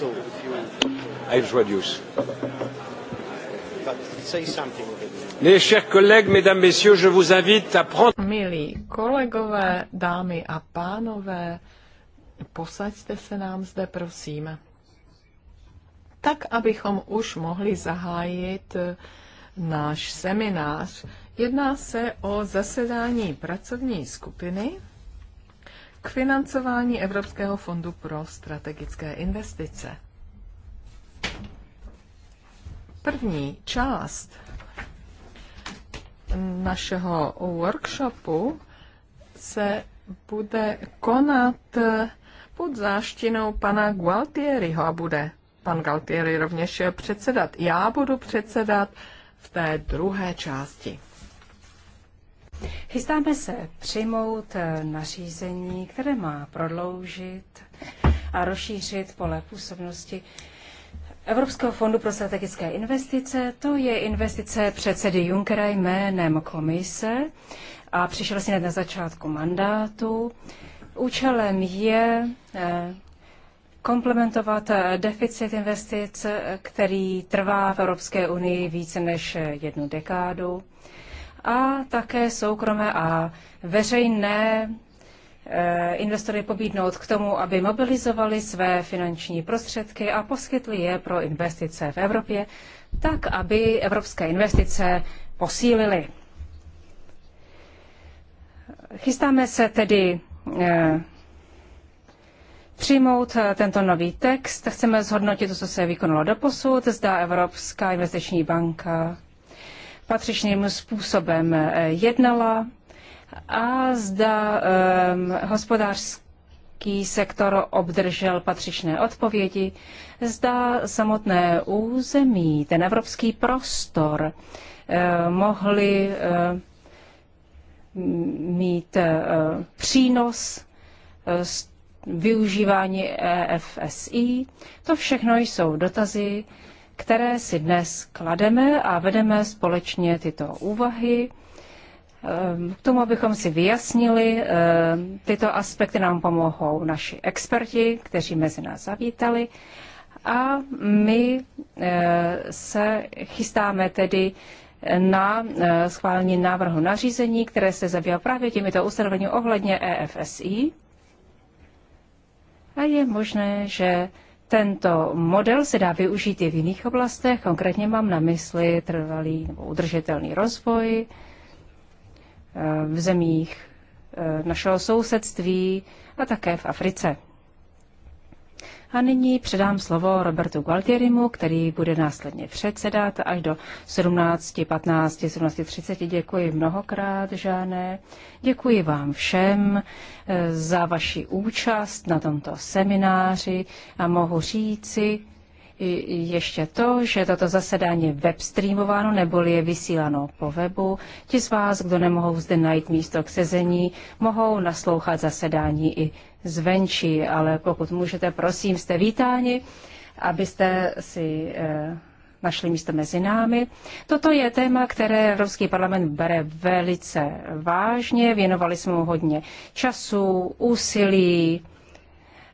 So I introduce. Mes chers collègues, mesdames, messieurs, je vous invite à prendre... Milí kolegové, dámy a pánové, posaďte se nám zde, prosím. Tak, abychom už mohli zahájit eh, náš seminář. Jedná se o zasedání pracovní skupiny k financování Evropského fondu pro strategické investice. První část našeho workshopu se bude konat pod záštinou pana Gualtieriho a bude pan Galtieri rovněž předsedat. Já budu předsedat v té druhé části. Chystáme se přijmout eh, nařízení, které má prodloužit a rozšířit pole působnosti Evropského fondu pro strategické investice. To je investice předsedy Junckera jménem komise a přišel si hned na začátku mandátu. Účelem je eh, komplementovat eh, deficit investic, který trvá v Evropské unii více než jednu dekádu a také soukromé a veřejné eh, investory pobídnout k tomu, aby mobilizovali své finanční prostředky a poskytli je pro investice v Evropě, tak aby evropské investice posílily. Chystáme se tedy eh, přijmout eh, tento nový text. Chceme zhodnotit to, co se vykonalo doposud, zda Evropská investiční banka patřičným způsobem eh, jednala a zda um, hospodářský sektor obdržel patřičné odpovědi, zda samotné území, ten evropský prostor, eh, mohli eh, mít přínos z využívání EFSI. To všechno jsou dotazy, které si dnes klademe a vedeme společně tyto úvahy. Ehm, k tomu, abychom si vyjasnili, ehm, tyto aspekty nám pomohou naši experti, kteří mezi nás zavítali. A my ehm, se chystáme tedy na schválení návrhu nařízení, které se zabývá právě těmito ustanovení ohledně EFSI. A je možné, že tento model se dá využít i v jiných oblastech, konkrétně mám na mysli trvalý nebo udržitelný rozvoj eh, v zemích eh, našeho sousedství a také v Africe. A nyní předám slovo Robertu Gualtierimu, který bude následně předsedat až do 17.15, 17.30. Děkuji mnohokrát, Žáne. Děkuji vám všem eh, za vaši účast na tomto semináři a mohu říci, ještě to, že toto zasedání je webstreamováno neboli je vysíláno po webu. Ti z vás, kdo nemohou zde najít místo k sezení, mohou naslouchat zasedání i zvenčí, ale pokud můžete, prosím, jste vítáni, abyste si eh, našli místo mezi námi. Toto je téma, které Evropský parlament bere velice vážně. Věnovali jsme mu hodně času, úsilí,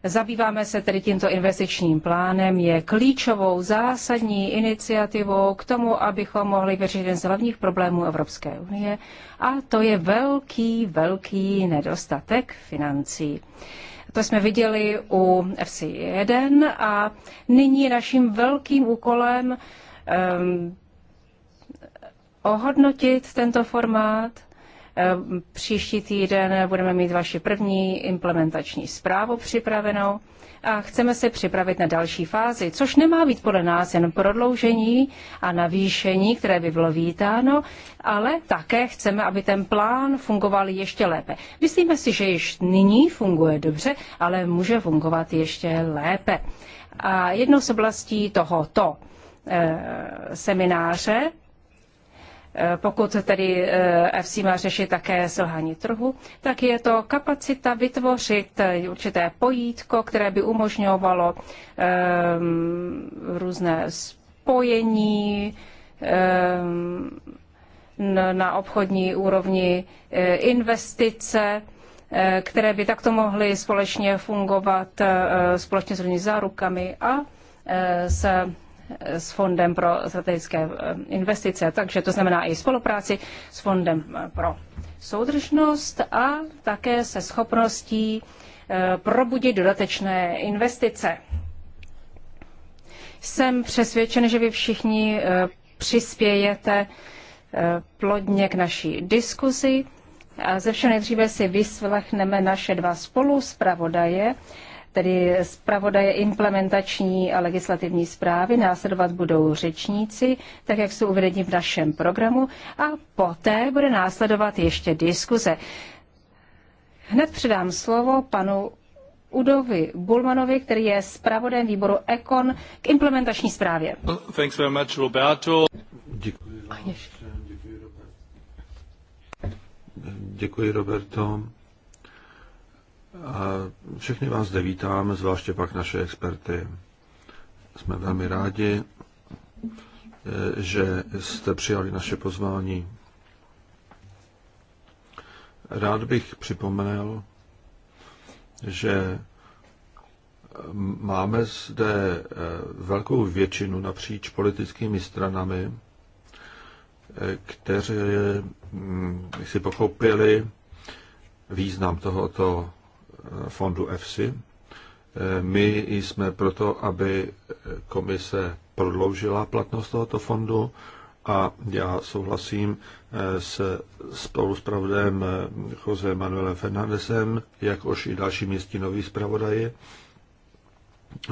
Zabýváme se tedy tímto investičním plánem, je klíčovou zásadní iniciativou k tomu, abychom mohli vyřešit jeden z hlavních problémů Evropské unie a to je velký, velký nedostatek financí. To jsme viděli u FC1 a nyní je naším velkým úkolem um, ohodnotit tento formát Ehm, příští týden budeme mít vaši první implementační zprávu připravenou a chceme se připravit na další fázi, což nemá být podle nás jen prodloužení a navýšení, které by bylo vítáno, ale také chceme, aby ten plán fungoval ještě lépe. Myslíme si, že již nyní funguje dobře, ale může fungovat ještě lépe. A jednou z oblastí tohoto ehm, semináře Eh, pokud tedy eh, FC má řešit také selhání trhu, tak je to kapacita vytvořit eh, určité pojítko, které by umožňovalo um, různé spojení um, na obchodní úrovni investice, které by takto mohly společně fungovat společně s různými zárukami a s s Fondem pro strategické eh, investice, takže to znamená i spolupráci s Fondem eh, pro soudržnost a také se schopností eh, probudit dodatečné investice. Jsem přesvědčen, že vy všichni přispějete plodně k naší diskuzi. A ze všeho nejdříve si vyslechneme naše dva spolu zpravodaje tedy zpravodaje implementační a legislativní zprávy. Následovat budou řečníci, tak jak jsou uvedeni v našem programu. A poté bude následovat ještě diskuze. Hned předám slovo panu Udovi Bulmanovi, který je zpravodajem výboru Econ k implementační zprávě. Thanks very much, Roberto. Děkuji, Roberto. Děkuji, Roberto. A všechny vás zde vítáme, zvláště pak naše experty. Jsme velmi rádi, že jste přijali naše pozvání. Rád bych připomenul, že máme zde eh, velkou většinu napříč politickými stranami, eh, kteří hm, si pochopili význam tohoto fondu EFSI. My jsme proto, aby komise prodloužila platnost tohoto fondu a já souhlasím eh, s spoluspravodem eh, Jose Manuelem Fernandesem, jakož i další městí nový zpravodaji,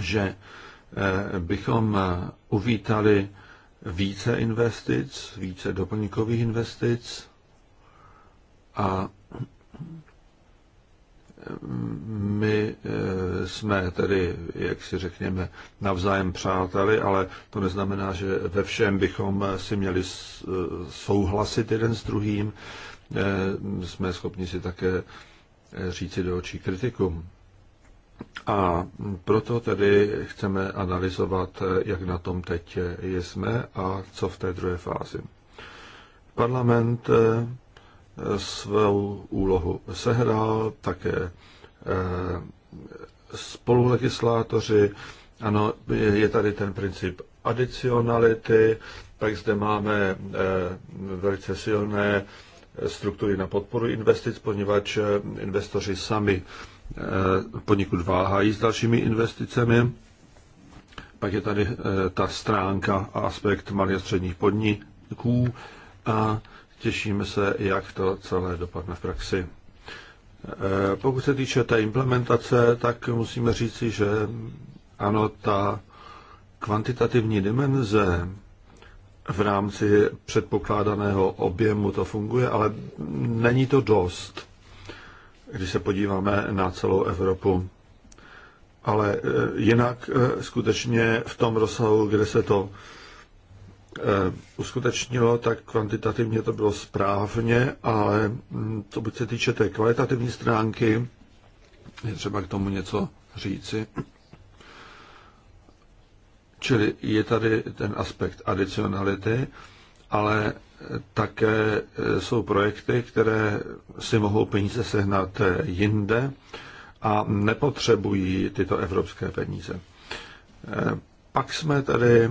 že eh, bychom uvítali více investic, více doplňkových investic a my eh, jsme tedy, jak si řekněme, navzájem přáteli, ale to neznamená, že ve všem bychom si měli eh, souhlasit jeden s druhým. Eh, jsme schopni si také říci do očí kritiku. A proto tedy chceme analyzovat, jak na tom teď jsme a co v té druhé fázi. Parlament Eh, svou úlohu sehrál, také eh, spolulegislátoři. Ano, je tady ten princip adicionality, pak zde máme eh, velice silné struktury na podporu investic, poněvadž investoři sami poněkud váhají s dalšími investicemi. Pak je tady ta stránka a aspekt malých a středních podniků a těšíme se, jak to celé dopadne v praxi. E, pokud se týče té implementace, tak musíme říci, že ano, ta kvantitativní dimenze v rámci předpokládaného objemu to funguje, ale není to dost, když se podíváme na celou Evropu. Ale e, jinak e, skutečně v tom rozsahu, kde se to Eh, uskutečnilo, tak kvantitativně to bylo správně, ale hm, co by se týče té kvalitativní stránky, je třeba k tomu něco říci. Čili je tady ten aspekt adicionality, ale eh, také eh, jsou projekty, které si mohou peníze sehnat jinde a nepotřebují tyto evropské peníze. Pak jsme tady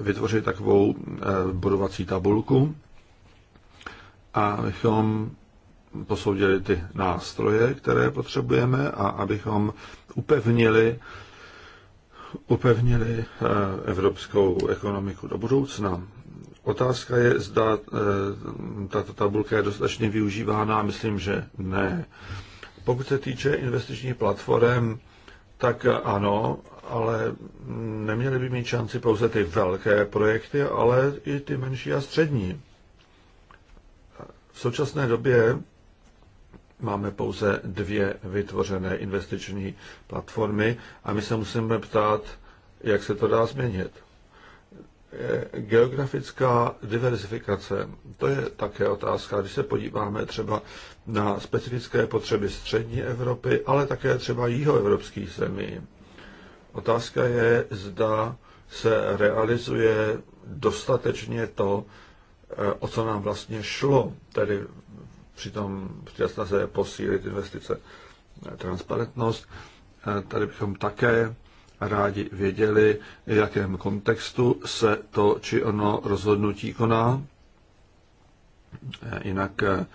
vytvořit takovou eh, bodovací tabulku a abychom posoudili ty nástroje, které potřebujeme a abychom upevnili, upevnili eh, evropskou ekonomiku do budoucna. Otázka je, zda eh, tato tabulka je dostatečně využívána, myslím, že ne. Pokud se týče investičních platform, tak ano, ale neměly by mít šanci pouze ty velké projekty, ale i ty menší a střední. V současné době máme pouze dvě vytvořené investiční platformy a my se musíme ptát, jak se to dá změnit. Eh, geografická diverzifikace, to je také otázka, když se podíváme třeba na specifické potřeby střední Evropy, ale také třeba jihoevropských zemí. Otázka je, zda se realizuje dostatečně to, eh, o co nám vlastně šlo, tedy přitom při snaze posílit investice eh, transparentnost. Tady bychom také rádi věděli, v jakém kontextu se to či ono rozhodnutí koná. Eh, jinak eh,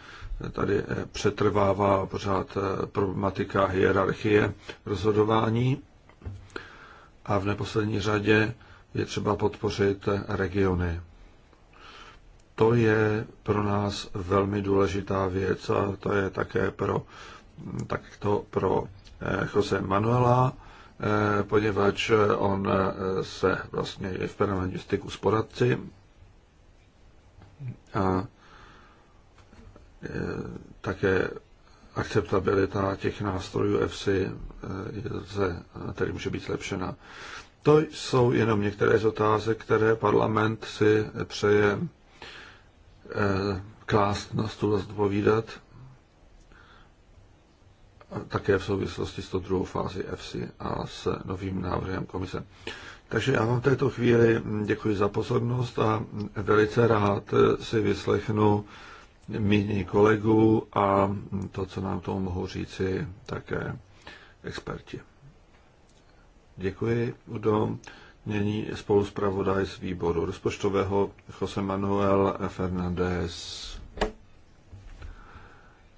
tady eh, přetrvává pořád problematika hierarchie rozhodování. A v neposlední řadě je třeba podpořit regiony. To je pro nás velmi důležitá věc a to je také pro, tak to pro Jose Manuela Eh, poněvadž eh, on eh, se vlastně je v permanentním styku s poradci a také akceptabilita těch nástrojů EFSI se, tedy může být zlepšena. To jsou jenom některé z otázek, které parlament si přeje klást na stůl a zodpovídat také v souvislosti s tou druhou fázi EFSI a s novým návrhem komise. Takže já vám v této chvíli děkuji za pozornost a velice rád si vyslechnu míní kolegů a to, co nám tomu mohou říci také experti. Děkuji, Udo. Nyní spoluzpravodaj z výboru rozpočtového Jose Manuel Fernández.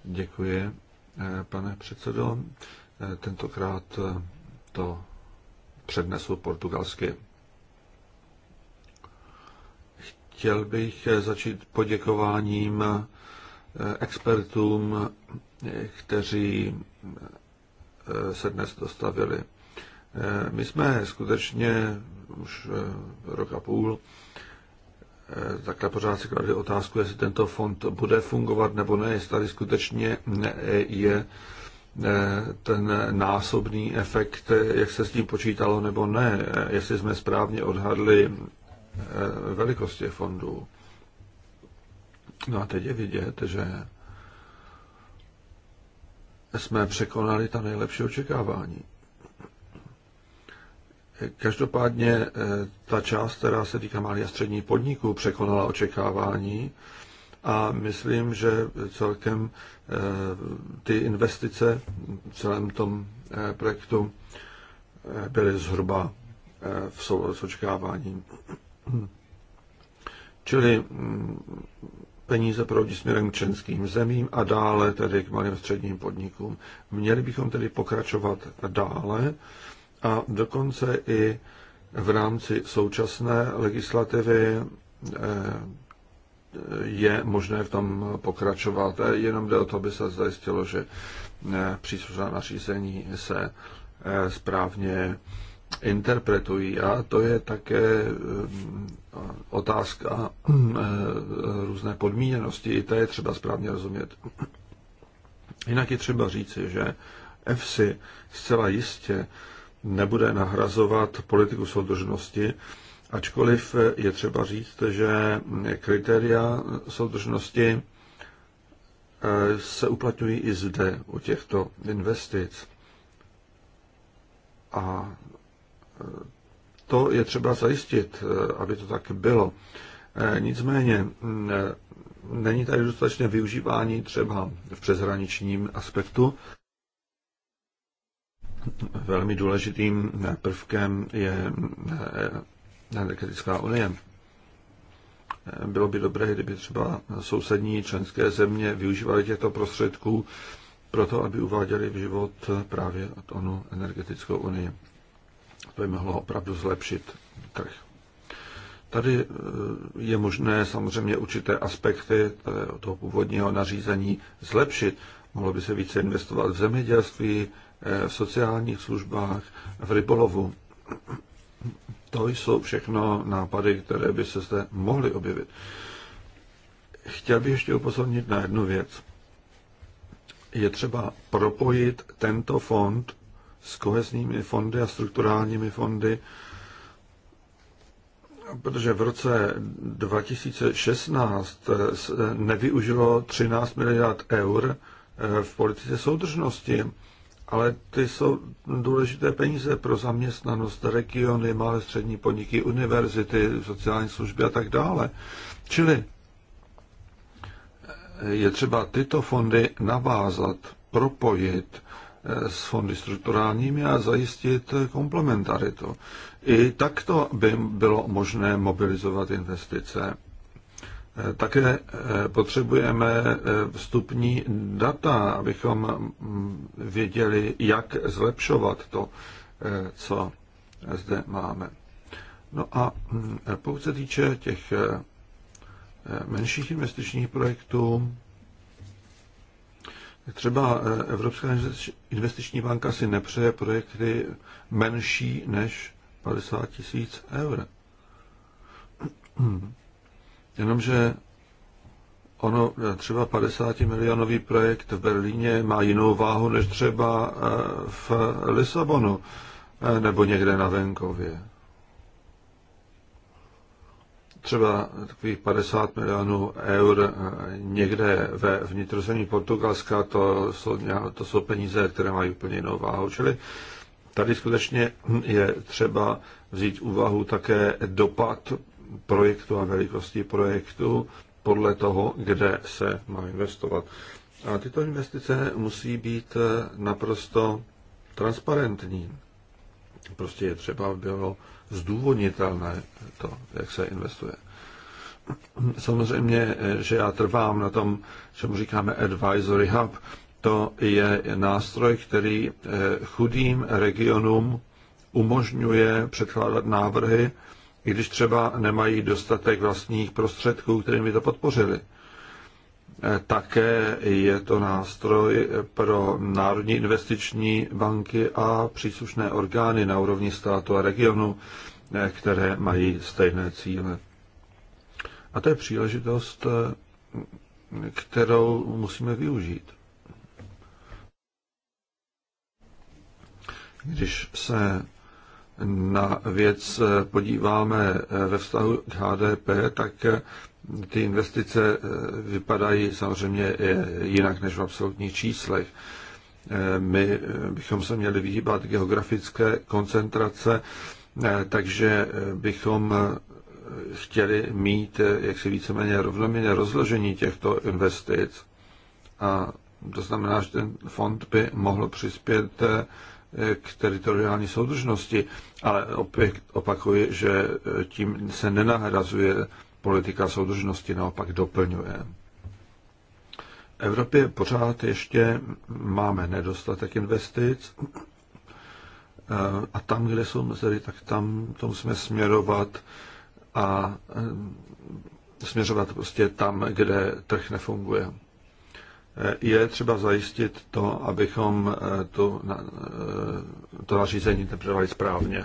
Děkuji. Eh, pane předsedo. Eh, tentokrát eh, to přednesu portugalsky. Chtěl bych začít poděkováním expertům, kteří se dnes dostavili. My jsme skutečně už rok a půl Eh, takhle pořád si kladu otázku, jestli tento fond bude fungovat nebo ne, jestli tady skutečně eh, je eh, ten násobný efekt, jak se s tím počítalo nebo ne, jestli jsme správně odhadli velikost těch fondů. No a teď je vidět, že jsme překonali ta nejlepší očekávání. Každopádně eh, ta část, která se týká malých a středních podniků, překonala očekávání a myslím, že celkem eh, ty investice v celém tom eh, projektu byly zhruba v souladu s očekáváním. Čili mm, peníze proudí směrem k členským zemím a dále tedy k malým a středním podnikům. Měli bychom tedy pokračovat dále a dokonce i v rámci současné legislativy eh, je možné v tom pokračovat. Eh, jenom jde o to, aby se zajistilo, že eh, příslušná nařízení se správně interpretují. A to je také otázka různé podmíněnosti. I to je třeba správně rozumět. Jinak je třeba říci, že FC zcela jistě nebude nahrazovat politiku soudržnosti, ačkoliv je třeba říct, že kritéria soudržnosti eh, se uplatňují i zde u těchto investic. A eh, to je třeba zajistit, eh, aby to tak bylo. Nicméně není tady dostatečné využívání třeba v přeshraničním aspektu velmi důležitým prvkem je eh, energetická unie. Eh, bylo by dobré, kdyby třeba sousední členské země využívaly těchto prostředků pro to, aby uváděli v život právě onu energetickou unii. To by mohlo opravdu zlepšit trh. Tady eh, je možné samozřejmě určité aspekty toho původního nařízení zlepšit. Mohlo by se více investovat v zemědělství, v sociálních službách, v rybolovu. To jsou všechno nápady, které by se zde mohly objevit. Chtěl bych ještě upozornit na jednu věc. Je třeba propojit tento fond s kohezními fondy a strukturálními fondy, protože v roce 2016 nevyužilo 13 miliard eur v politice soudržnosti ale ty jsou důležité peníze pro zaměstnanost, regiony, malé střední podniky, univerzity, sociální služby a tak dále. Čili eh, je třeba tyto fondy navázat, propojit eh, s fondy strukturálními a zajistit eh, komplementaritu. I takto by bylo možné mobilizovat investice. Také eh, potřebujeme eh, vstupní data, abychom mm, věděli, jak zlepšovat to, eh, co zde máme. No a mm, pokud se týče těch menších investičních projektů, třeba Evropská investiční banka si nepřeje projekty menší než 50 tisíc eur. Hmm. Jenomže ono eh, třeba 50 milionový projekt v Berlíně má jinou váhu než třeba eh, v Lisabonu eh, nebo někde na venkově. Třeba takových 50 milionů eur někde ve vnitrozemí Portugalska, to jsou, to jsou peníze, které mají úplně jinou váhu. Čili tady skutečně je třeba vzít úvahu také dopad projektu a velikosti projektu podle toho, kde se má investovat. A tyto investice musí být eh, naprosto transparentní. Prostě je třeba bylo zdůvodnitelné to, jak se investuje. Samozřejmě, eh, že já trvám na tom, čemu říkáme Advisory Hub, to je nástroj, který eh, chudým regionům umožňuje předkládat návrhy i když třeba nemají dostatek vlastních prostředků, kterými to podpořili. E, také je to nástroj pro národní investiční banky a příslušné orgány na úrovni státu a regionu, e, které mají stejné cíle. A to je příležitost, e, kterou musíme využít. Když se na věc eh, podíváme eh, ve vztahu k HDP, tak eh, ty investice vypadají samozřejmě jinak než v absolutních číslech. My bychom se měli vyhýbat geografické koncentrace, takže bychom chtěli mít jaksi víceméně rovnoměrné rozložení těchto investic. A to znamená, že ten fond by mohl přispět k teritoriální soudržnosti, ale opět opakuje, že tím se nenahrazuje politika soudržnosti, naopak doplňuje. V Evropě pořád ještě máme nedostatek investic a tam, kde jsou mezery, tak tam to musíme směrovat a směřovat prostě tam, kde trh nefunguje je třeba zajistit to, abychom eh, tu, eh, to nařízení interpretovali správně.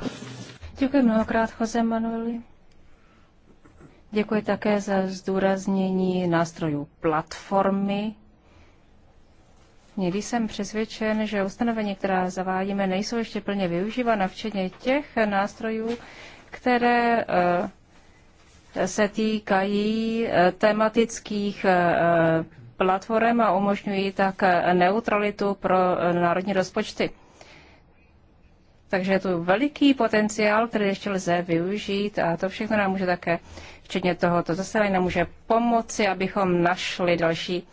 Děkuji mnohokrát, Jose Manueli. Děkuji také za zdůraznění nástrojů platformy. Někdy jsem přesvědčen, že ustanovení, která zavádíme, nejsou ještě plně využívána, včetně těch nástrojů, které eh, se týkají tematických platform a umožňují tak neutralitu pro národní rozpočty. Takže je tu veliký potenciál, který ještě lze využít a to všechno nám může také, včetně tohoto zasedání, nám může pomoci, abychom našli další,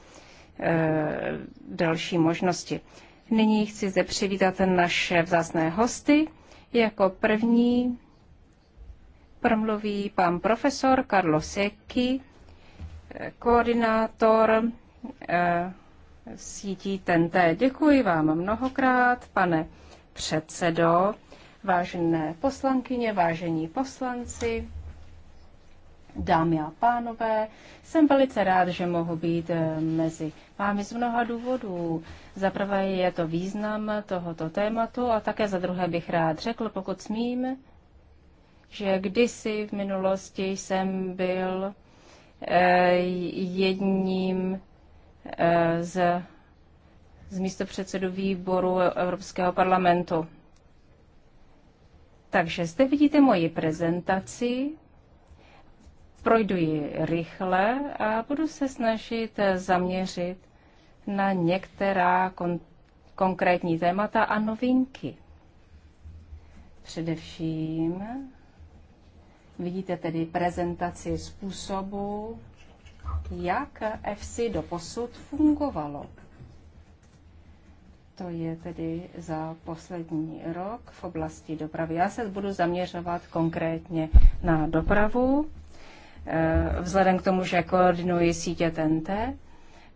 e, další možnosti. Nyní chci zde přivítat naše vzácné hosty. Jako první promluví pan profesor Karlo Secchi, eh, koordinátor Eh, sítí TNT. Děkuji vám mnohokrát, pane předsedo, vážené poslankyně, vážení poslanci, dámy a pánové. Jsem velice rád, že mohu být eh, mezi vámi z mnoha důvodů. Za prvé je to význam tohoto tématu a také za druhé bych rád řekl, pokud smím, že kdysi v minulosti jsem byl eh, jedním Eh, z, z místopředsedu výboru Evropského parlamentu. Takže zde vidíte moji prezentaci. Projdu ji rychle a budu se snažit zaměřit na některá kon- konkrétní témata a novinky. Především vidíte tedy prezentaci způsobu, jak do posud fungovalo. To je tedy za poslední rok v oblasti dopravy. Já se budu zaměřovat konkrétně na dopravu, eh, vzhledem k tomu, že koordinuji sítě TNT.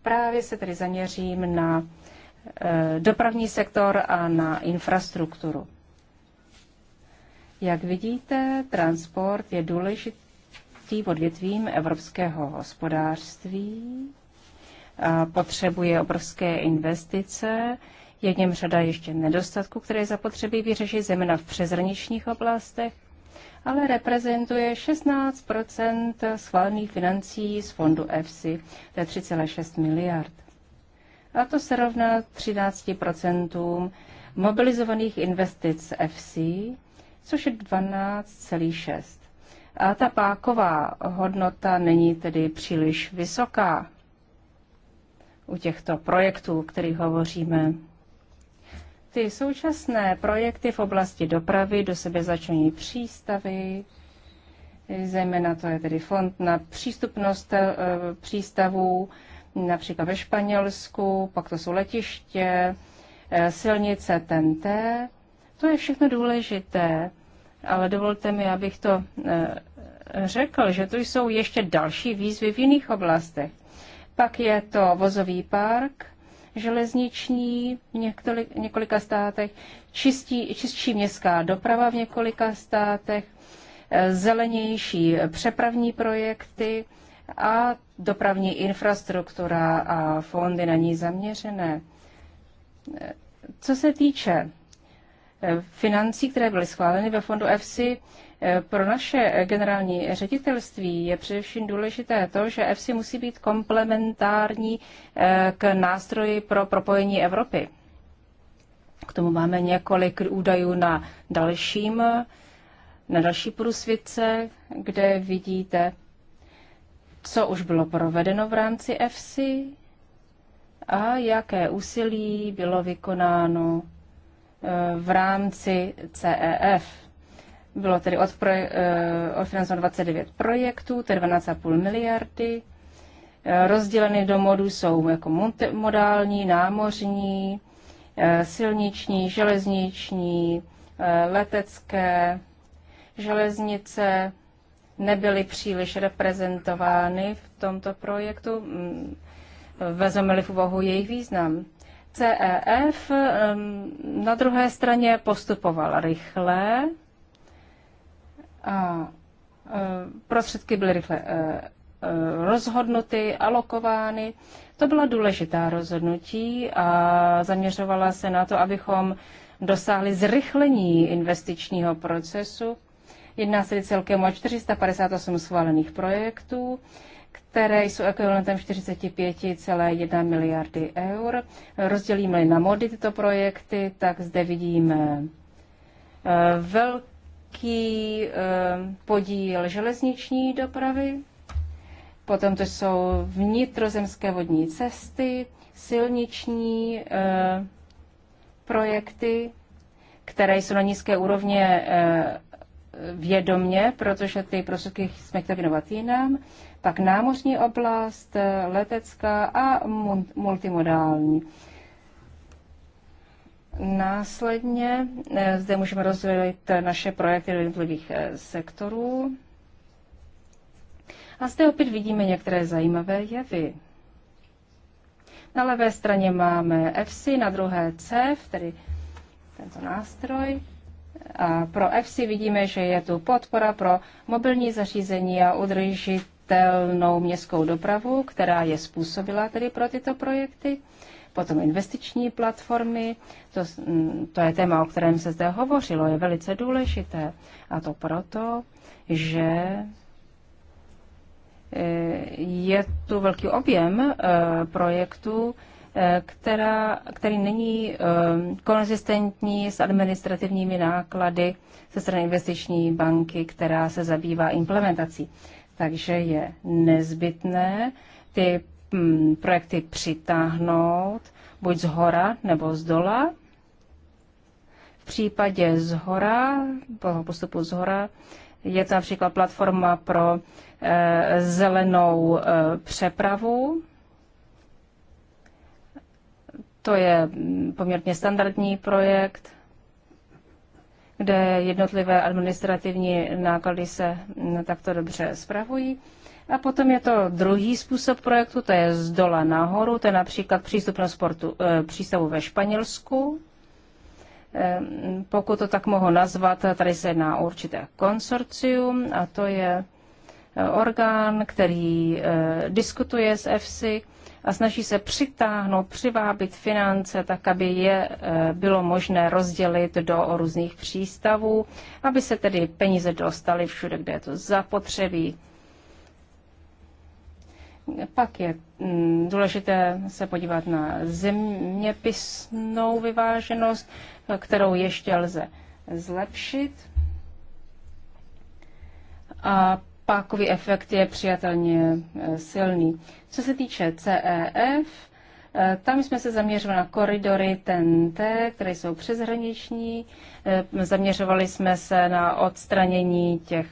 Právě se tedy zaměřím na eh, dopravní sektor a na infrastrukturu. Jak vidíte, transport je důležitý odvětví, odvětvím evropského hospodářství. Potřebuje obrovské investice, je v něm řada ještě nedostatků, které zapotřebí vyřešit zejména v přezraničních oblastech, ale reprezentuje 16 schválených financí z fondu EFSI, to je 3,6 miliard. A to se rovná 13 mobilizovaných investic EFSI, což je 12,6 a ta páková hodnota není tedy příliš vysoká u těchto projektů, o kterých hovoříme. Ty současné projekty v oblasti dopravy do sebe začínají přístavy, zejména to je tedy fond na přístupnost eh, přístavů, například ve Španělsku, pak to jsou letiště, eh, silnice TNT. To je všechno důležité ale dovolte mi, abych to eh, řekl, že tu jsou ještě další výzvy v jiných oblastech. Pak je to vozový park, železniční v několika státech, čistí, čistší městská doprava v několika státech, eh, zelenější přepravní projekty a dopravní infrastruktura a fondy na ní zaměřené. Eh, co se týče financí, které byly schváleny ve fondu EFSI, pro naše generální ředitelství je především důležité to, že EFSI musí být komplementární eh, k nástroji pro propojení Evropy. K tomu máme několik údajů na dalším, na další průsvědce, kde vidíte, co už bylo provedeno v rámci EFSI a jaké úsilí bylo vykonáno v rámci CEF. Bylo tedy eh, odfinancováno 29 projektů, tedy 12,5 miliardy. Eh, rozděleny do modů jsou jako modální, námořní, eh, silniční, železniční, letecké, železnice nebyly příliš reprezentovány v tomto projektu, mm, vezmeme-li v úvahu jejich význam. CEF na druhé straně postupoval rychle a e, prostředky byly rychle e, e, rozhodnuty, alokovány. To byla důležitá rozhodnutí a zaměřovala se na to, abychom dosáhli zrychlení investičního procesu. Jedná se celkem o 458 schválených projektů které jsou ekvivalentem 45,1 miliardy eur. Rozdělíme-li na mody tyto projekty, tak zde vidíme eh, velký eh, podíl železniční dopravy, potom to jsou vnitrozemské vodní cesty, silniční eh, projekty, které jsou na nízké úrovně vědomně, protože ty prostředky jsme chtěli věnovat jinam pak námořní oblast, eh, letecká a multimodální. Následně eh, zde můžeme rozdělit naše projekty do jednotlivých eh, sektorů. A zde opět vidíme některé zajímavé jevy. Na levé straně máme FC, na druhé CEF, tedy tento nástroj. A pro FC vidíme, že je tu podpora pro mobilní zařízení a udržit udržitelnou městskou dopravu, která je způsobila tedy pro tyto projekty, potom investiční platformy, to, to je téma, o kterém se zde hovořilo, je velice důležité. A to proto, že e, je tu velký objem e, projektů, e, která, který není konzistentní s administrativními náklady ze strany investiční banky, která se zabývá implementací. Takže je nezbytné ty mm, projekty přitáhnout buď z hora nebo z dola. V případě z hora, postupu z hora, je to například platforma pro e, zelenou e, přepravu. To je mm, poměrně standardní projekt kde jednotlivé administrativní náklady se takto dobře spravují. A potom je to druhý způsob projektu, to je z dola nahoru, to je například přístupnost sportu, eh, přístavu ve Španělsku. Eh, pokud to tak mohu nazvat, tady se jedná určité konsorcium a to je eh, orgán, který diskutuje s EFSI a snaží se přitáhnout, přivábit finance, tak aby je eh, bylo možné rozdělit do různých přístavů, aby se tedy peníze dostaly všude, kde je to zapotřebí. Pak je mm, důležité se podívat na zeměpisnou vyváženost, kterou ještě lze zlepšit. A pákový efekt je přijatelně eh, silný. Co se týče CEF, eh, tam jsme se zaměřovali na koridory TNT, které jsou přeshraniční. Eh, zaměřovali jsme se na odstranění těch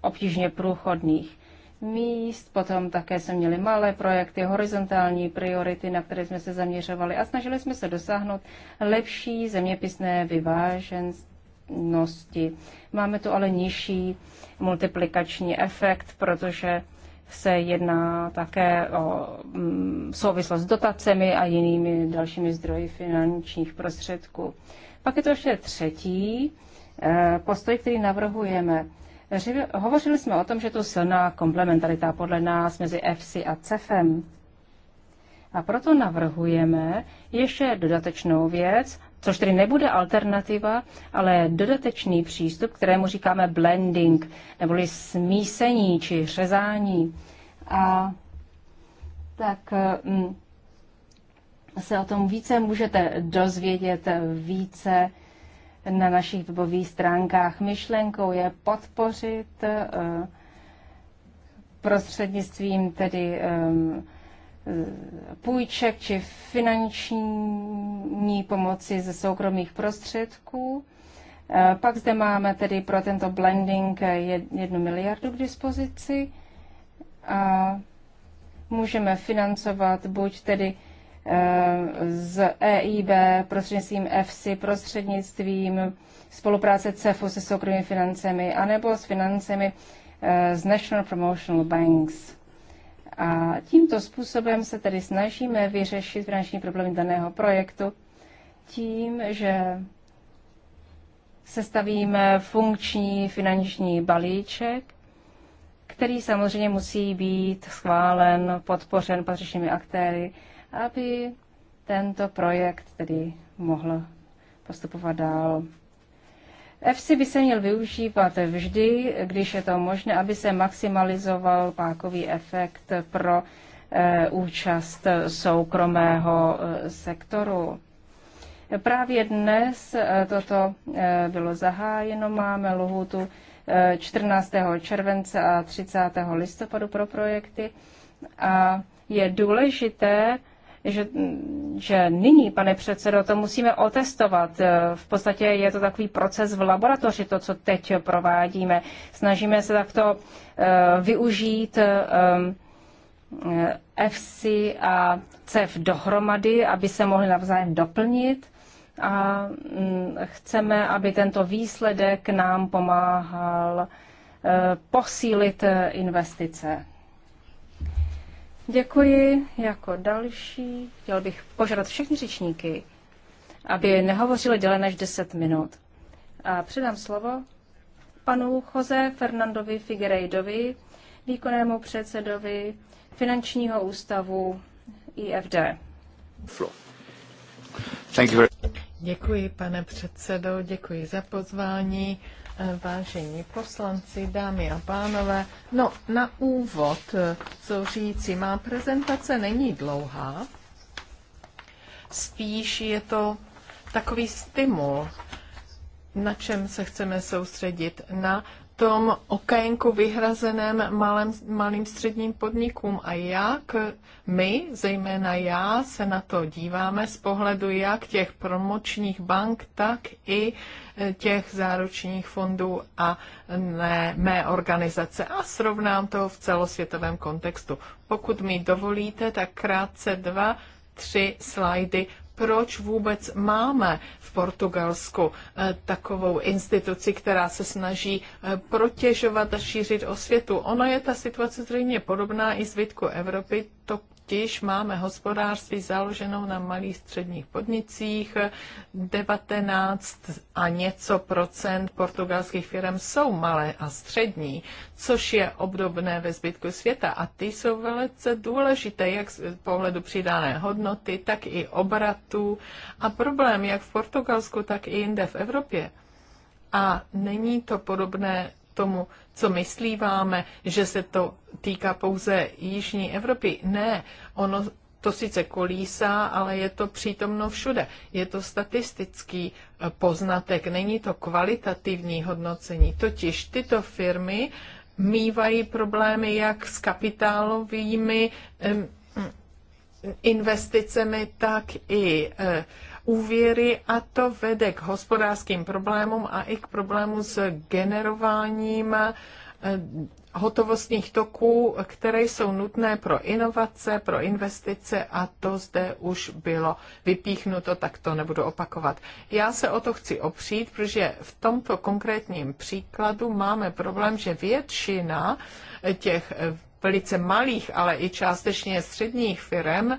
obtížně průchodných míst, potom také jsme měli malé projekty, horizontální priority, na které jsme se zaměřovali a snažili jsme se dosáhnout lepší zeměpisné vyváženství schopnosti. Máme tu ale nižší multiplikační efekt, protože se jedná také o mm, souvislost s dotacemi a jinými dalšími zdroji finančních prostředků. Pak je to ještě třetí eh, postoj, který navrhujeme. Hovořili jsme o tom, že to silná komplementarita podle nás mezi EFSI a CEFem. A proto navrhujeme ještě dodatečnou věc, což tedy nebude alternativa, ale dodatečný přístup, kterému říkáme blending, neboli smísení či řezání. A tak mm, se o tom více můžete dozvědět více na našich webových stránkách. Myšlenkou je podpořit eh, prostřednictvím tedy um, půjček či finanční pomoci ze soukromých prostředků. Eh, pak zde máme tedy pro tento blending eh, jednu miliardu k dispozici a můžeme financovat buď tedy eh, z EIB prostřednictvím EFSI, prostřednictvím spolupráce CEFu se soukromými financemi, anebo s financemi z National Promotional Banks. A tímto způsobem se tedy snažíme vyřešit finanční problémy daného projektu tím, že sestavíme funkční finanční balíček, který samozřejmě musí být schválen, podpořen patřičnými aktéry, aby tento projekt tedy mohl postupovat dál. EFSI by se měl využívat vždy, když je to možné, aby se maximalizoval pákový efekt pro eh, účast soukromého eh, sektoru. Právě dnes eh, toto bylo zahájeno, máme lhůtu 14. července a 30. listopadu pro projekty a je důležité, že, že nyní, pane předsedo, to musíme otestovat. Eh, v podstatě je to takový proces v laboratoři, to, co teď provádíme. Snažíme se takto eh, využít eh, FC a CEF dohromady, aby se mohli navzájem doplnit a mm, chceme, aby tento výsledek nám pomáhal posílit investice. Děkuji. Jako další chtěl bych požádat všechny řečníky, aby nehovořili déle než 10 minut. A předám slovo panu Jose Fernandovi Figueiredovi, výkonnému předsedovi finančního ústavu IFD. Thank you Děkuji, pane předsedo, děkuji za pozvání. Vážení poslanci, dámy a pánové, no na úvod, eh, co říci, má prezentace není dlouhá, spíš je to takový stimul, na čem se chceme soustředit, na tom okénku vyhrazeném malém, malým středním podnikům a jak my, zejména já, se na to díváme z pohledu jak těch promočních bank, tak i e, těch záručních fondů a ne, mé organizace a srovnám to v celosvětovém kontextu. Pokud mi dovolíte, tak krátce dva, tři slajdy proč vůbec máme v Portugalsku eh, takovou instituci, která se snaží eh, protěžovat a šířit osvětu. Ono je ta situace zřejmě podobná i zbytku Evropy, to totiž máme hospodářství založenou na malých středních podnicích. 19 a něco procent portugalských firm jsou malé a střední, což je obdobné ve zbytku světa. A ty jsou velice důležité, jak z pohledu přidané hodnoty, tak i obratu. A problém jak v Portugalsku, tak i jinde v Evropě. A není to podobné tomu, co myslíváme, že se to týká pouze Jižní Evropy. Ne, ono to sice kolísá, ale je to přítomno všude. Je to statistický eh, poznatek, není to kvalitativní hodnocení. Totiž tyto firmy mývají problémy jak s kapitálovými investicemi, tak i eh, úvěry a to vede k hospodářským problémům a i k problému s generováním eh, hotovostních toků, které jsou nutné pro inovace, pro investice a to zde už bylo vypíchnuto, tak to nebudu opakovat. Já se o to chci opřít, protože v tomto konkrétním příkladu máme problém, že většina těch velice malých, ale i částečně středních firm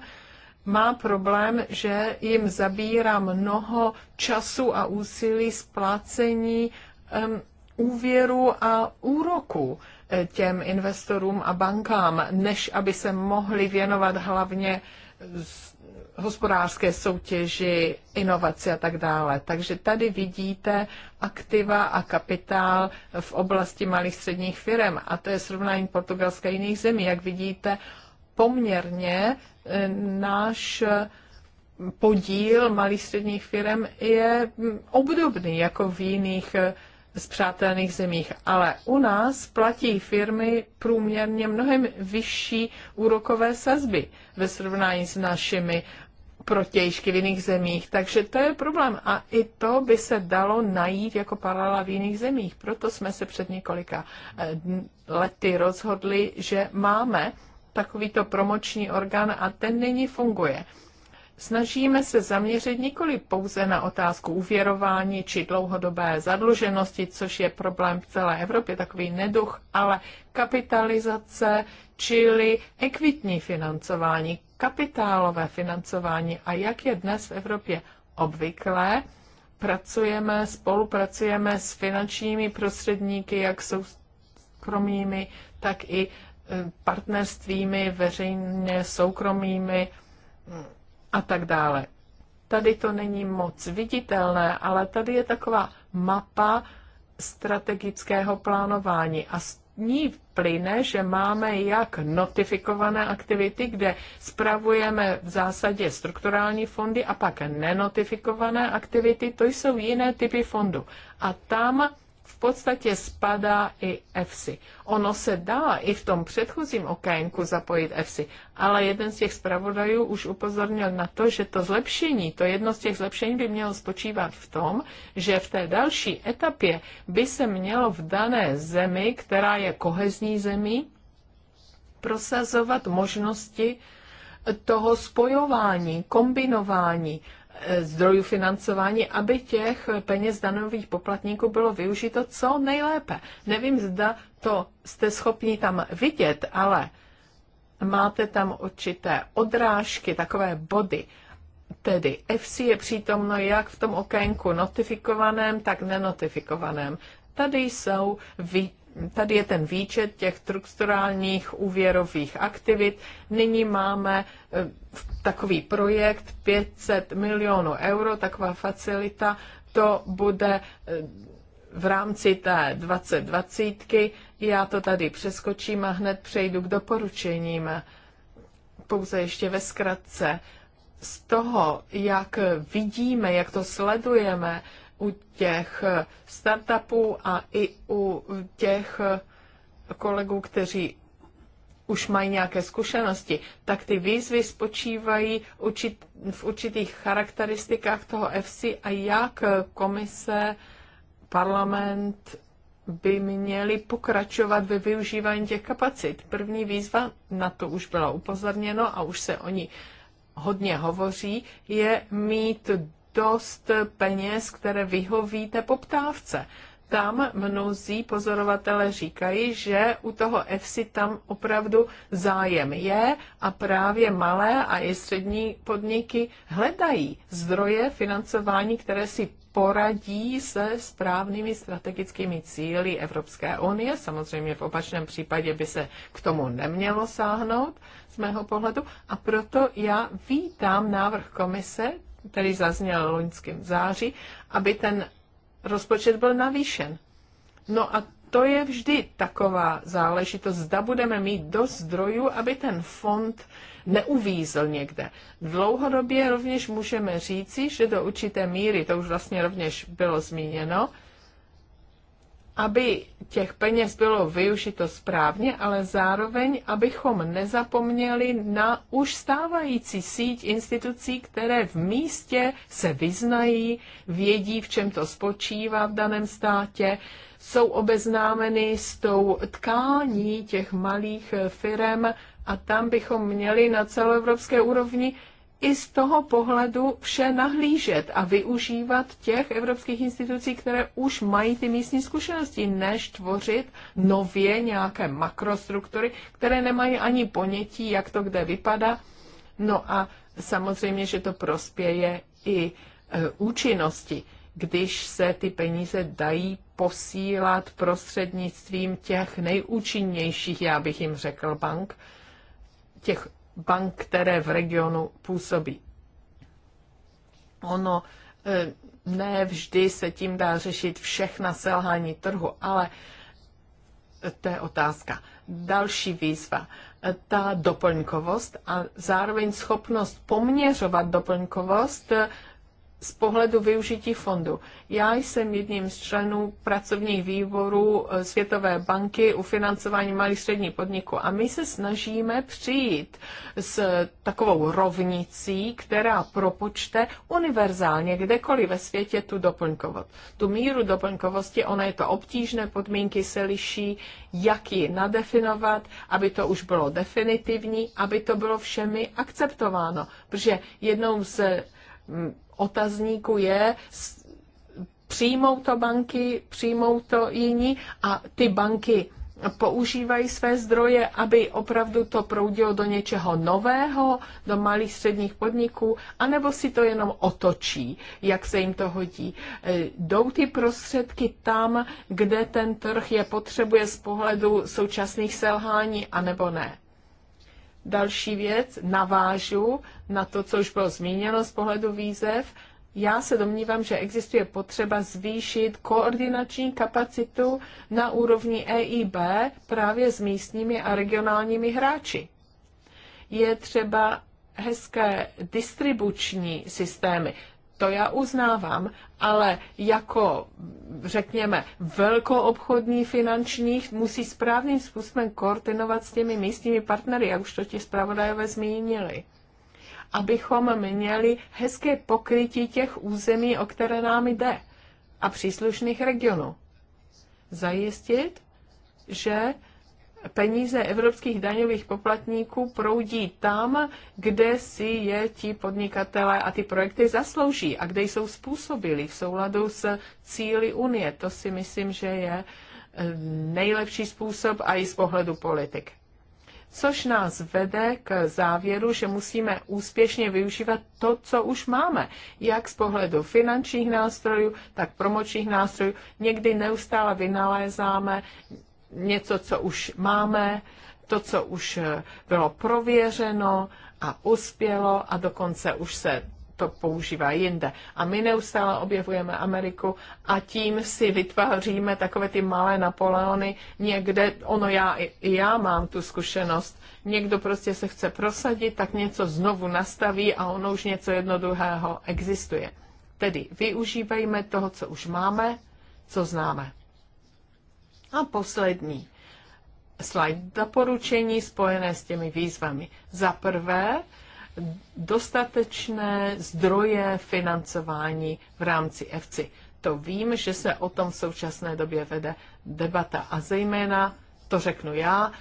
má problém, že jim zabírá mnoho času a úsilí splácení um, úvěru a úroku eh, těm investorům a bankám, než aby se mohli věnovat hlavně hospodářské soutěži, inovaci a tak dále. Takže tady vidíte aktiva a kapitál v oblasti malých středních firm a to je srovnání Portugalska a jiných zemí. Jak vidíte, poměrně e, náš e, podíl malých středních firm je obdobný jako v jiných e, spřátelných zemích, ale u nás platí firmy průměrně mnohem vyšší úrokové sazby ve srovnání s našimi protějšky v jiných zemích. Takže to je problém a i to by se dalo najít jako paralela v jiných zemích. Proto jsme se před několika lety rozhodli, že máme takovýto promoční orgán a ten nyní funguje. Snažíme se zaměřit nikoli pouze na otázku uvěrování či dlouhodobé zadluženosti, což je problém v celé Evropě, takový neduch, ale kapitalizace, čili ekvitní financování, kapitálové financování a jak je dnes v Evropě obvyklé, pracujeme, spolupracujeme s finančními prostředníky, jak jsou kromými, tak i partnerstvími veřejně soukromými a tak dále. Tady to není moc viditelné, ale tady je taková mapa strategického plánování a z ní plyne, že máme jak notifikované aktivity, kde spravujeme v zásadě strukturální fondy a pak nenotifikované aktivity, to jsou jiné typy fondu. A tam podstatě spadá i EFSI. Ono se dá i v tom předchozím okénku zapojit EFSI, ale jeden z těch zpravodajů už upozornil na to, že to zlepšení, to jedno z těch zlepšení by mělo spočívat v tom, že v té další etapě by se mělo v dané zemi, která je kohezní zemí, prosazovat možnosti toho spojování, kombinování zdrojů financování, aby těch peněz danových poplatníků bylo využito co nejlépe. Nevím, zda to jste schopni tam vidět, ale máte tam určité odrážky, takové body. Tedy FC je přítomno jak v tom okénku notifikovaném, tak nenotifikovaném. Tady jsou tady je ten výčet těch strukturálních úvěrových aktivit. Nyní máme e, takový projekt 500 milionů euro, taková facilita, to bude e, v rámci té 2020. Já to tady přeskočím a hned přejdu k doporučením. Pouze ještě ve zkratce. Z toho, jak vidíme, jak to sledujeme, u těch startupů a i u těch kolegů, kteří už mají nějaké zkušenosti, tak ty výzvy spočívají v určitých charakteristikách toho FC a jak komise, parlament by měli pokračovat ve využívání těch kapacit. První výzva, na to už bylo upozorněno a už se o ní hodně hovoří, je mít dost peněz, které vyhoví té poptávce. Tam mnozí pozorovatelé říkají, že u toho EFSI tam opravdu zájem je a právě malé a i střední podniky hledají zdroje financování, které si poradí se správnými strategickými cíly Evropské unie. Samozřejmě v opačném případě by se k tomu nemělo sáhnout z mého pohledu. A proto já vítám návrh komise, který zazněl loňském září, aby ten rozpočet byl navýšen. No a to je vždy taková záležitost, zda budeme mít dost zdrojů, aby ten fond neuvízl někde. Dlouhodobě rovněž můžeme říci, že do určité míry, to už vlastně rovněž bylo zmíněno, aby těch peněz bylo využito správně, ale zároveň, abychom nezapomněli na už stávající síť institucí, které v místě se vyznají, vědí, v čem to spočívá v daném státě, jsou obeznámeny s tou tkání těch malých firm a tam bychom měli na celoevropské úrovni i z toho pohledu vše nahlížet a využívat těch evropských institucí, které už mají ty místní zkušenosti, než tvořit nově nějaké makrostruktury, které nemají ani ponětí, jak to kde vypadá. No a samozřejmě, že to prospěje i e, účinnosti, když se ty peníze dají posílat prostřednictvím těch nejúčinnějších, já bych jim řekl, bank, těch bank, které v regionu působí. Ono e, ne vždy se tím dá řešit všechna selhání trhu, ale to je otázka. Další výzva, e, ta doplňkovost a zároveň schopnost poměřovat doplňkovost z pohledu využití fondu. Já jsem jedním z členů pracovních výborů eh, Světové banky u financování malých středních podniků a my se snažíme přijít s takovou rovnicí, která propočte univerzálně kdekoliv ve světě tu doplňkovost. Tu míru doplňkovosti, ona je to obtížné, podmínky se liší, jak ji nadefinovat, aby to už bylo definitivní, aby to bylo všemi akceptováno. Protože jednou z mm, otazníku je, přijmou to banky, přijmou to jiní a ty banky používají své zdroje, aby opravdu to proudilo do něčeho nového, do malých středních podniků, anebo si to jenom otočí, jak se jim to hodí. E, jdou ty prostředky tam, kde ten trh je potřebuje z pohledu současných selhání, anebo ne. Další věc, navážu na to, co už bylo zmíněno z pohledu výzev. Já se domnívám, že existuje potřeba zvýšit koordinační kapacitu na úrovni EIB právě s místními a regionálními hráči. Je třeba hezké distribuční systémy to já uznávám, ale jako, řekněme, velkoobchodní finančních musí správným způsobem koordinovat s těmi místními partnery, jak už to ti zpravodajové zmínili abychom měli hezké pokrytí těch území, o které nám jde a příslušných regionů. Zajistit, že peníze evropských daňových poplatníků proudí tam, kde si je ti podnikatelé a ty projekty zaslouží a kde jsou způsobili v souladu s cíly Unie. To si myslím, že je eh, nejlepší způsob a i z pohledu politik. Což nás vede k závěru, že musíme úspěšně využívat to, co už máme, jak z pohledu finančních nástrojů, tak promočních nástrojů. Někdy neustále vynalézáme něco, co už máme, to, co už eh, bylo prověřeno a uspělo a dokonce už se to používá jinde. A my neustále objevujeme Ameriku a tím si vytváříme takové ty malé Napoleony někde. Ono já, i já mám tu zkušenost. Někdo prostě se chce prosadit, tak něco znovu nastaví a ono už něco jednoduchého existuje. Tedy využívejme toho, co už máme, co známe. A poslední slide doporučení spojené s těmi výzvami. Za prvé, dostatečné zdroje financování v rámci EFCI. To vím, že se o tom v současné době vede debata a zejména, to řeknu já,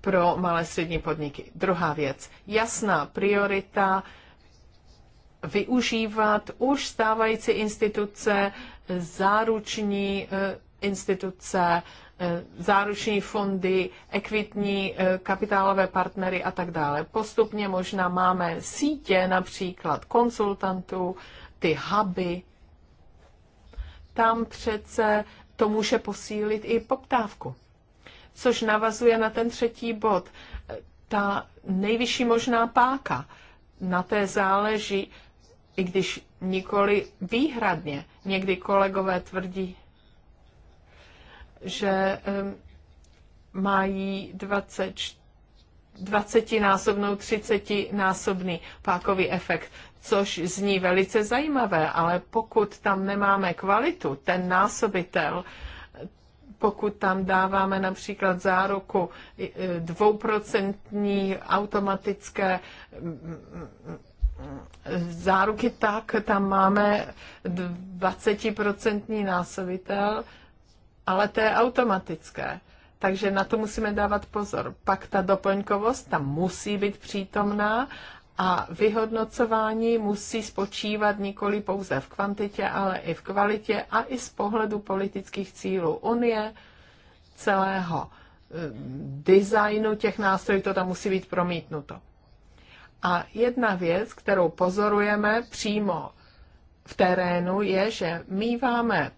pro malé střední podniky. Druhá věc, jasná priorita využívat už stávající instituce záruční eh, instituce, eh, záruční fondy, ekvitní eh, kapitálové partnery a tak dále. Postupně možná máme sítě například konsultantů, ty huby. Tam přece to může posílit i poptávku. Což navazuje na ten třetí bod. Ta nejvyšší možná páka. Na té záleží, i když nikoli výhradně. Někdy kolegové tvrdí, že mají 20, 20-násobnou, 30-násobný pákový efekt, což zní velice zajímavé, ale pokud tam nemáme kvalitu, ten násobitel, pokud tam dáváme například záruku e, dvouprocentní automatické záruky, tak tam máme 20% násobitel, ale to je automatické. Takže na to musíme dávat pozor. Pak ta doplňkovost, tam musí být přítomná a vyhodnocování musí spočívat nikoli pouze v kvantitě, ale i v kvalitě a i z pohledu politických cílů Unie, celého eh, designu těch nástrojů, to tam musí být promítnuto. A jedna věc, kterou pozorujeme přímo v terénu, je, že míváme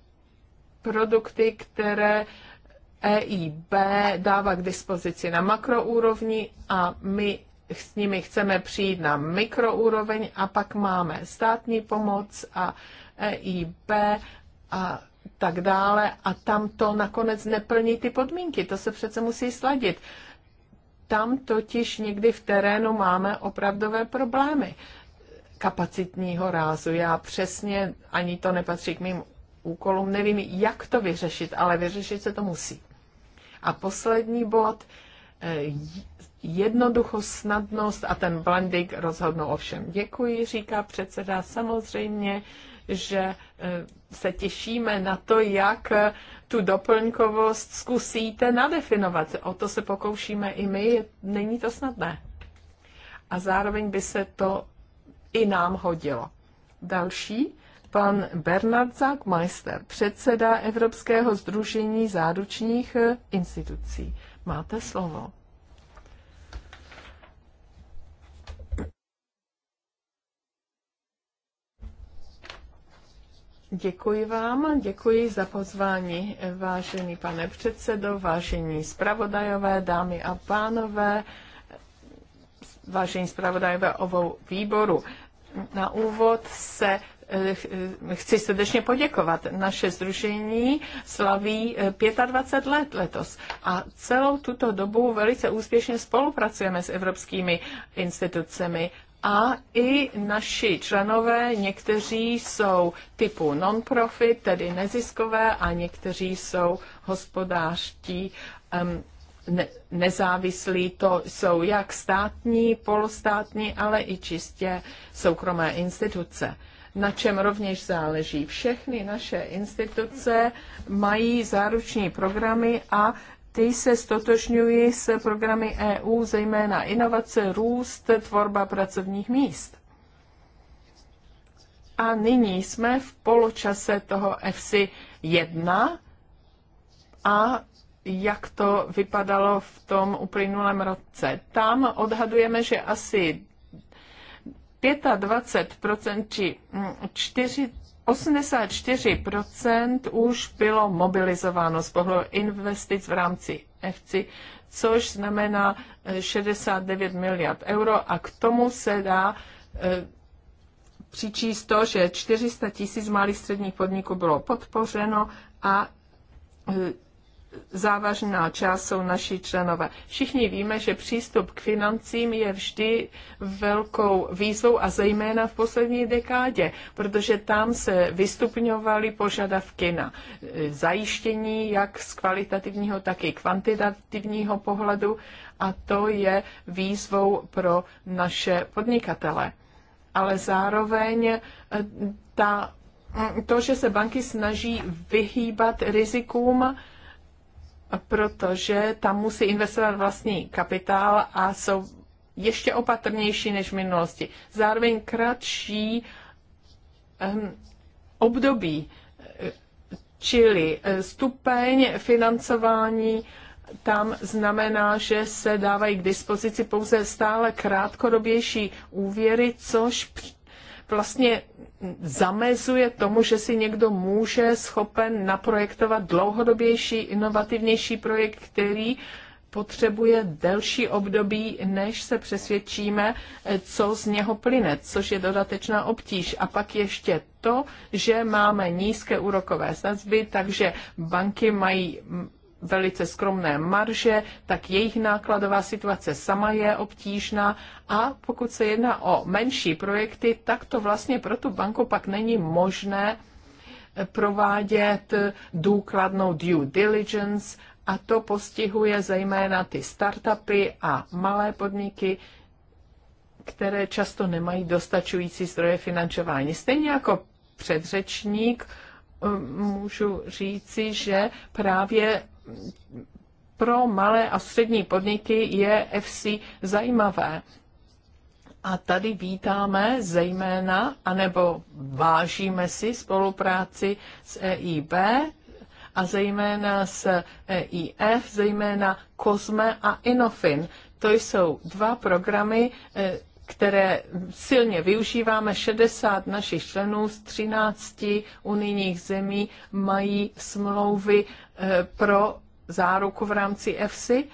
produkty, které EIB dává k dispozici na makroúrovni a my s nimi chceme přijít na mikroúroveň a pak máme státní pomoc a EIB a tak dále a tam to nakonec neplní ty podmínky, to se přece musí sladit. Tam totiž někdy v terénu máme opravdové problémy kapacitního rázu. Já přesně, ani to nepatří k mým úkolům. Nevím, jak to vyřešit, ale vyřešit se to musí. A poslední bod, eh, jednoducho snadnost a ten blending rozhodnou o všem. Děkuji, říká předseda. Samozřejmě, že eh, se těšíme na to, jak eh, tu doplňkovost zkusíte nadefinovat. O to se pokoušíme i my, není to snadné. A zároveň by se to i nám hodilo. Další pan Bernard Zagmeister, předseda Evropského združení záručních eh, institucí. Máte slovo. Děkuji vám, děkuji za pozvání, vážený pane předsedo, vážení zpravodajové, dámy a pánové, vážení zpravodajové ovou výboru. Na úvod se Eh, chci srdečně poděkovat. Naše združení slaví 25 eh, let letos a celou tuto dobu velice úspěšně spolupracujeme s evropskými institucemi a i naši členové, někteří jsou typu non-profit, tedy neziskové, a někteří jsou hospodářští um, ne, nezávislí, to jsou jak státní, polostátní, ale i čistě soukromé instituce na čem rovněž záleží. Všechny naše instituce mají záruční programy a ty se stotožňují s programy EU, zejména inovace, růst, tvorba pracovních míst. A nyní jsme v poločase toho EFSI 1 a jak to vypadalo v tom uplynulém roce. Tam odhadujeme, že asi 25% či 4, mm, 84% už bylo mobilizováno z pohledu investic v rámci EFCI, což znamená 69 eh, miliard euro a k tomu se dá eh, přičíst to, že 400 tisíc malých středních podniků bylo podpořeno a eh, závažná část jsou naši členové. Všichni víme, že přístup k financím je vždy velkou výzvou a zejména v poslední dekádě, protože tam se vystupňovaly požadavky na e, zajištění jak z kvalitativního, tak i kvantitativního pohledu a to je výzvou pro naše podnikatele. Ale zároveň e, ta, to, že se banky snaží vyhýbat rizikům, protože tam musí investovat vlastní kapitál a jsou ještě opatrnější než v minulosti. Zároveň kratší um, období, eh, čili eh, stupeň financování tam znamená, že se dávají k dispozici pouze stále krátkodobější úvěry, což vlastně zamezuje tomu, že si někdo může schopen naprojektovat dlouhodobější, inovativnější projekt, který potřebuje delší období, než se přesvědčíme, eh, co z něho plyne, což je dodatečná obtíž. A pak ještě to, že máme nízké úrokové sazby, takže banky mají velice skromné marže, tak jejich nákladová situace sama je obtížná a pokud se jedná o menší projekty, tak to vlastně pro tu banku pak není možné provádět důkladnou due diligence a to postihuje zejména ty startupy a malé podniky, které často nemají dostačující zdroje financování. Stejně jako předřečník, eh, můžu říci, že právě pro malé a střední podniky je FC zajímavé. A tady vítáme zejména, anebo vážíme si spolupráci s EIB a zejména s EIF, zejména COSME a INOFIN. To jsou dva programy, eh, které silně využíváme. 60 našich členů z 13 unijních zemí mají smlouvy eh, pro záruku v rámci EFSI,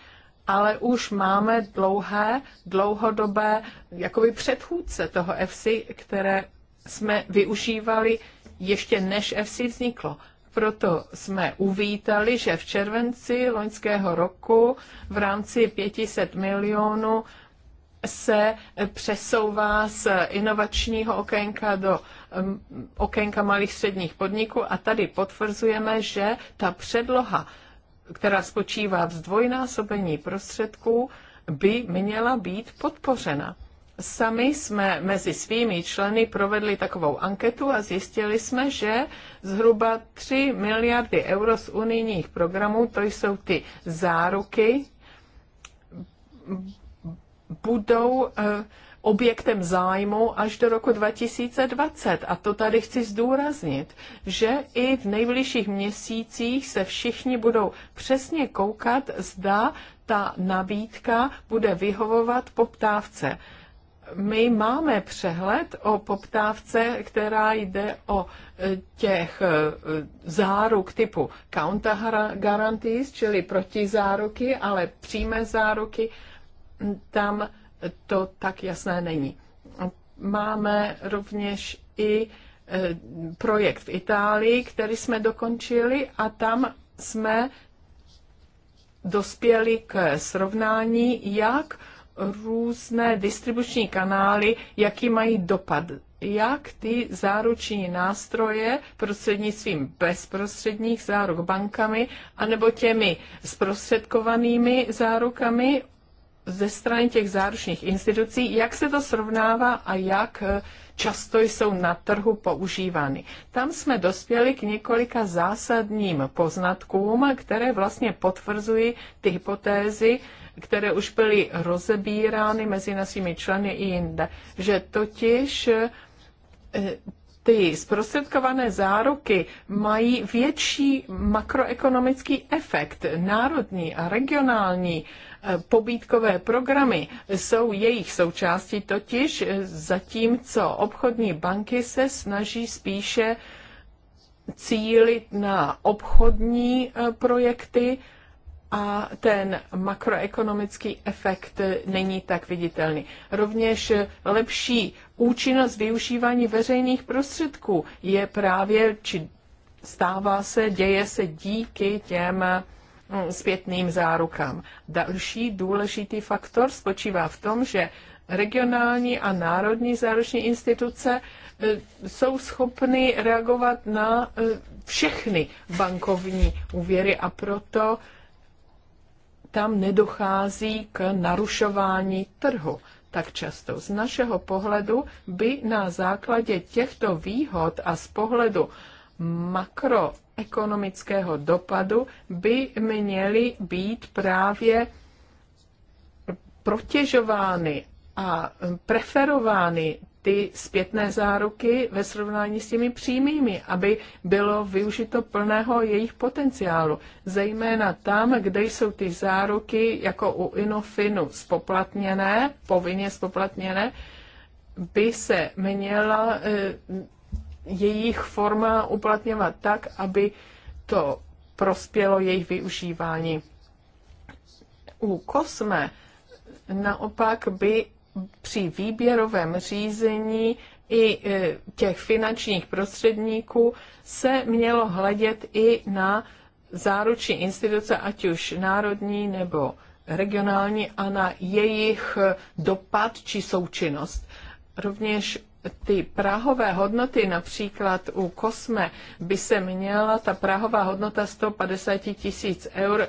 ale už máme dlouhé, dlouhodobé jakoby předchůdce toho EFSI, které jsme využívali ještě než EFSI vzniklo. Proto jsme uvítali, že v červenci loňského roku v rámci 500 milionů se přesouvá z inovačního okénka do okénka malých středních podniků a tady potvrzujeme, že ta předloha, která spočívá v zdvojnásobení prostředků, by měla být podpořena. Sami jsme mezi svými členy provedli takovou anketu a zjistili jsme, že zhruba 3 miliardy euro z unijních programů, to jsou ty záruky, budou eh, objektem zájmu až do roku 2020. A to tady chci zdůraznit, že i v nejbližších měsících se všichni budou přesně koukat, zda ta nabídka bude vyhovovat poptávce. My máme přehled o poptávce, která jde o eh, těch eh, záruk typu counter guarantees, čili protizáruky, ale přímé záruky tam to tak jasné není. Máme rovněž i e, projekt v Itálii, který jsme dokončili a tam jsme dospěli k srovnání, jak různé distribuční kanály, jaký mají dopad, jak ty záruční nástroje prostřednictvím bezprostředních záruk bankami anebo těmi zprostředkovanými zárukami ze strany těch záručních institucí, jak se to srovnává a jak eh, často jsou na trhu používány. Tam jsme dospěli k několika zásadním poznatkům, které vlastně potvrzují ty hypotézy, které už byly rozebírány mezi našimi členy i jinde. Že totiž eh, ty zprostředkované záruky mají větší makroekonomický efekt, národní a regionální pobídkové programy jsou jejich součástí totiž, zatímco obchodní banky se snaží spíše cílit na obchodní e, projekty a ten makroekonomický efekt není tak viditelný. Rovněž lepší účinnost využívání veřejných prostředků je právě, či stává se, děje se díky těm No, zpětným zárukám. Další důležitý faktor spočívá v tom, že regionální a národní záruční instituce e, jsou schopny reagovat na e, všechny bankovní úvěry a proto tam nedochází k narušování trhu tak často. Z našeho pohledu by na základě těchto výhod a z pohledu makro ekonomického dopadu by měly být právě protěžovány a preferovány ty zpětné záruky ve srovnání s těmi přímými, aby bylo využito plného jejich potenciálu. Zejména tam, kde jsou ty záruky jako u Inofinu spoplatněné, povinně spoplatněné, by se měla eh, jejich forma uplatňovat tak, aby to prospělo jejich využívání. U kosme naopak by při výběrovém řízení i e, těch finančních prostředníků se mělo hledět i na záruční instituce, ať už národní nebo regionální, a na jejich dopad či součinnost. Rovněž ty prahové hodnoty, například u Kosme, by se měla ta prahová hodnota 150 tisíc eur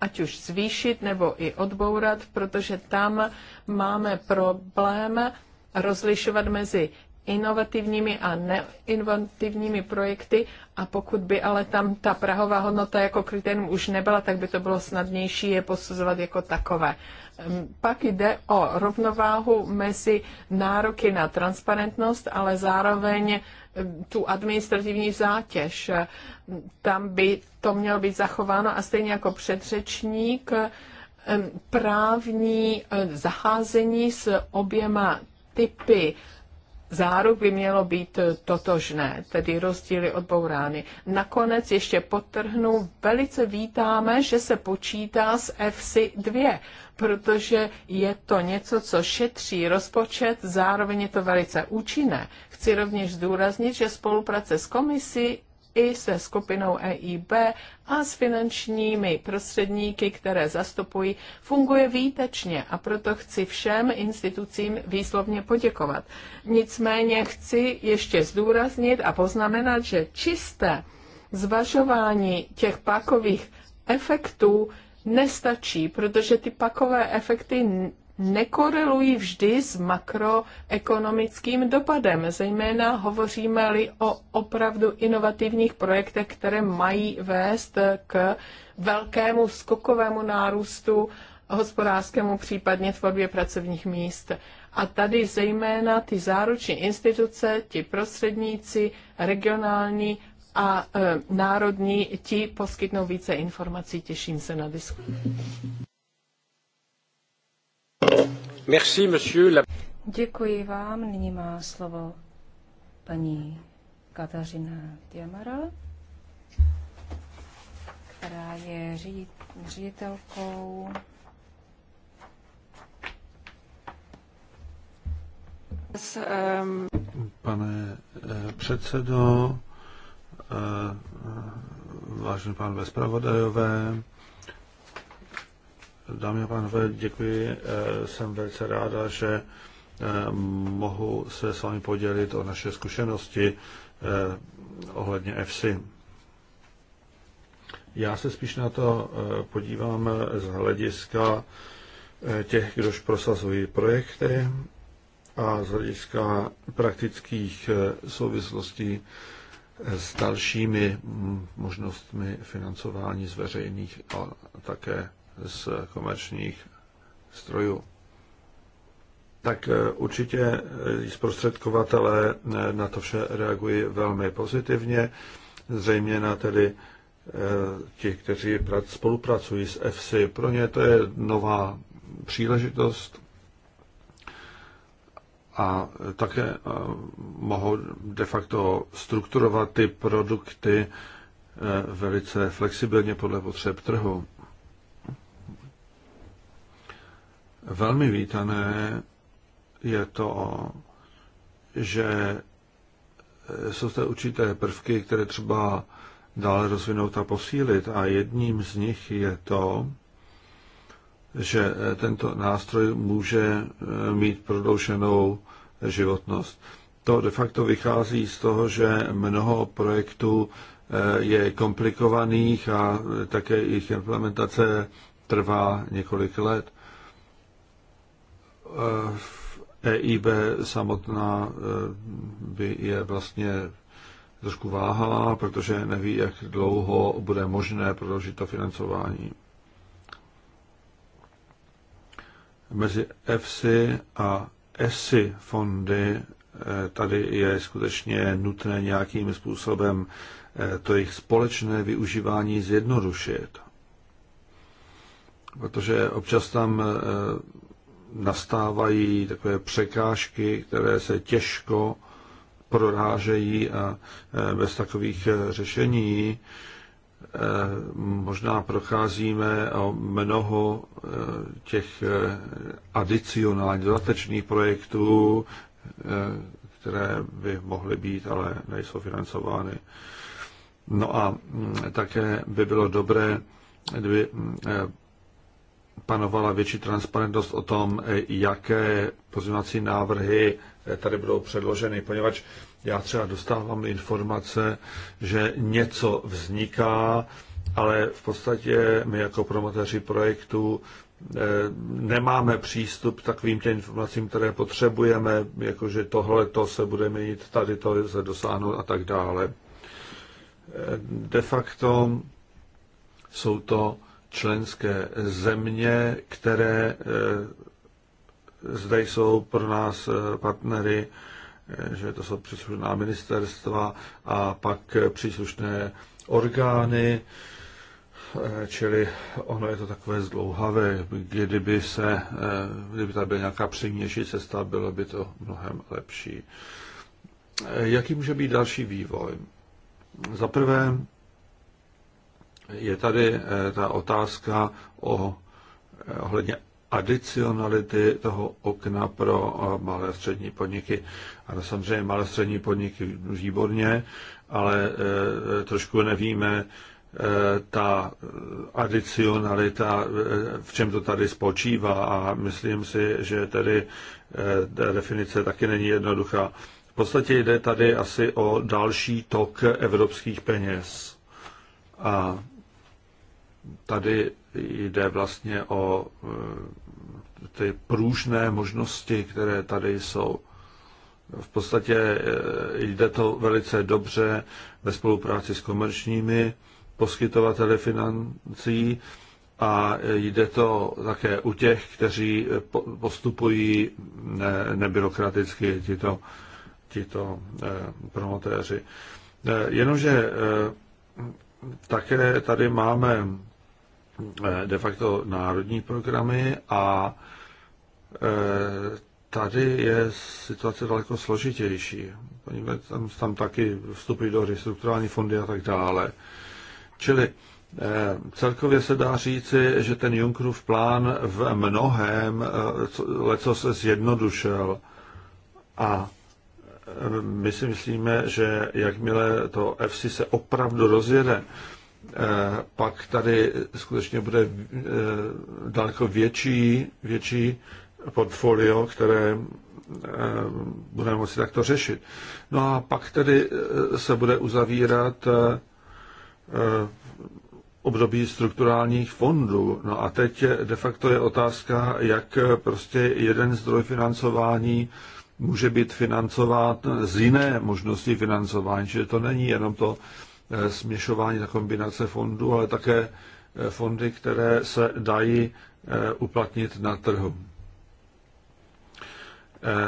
ať už zvýšit nebo i odbourat, protože tam máme problém rozlišovat mezi inovativními a neinovativními projekty a pokud by ale tam ta prahová hodnota jako kritérium už nebyla, tak by to bylo snadnější je posuzovat jako takové. Pak jde o rovnováhu mezi nároky na transparentnost, ale zároveň eh, tu administrativní zátěž. Tam by to mělo být zachováno a stejně jako předřečník právní eh, zaházení s oběma typy záruk by mělo být eh, totožné, tedy rozdíly odbourány. Nakonec ještě potrhnu, velice vítáme, že se počítá s FC2, protože je to něco, co šetří rozpočet, zároveň je to velice účinné. Chci rovněž zdůraznit, že spolupráce s komisí i se skupinou EIB a s finančními prostředníky, které zastupují, funguje výtečně a proto chci všem institucím výslovně poděkovat. Nicméně chci ještě zdůraznit a poznamenat, že čisté zvažování těch pákových efektů nestačí, protože ty pakové efekty nekorelují vždy s makroekonomickým dopadem. Zejména hovoříme-li o opravdu inovativních projektech, které mají vést k velkému skokovému nárůstu hospodářskému, případně tvorbě pracovních míst. A tady zejména ty záruční instituce, ti prostředníci, regionální a e, národní ti poskytnou více informací. Těším se na diskuzi. Merci, monsieur. La... Děkuji vám. Nyní má slovo paní Katařina Diamara, která je ředitelkou Pane e, předsedo, Eh, vážení pánové zpravodajové, dámy a pánové, děkuji. Eh, jsem velice ráda, že eh, mohu se s vámi podělit o naše zkušenosti ohledně EFSI. Já se spíš na to podívám z hlediska těch, kdož prosazují projekty a z hlediska praktických souvislostí s dalšími možnostmi financování z veřejných a také z komerčních strojů. Tak eh, určitě eh, zprostředkovatelé eh, na to vše reagují velmi pozitivně, zřejmě na tedy ti, kteří spolupracují s EFSI. Pro ně to je nová příležitost, a také eh, mohou de facto strukturovat ty produkty eh, velice flexibilně podle potřeb trhu. Velmi vítané je to, že jsou zde určité prvky, které třeba dále rozvinout a posílit. A jedním z nich je to, že tento nástroj může eh, mít prodlouženou životnost. To de facto vychází z toho, že mnoho projektů eh, je komplikovaných a také jejich implementace trvá několik let. EIB eh, e samotná eh, by je vlastně trošku váhala, protože neví, jak dlouho bude možné prodloužit to financování. Mezi EFSI a ESI fondy, eh, tady je skutečně nutné nějakým způsobem eh, to jejich společné využívání zjednodušit. Protože občas tam eh, nastávají takové překážky, které se těžko prorážejí a bez takových řešení Eh, možná procházíme o mnoho eh, těch eh, adicionálních dodatečných projektů, které by mohly být, ale nejsou financovány. No a mm, také by bylo dobré, kdyby panovala větší transparentnost o tom, jaké pozměňovací návrhy tady budou předloženy, poněvadž já třeba dostávám informace, že něco vzniká, ale v podstatě my jako promotéři projektu eh, nemáme přístup k takovým těm informacím, které potřebujeme, jakože tohle to se bude měnit, tady to se dosáhnout a tak dále. Eh, de facto jsou to členské země, které eh, zde jsou pro nás partnery že to jsou příslušná ministerstva a pak příslušné orgány, čili ono je to takové zdlouhavé. Kdyby, se, kdyby tady byla nějaká přímější cesta, bylo by to mnohem lepší. Jaký může být další vývoj? Za prvé je tady eh, ta otázka o eh, ohledně adicionality toho okna pro eh, malé a střední podniky. Ano, samozřejmě malé a střední podniky výborně, ale eh, trošku nevíme, eh, ta adicionalita, v čem to tady spočívá a myslím si, že tedy ta definice taky není jednoduchá. V podstatě jde tady asi o další tok evropských peněz. A tady Jde vlastně o e, ty průžné možnosti, které tady jsou. V podstatě e, jde to velice dobře ve spolupráci s komerčními poskytovateli financí a jde to také u těch, kteří postupují ne, nebyrokraticky, tito, tito e, promotéři. Jenomže také tady máme Eh, de facto národní programy a eh, tady je situace daleko složitější. Poněvadž tam, tam taky vstupují do restrukturální fondy a tak dále. Čili eh, Celkově se dá říci, že ten Junckerův plán v mnohem leco se zjednodušil a my si myslíme, že jakmile to FC se opravdu rozjede, Eh, pak tady skutečně bude eh, daleko větší, větší portfolio, které eh, budeme moci takto řešit. No a pak tedy se bude uzavírat období strukturálních fondů. No a teď de facto je otázka, jak prostě jeden zdroj financování může být financován z jiné možnosti financování, že to není jenom to Eh, směšování na kombinace fondů, ale také eh, fondy, které se dají eh, uplatnit na trhu.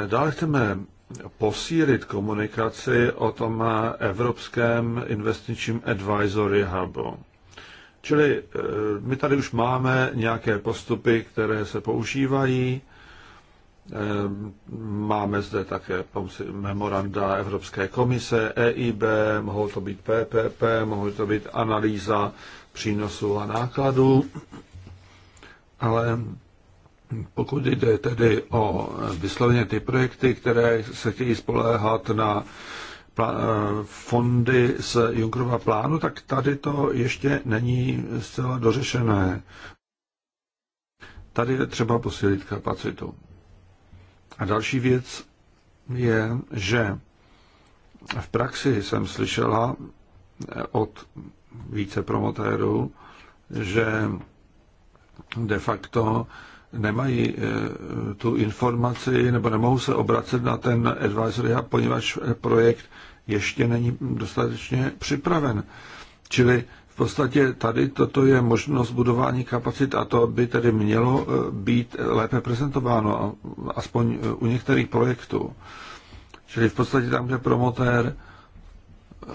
Dále chceme posílit komunikaci o tom Evropském investičním advisory hubu. Čili my tady už máme nějaké postupy, které se používají Ehm, máme zde také memoranda Evropské komise, EIB, mohou to být PPP, mohou to být analýza přínosů a nákladů, ale pokud jde tedy o vysloveně ty projekty, které se chtějí spoléhat na fondy z Junkerova plánu, tak tady to ještě není zcela dořešené. Tady je třeba posílit kapacitu. A další věc je, že v praxi jsem slyšela od více promotérů, že de facto nemají eh, tu informaci nebo nemohou se obracet na ten advisory poněvadž projekt ještě není dostatečně připraven. Čili v podstatě tady toto je možnost budování kapacit a to by tedy mělo eh, být lépe prezentováno, aspoň eh, u některých projektů. Čili v podstatě tam, kde promotér eh,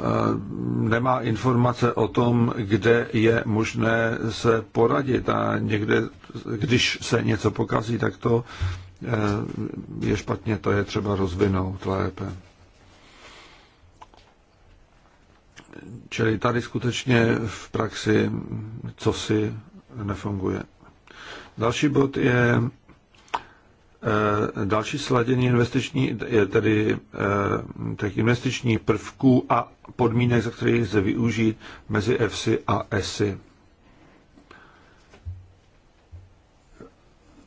nemá informace o tom, kde je možné se poradit a někde, když se něco pokazí, tak to je špatně, to je třeba rozvinout lépe. Čili tady skutečně v praxi co si nefunguje. Další bod je eh, další sladění investiční, tedy eh, těch investičních prvků a podmínek, za kterých lze využít mezi EFSI a ESI.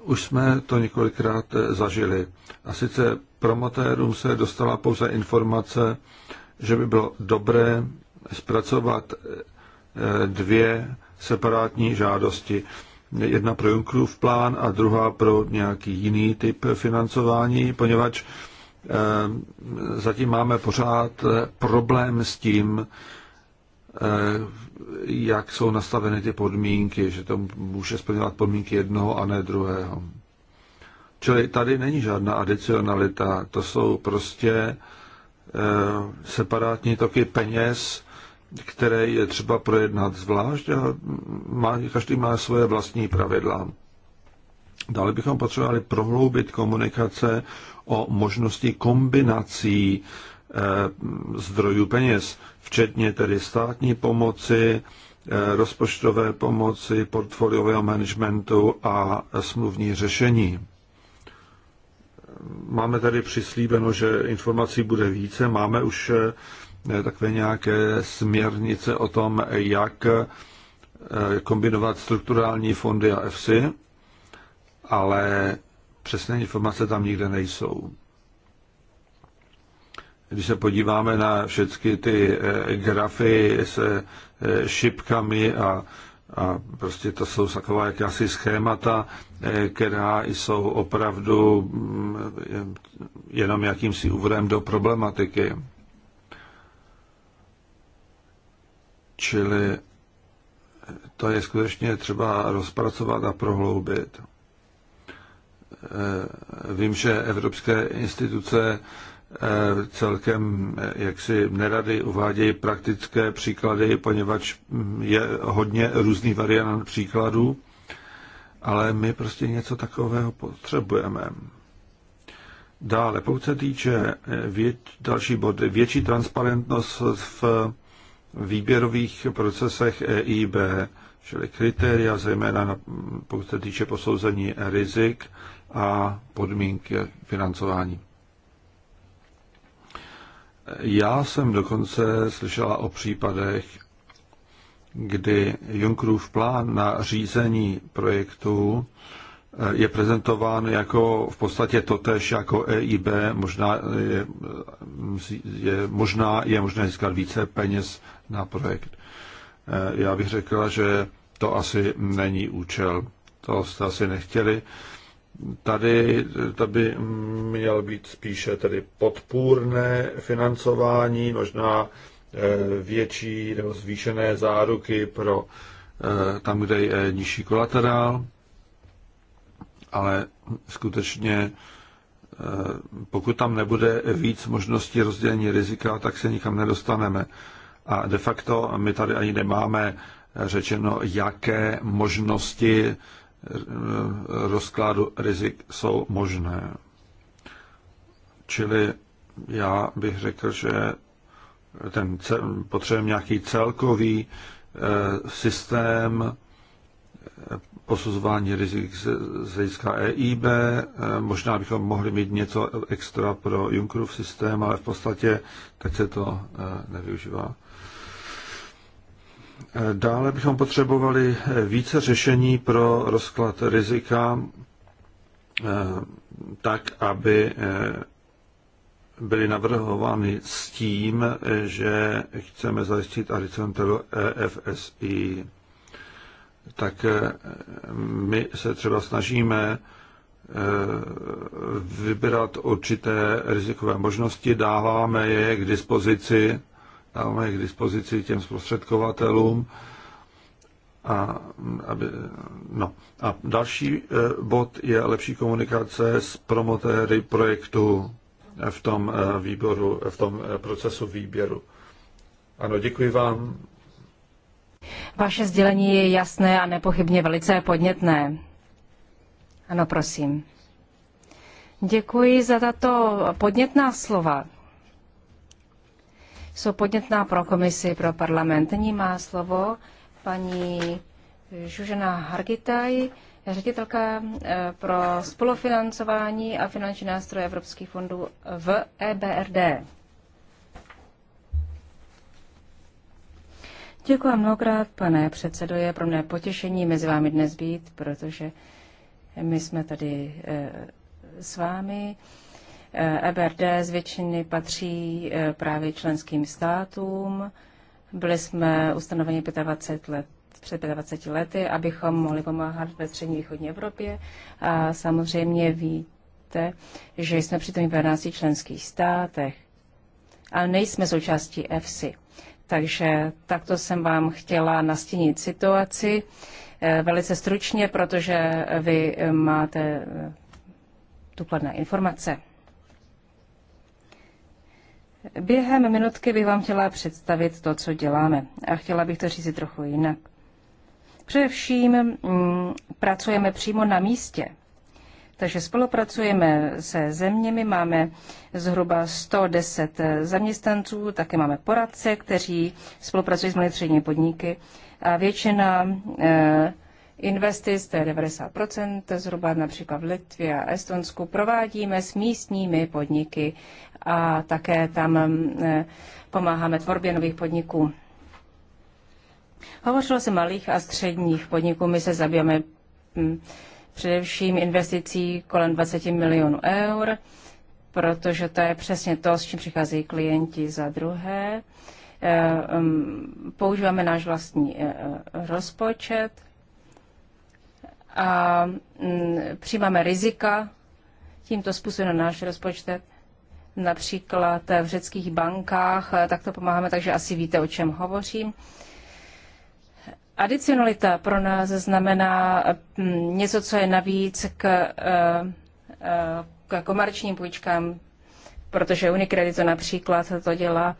Už jsme to několikrát eh, zažili. A sice promotérům se dostala pouze informace, že by bylo dobré zpracovat eh, dvě separátní žádosti. Jedna pro Junckerův plán a druhá pro nějaký jiný typ financování, poněvadž eh, zatím máme pořád eh, problém s tím, jak jsou nastaveny ty podmínky, že to může splňovat podmínky jednoho a ne druhého. Čili tady není žádná adicionalita, to jsou prostě separátní toky peněz, které je třeba projednat zvlášť a má, každý má svoje vlastní pravidla. Dále bychom potřebovali prohloubit komunikace o možnosti kombinací eh, zdrojů peněz, včetně tedy státní pomoci, eh, rozpočtové pomoci, portfoliového managementu a smluvní řešení. Máme tady přislíbeno, že informací bude více. Máme už eh, takové nějaké směrnice o tom, jak eh, kombinovat strukturální fondy a EFSI, ale přesné informace tam nikde nejsou. Když se podíváme na všechny ty eh, grafy se eh, šipkami a, a prostě to jsou taková jakási schémata, která jsou opravdu mm, jenom jakýmsi úvodem do problematiky. Čili to je skutečně třeba rozpracovat a prohloubit. Eh, vím, že evropské instituce eh, celkem eh, jaksi nerady uvádějí praktické příklady, poněvadž hm, je hodně různých variant příkladů, ale my prostě něco takového potřebujeme. Dále, pokud se týče vět, další bod, větší transparentnost v výběrových procesech EIB, čili kritéria, zejména na, pokud se týče posouzení rizik a podmínky financování. Já jsem dokonce slyšela o případech, kdy Junckerův plán na řízení projektu je prezentován jako v podstatě totež jako EIB, možná je, je, možná je možné získat více peněz na projekt. E, já bych řekla, že to asi není účel. To jste asi nechtěli. Tady to by měl být spíše tedy podpůrné financování, možná e, větší nebo zvýšené záruky pro e, tam, kde je nižší kolaterál ale skutečně eh, pokud tam nebude víc možností rozdělení rizika, tak se nikam nedostaneme. A de facto my tady ani nemáme eh, řečeno, jaké možnosti eh, rozkladu rizik jsou možné. Čili já bych řekl, že ten potřebujeme nějaký celkový systém posuzování rizik z hlediska EIB. E, možná bychom mohli mít něco extra pro Junckerův systém, ale v podstatě teď se to e, nevyužívá. E, dále bychom potřebovali více řešení pro rozklad rizika, tak aby byly navrhovány s tím, že chceme zajistit adicionalitu EFSI tak eh, my se třeba snažíme eh, vybrat určité rizikové možnosti, dáváme je k dispozici, dáváme je k dispozici těm zprostředkovatelům. A, aby, no. a další eh, bod je lepší komunikace s promotéry projektu v tom výboru, v tom procesu výběru. Ano, děkuji vám vaše sdělení je jasné a nepochybně velice podnětné. Ano, prosím. Děkuji za tato podnětná slova. Jsou podnětná pro komisi, pro parlament. Nyní má slovo paní Žužena Hargitaj, ředitelka eh, pro spolufinancování a finanční nástroje evropských fondů v EBRD. Děkuji mnohokrát, pane předsedo. Je pro mě potěšení mezi vámi dnes být, protože my jsme tady eh, s vámi. EBRD eh, e z většiny patří eh, právě členským státům. Byli jsme ustanoveni 25 let před 25 lety, abychom mohli pomáhat ve střední východní Evropě. A samozřejmě víte, že jsme přitom v 12 členských státech, ale nejsme součástí EFSI. Takže takto jsem vám chtěla nastínit situaci eh, velice stručně, protože vy eh, máte důkladné eh, informace. Během minutky bych vám chtěla představit to, co děláme. A chtěla bych to říct trochu jinak. Především m, mm, pracujeme přímo na místě takže spolupracujeme se zeměmi, máme zhruba 110 zaměstnanců, také máme poradce, kteří spolupracují s malými podniky a většina eh, investic, to je 90%, zhruba například v Litvě a Estonsku, provádíme s místními podniky a také tam eh, pomáháme tvorbě nových podniků. Hovořilo se malých a středních podniků, my se zabýváme hm, především investicí kolem 20 milionů eur, protože to je přesně to, s čím přicházejí klienti za druhé. Eh, mm, používáme náš vlastní eh, rozpočet a mm, přijímáme rizika tímto způsobem na náš rozpočet například v řeckých bankách, eh, tak to pomáháme, takže asi víte, o čem hovořím. Adicionalita pro nás znamená mm, něco, co je navíc k, eh, eh, k komerčním půjčkám, protože Unicredit to například to dělá.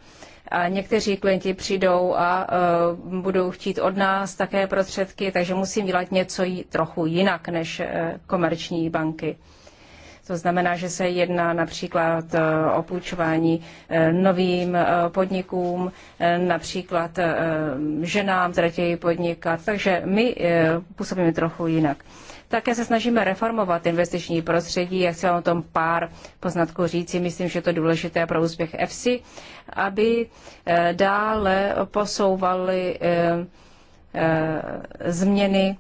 A někteří klienti přijdou a eh, budou chtít od nás také prostředky, takže musím dělat něco trochu jinak než komerční banky. To znamená, že se jedná například eh, o půjčování eh, novým eh, podnikům, například ženám, které chtějí podnikat. Takže my působíme trochu jinak. Také se snažíme reformovat investiční prostředí. Já chci vám o tom pár poznatků říci. Myslím, že to je důležité pro úspěch EFSI, aby dále posouvali změny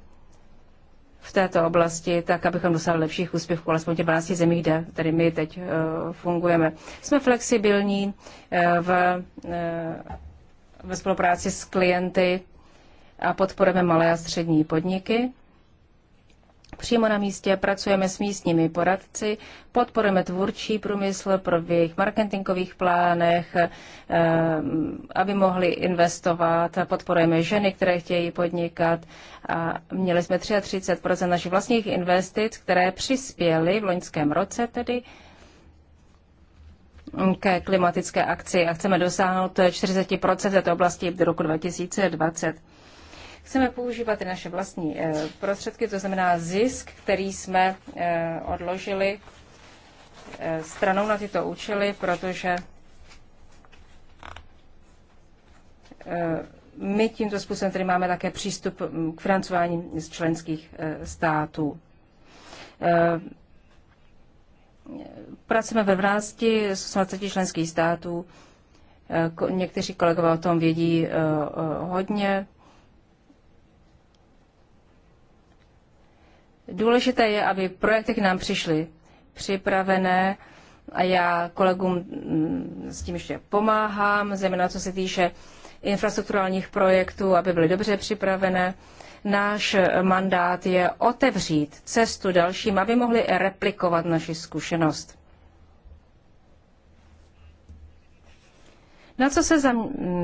v této oblasti, tak abychom dosáhli lepších úspěchů, alespoň těch 12 zemí, kde tady my teď eh, fungujeme. Jsme flexibilní eh, v, eh, ve spolupráci s klienty a podporujeme malé a střední podniky. Přímo na místě pracujeme s místními poradci, podporujeme tvůrčí průmysl pro v jejich marketingových plánech, eh, aby mohli investovat, podporujeme ženy, které chtějí podnikat. A měli jsme 33 našich vlastních investic, které přispěly v loňském roce tedy ke klimatické akci a chceme dosáhnout 40 v této oblasti do roku 2020. Chceme používat i naše vlastní eh, prostředky, to znamená zisk, který jsme eh, odložili eh, stranou na tyto účely, protože my tímto způsobem tady máme také přístup mm, k financování z členských států. Pracujeme ve vrásti z 20 členských států. Někteří kolegové o tom vědí hodně. Důležité je, aby projekty k nám přišly připravené a já kolegům mm, s tím ještě pomáhám, zejména co se týče infrastrukturálních projektů, aby byly dobře připravené. Náš mandát je otevřít cestu dalším, aby mohli replikovat naši zkušenost. Na co se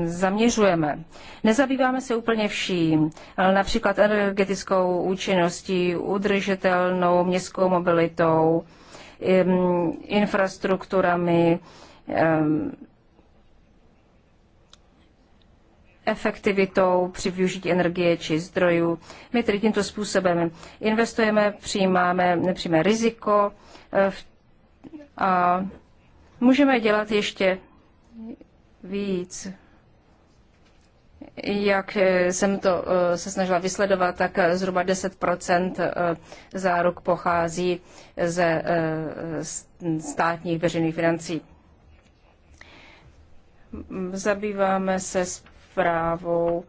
zaměřujeme? Nezabýváme se úplně vším, ale například energetickou účinností, udržitelnou městskou mobilitou, infrastrukturami, efektivitou při využití energie či zdrojů. My tedy tímto způsobem investujeme, přijímáme nepřímé riziko eh, a můžeme dělat ještě víc. Jak eh, jsem to eh, se snažila vysledovat, tak eh, zhruba 10 záruk pochází ze státních veřejných financí. Zabýváme se zprávou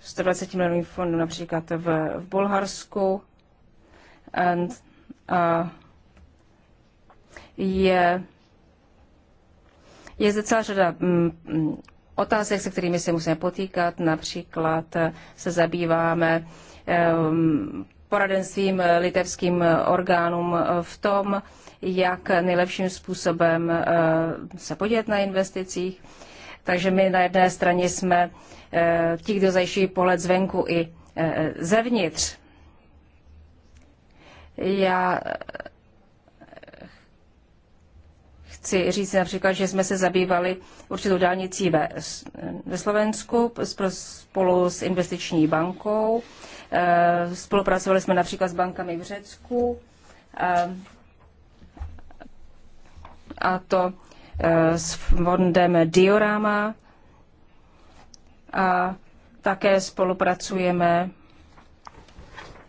120 milionů fondů například v, v Bulharsku. And, uh, je je zde celá řada mm, mm, otázek, se kterými se musíme potýkat. Například eh, se zabýváme ehm, poradenstvím litevským orgánům v tom, jak nejlepším způsobem eh, se podílet na investicích. Takže my na jedné straně jsme eh, ti, kdo zajišťují pohled zvenku i zevnitř. Já chci říct například, že jsme se zabývali určitou dálnicí ve, ve Slovensku spolu s investiční bankou. Eh, spolupracovali jsme například s bankami v Řecku. Eh, a, to eh, s fondem Diorama. A také spolupracujeme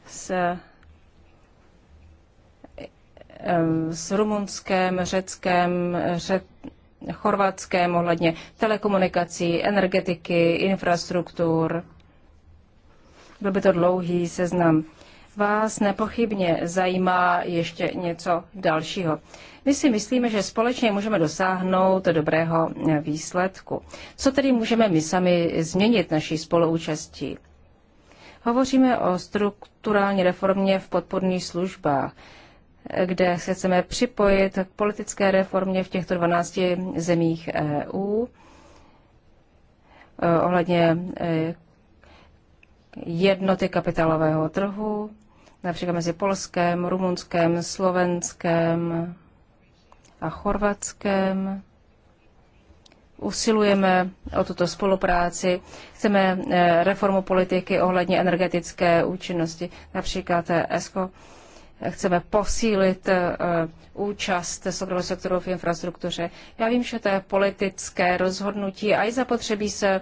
s Eh, s rumunském, řeckém, Řet, Chorvatském ohledně telekomunikací, energetiky, infrastruktur. Byl by to dlouhý seznam. Vás nepochybně zajímá ještě něco dalšího. My si myslíme, že společně můžeme dosáhnout dobrého výsledku. Co tedy můžeme my sami změnit naší spoluúčastí? Hovoříme o strukturální reformě v podporných službách kde se chceme připojit k politické reformě v těchto 12 zemích EU eh, ohledně eh, jednoty kapitálového trhu, například mezi Polskem, Rumunskem, Slovenskem a Chorvatskem. Usilujeme o tuto spolupráci. Chceme eh, reformu politiky ohledně energetické účinnosti, například ESCO chceme posílit eh, účast soukromého sektoru v infrastruktuře. Já vím, že to je politické rozhodnutí a i zapotřebí se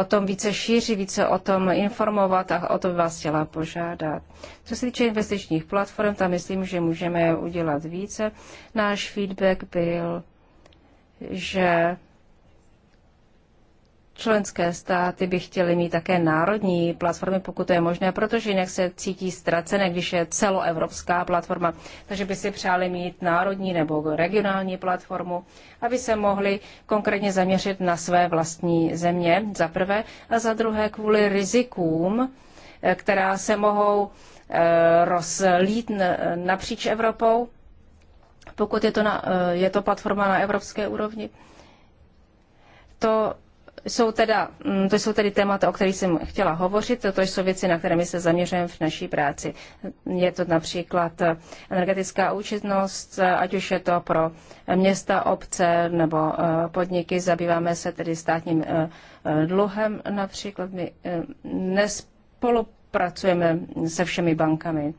o tom více šíří, více o tom informovat a o to vás chtěla požádat. Co se týče investičních platform, tam myslím, že můžeme udělat více. Náš feedback byl, že Členské státy by chtěly mít také národní platformy, pokud to je možné, protože jinak se cítí ztracené, když je celoevropská platforma. Takže by si přáli mít národní nebo regionální platformu, aby se mohli konkrétně zaměřit na své vlastní země, za prvé, a za druhé kvůli rizikům, eh, která se mohou eh, rozlít napříč Evropou, pokud je to, na, eh, je to platforma na evropské úrovni. To jsou teda, mm, to jsou tedy témata, o kterých jsem chtěla hovořit. To jsou věci, na které my se zaměřujeme v naší práci. Je to například energetická účinnost, ať už je to pro města, obce nebo eh, podniky. Zabýváme se tedy státním eh, eh, dluhem například. My nespolupracujeme se všemi bankami.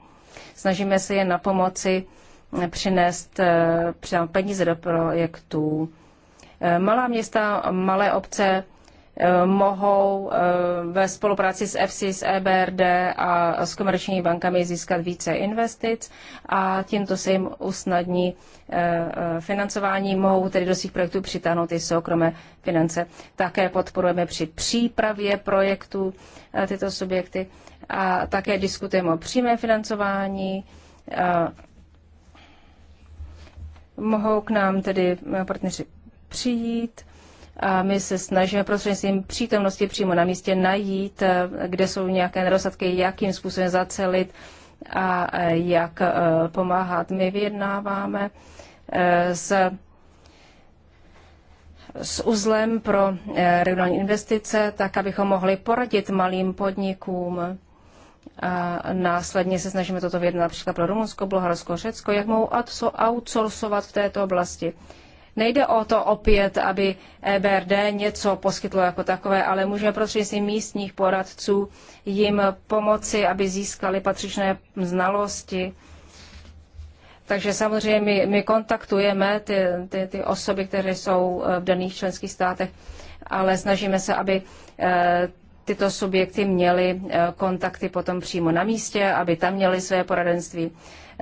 Snažíme se je na pomoci přinést peníze do projektů. Malá města, malé obce mohou eh, ve spolupráci s EFSI, s EBRD a s komerčními bankami získat více investic a tímto se jim usnadní eh, eh, financování, mohou tedy do svých projektů přitáhnout i soukromé finance. Také podporujeme při přípravě projektů tyto subjekty a také diskutujeme o přímém financování, mohou k nám tedy partneři přijít a my se snažíme prostřednictvím přítomnosti přímo na místě najít, eh, kde jsou nějaké nedostatky, jakým způsobem zacelit a eh, jak eh, pomáhat. My vyjednáváme s s uzlem pro regionální investice, tak abychom mohli poradit malým podnikům. A následně se snažíme toto vědět například pro Rumunsko, Bulharsko, Řecko, jak mohou outsourcovat v této oblasti. Nejde o to opět, aby EBRD něco poskytlo jako takové, ale můžeme prostřednictvím místních poradců jim pomoci, aby získali patřičné znalosti. Takže samozřejmě my, my kontaktujeme ty, ty, ty osoby, které jsou eh, v daných členských státech, ale snažíme se, aby eh, tyto subjekty měly eh, kontakty potom přímo na místě, aby tam měly své poradenství.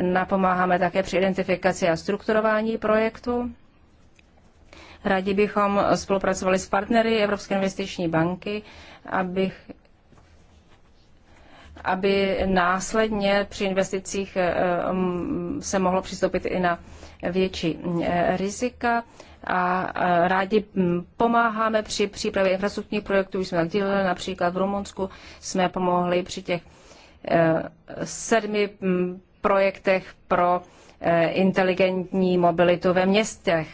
Napomáháme také při identifikaci a strukturování projektu. Rádi bychom spolupracovali s partnery Evropské investiční banky, abych, aby následně při investicích eh, mm, se mohlo přistoupit i na větší eh, rizika a eh, rádi mm, pomáháme při přípravě infrastrukturních projektů, už jsme tak dělali, například v Rumunsku jsme pomohli při těch sedmi mm, projektech pro inteligentní mobilitu ve městech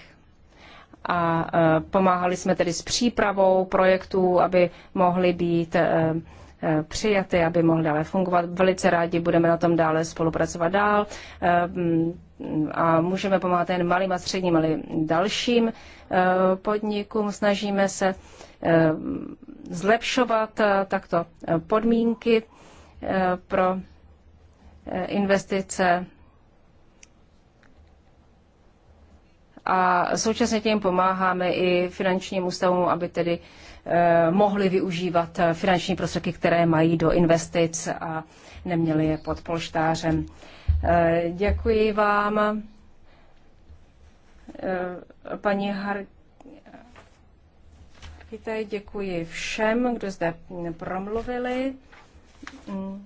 a e, pomáhali jsme tedy s přípravou projektů, aby mohly být e, e, přijaty, aby mohly dále fungovat. Velice rádi budeme na tom dále spolupracovat dál a můžeme pomáhat jen malým a středním, ale dalším podnikům. Snažíme se zlepšovat takto podmínky pro investice a současně tím pomáháme i finančním ústavům, aby tedy eh, mohli využívat eh, finanční prostředky, které mají do investic a neměli je pod polštářem. Eh, děkuji vám, eh, paní Har... děkuji všem, kdo zde promluvili. Mm.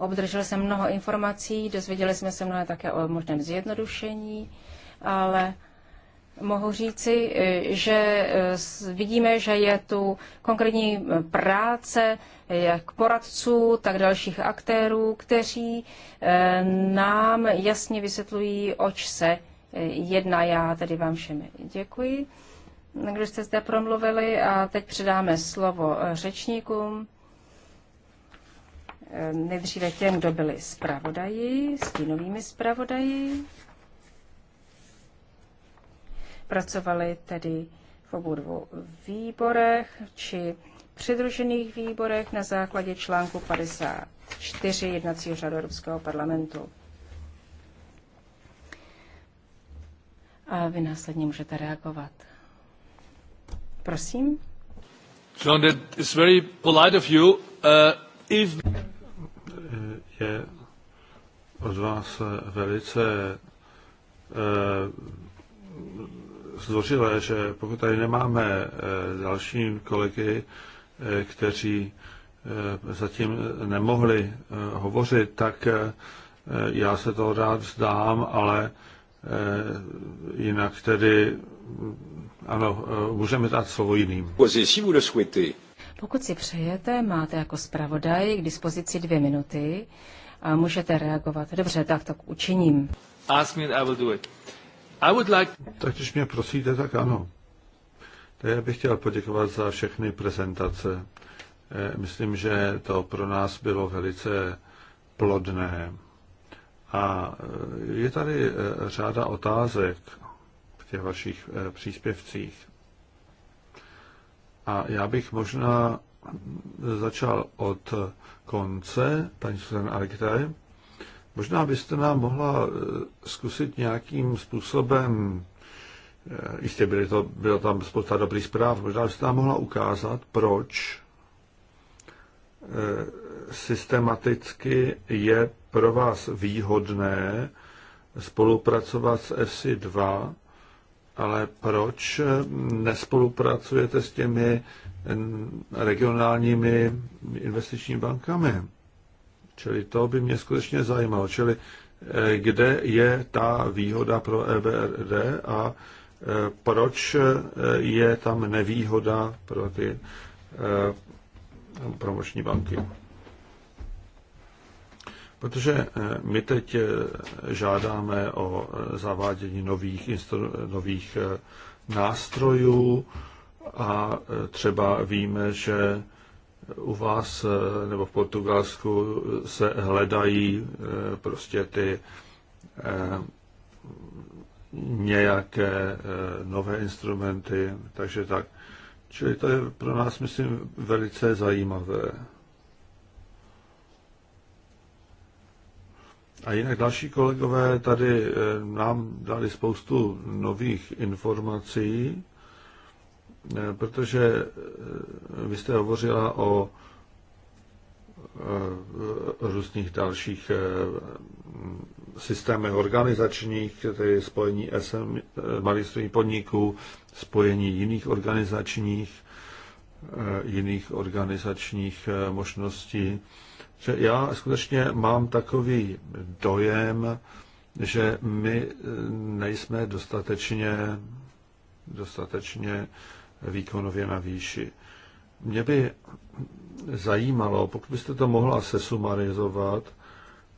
Obdržel jsem mnoho informací, dozvěděli jsme se mnohé také o možném zjednodušení, ale mohu říci, e, že e, vidíme, že je tu konkrétní e, práce jak poradců, tak dalších aktérů, kteří nám jasně vysvětlují, oč se jedná. Já tedy vám všem děkuji, když jste zde promluvili a teď předáme slovo řečníkům. Ehm, nejdříve těm, kdo byli zpravodaji, stínovými zpravodaji. Pracovali tedy v obou dvou výborech či přidružených výborech na základě článku 54 jednacího řádu Evropského parlamentu. A vy následně můžete reagovat. Prosím. John, that is very polite of you. Uh, if je od vás velice eh, zdvořilé, že pokud tady nemáme eh, další kolegy, eh, kteří zatím nemohli hovořit, tak já se to rád vzdám, ale jinak tedy ano, můžeme dát slovo jiným. Si vous le souhaitez. Pokud si přejete, máte jako zpravodaj k dispozici dvě minuty a můžete reagovat. Dobře, tak to učiním. Ask me I will do it. I would like... Tak když mě prosíte, tak ano. Tak já bych chtěl poděkovat za všechny prezentace. Eh, myslím, že to pro nás bylo velice plodné. A eh, je tady eh, řada otázek v těch vašich příspěvcích. A já bych možná začal od konce, paní Susan Alikte. Možná byste nám mohla eh, zkusit nějakým způsobem, eh, jistě byly to, bylo tam spousta dobrých zpráv, možná byste nám mohla ukázat, proč eh, systematicky je pro vás výhodné spolupracovat s FC2 ale proč nespolupracujete s těmi regionálními investičními bankami? Čili to by mě skutečně zajímalo. Čili eh, kde je ta výhoda pro EBRD a eh, proč eh, je tam nevýhoda pro ty promoční banky? Protože eh, my teď eh, žádáme o eh, zavádění nových, instru- nových nástrojů a třeba víme, že u vás nebo v Portugalsku se hledají prostě ty nějaké nové instrumenty, takže tak. Čili to je pro nás, myslím, velice zajímavé. A jinak další kolegové tady eh, nám dali spoustu nových informací, eh, protože eh, vy jste hovořila o různých dalších systémech organizačních, tedy spojení SM, malých podniků, spojení jiných organizačních, jiných organizačních možností že já skutečně mám takový dojem, že my eh, nejsme dostatečně, dostatečně výkonově na výši. Mě by zajímalo, pokud byste to mohla sesumarizovat,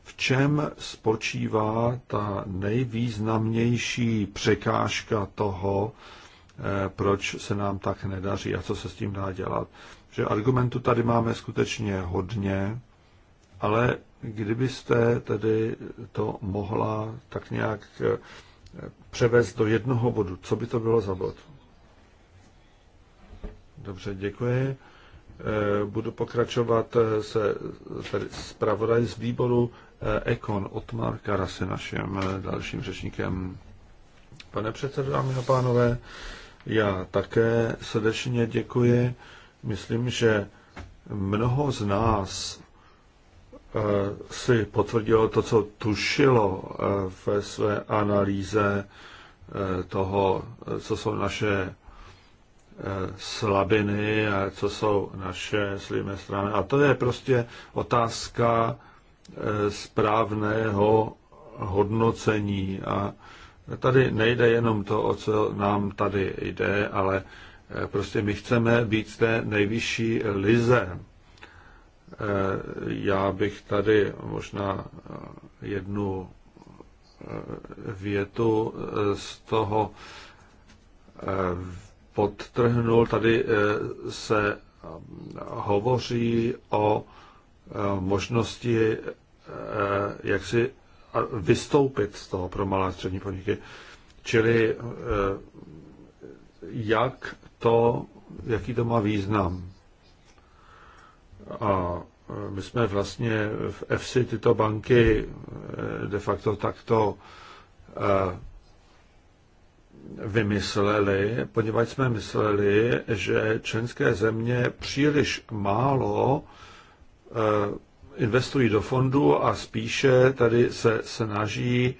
v čem spočívá ta nejvýznamnější překážka toho, eh, proč se nám tak nedaří a co se s tím dá dělat. Že argumentu tady máme skutečně hodně, ale kdybyste tedy to mohla tak nějak eh, převést do jednoho bodu, co by to bylo za bod? Dobře, děkuji. Eh, budu pokračovat eh, se tedy zpravodaj z výboru Ekon Otmar Karas naším dalším řečníkem. Pane předsedo, dámy a pánové, já také srdečně děkuji. Myslím, že mnoho z nás Eh, si potvrdilo to, co tušilo eh, ve své analýze eh, toho, co jsou naše slabiny a co jsou naše slibné strany. A to je prostě otázka správného hodnocení. A tady nejde jenom to, o co nám tady jde, ale prostě my chceme být v té nejvyšší lize Eh, já bych tady možná eh, jednu eh, větu z toho podtrhnul. Tady se hovoří o možnosti jak si vystoupit z toho pro malé střední podniky. Čili jak to, jaký to má význam. A my jsme vlastně v EFSI tyto banky eh, de facto takto eh, vymysleli, poněvadž jsme mysleli, že členské země příliš málo eh, investují do fondu a spíše tady se snaží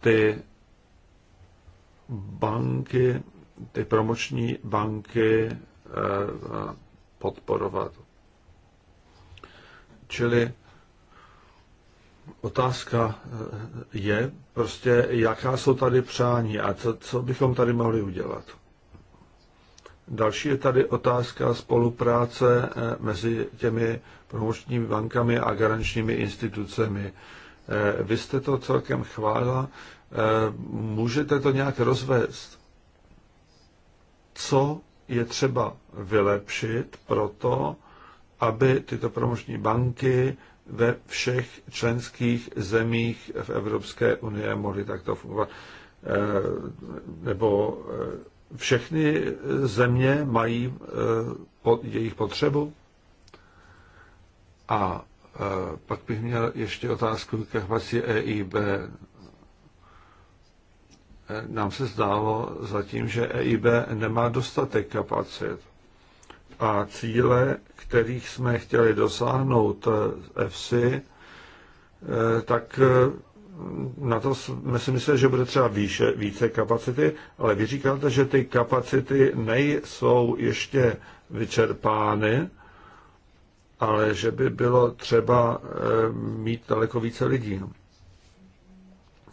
ty banky, ty promoční banky podporovat. Čili otázka eh, je prostě, jaká jsou tady přání a co, co bychom tady mohli udělat. Další je tady otázka spolupráce eh, mezi těmi promočními bankami a garančními institucemi. Eh, vy jste to celkem chválila. Můžete to nějak rozvést? Co je třeba vylepšit proto, aby tyto promoční banky ve všech členských zemích v Evropské unie mohly takto fungovat. Eh, nebo eh, všechny země mají eh, jejich potřebu? A pak bych měl ještě otázku k kapacitě EIB nám se zdálo zatím, že EIB nemá dostatek kapacit a cíle, kterých jsme chtěli dosáhnout EFSI, eh, eh, tak eh, na to jsme si mysleli, že bude třeba výše, více kapacity, ale vy říkáte, že ty kapacity nejsou ještě vyčerpány, ale že by bylo třeba mít daleko více lidí.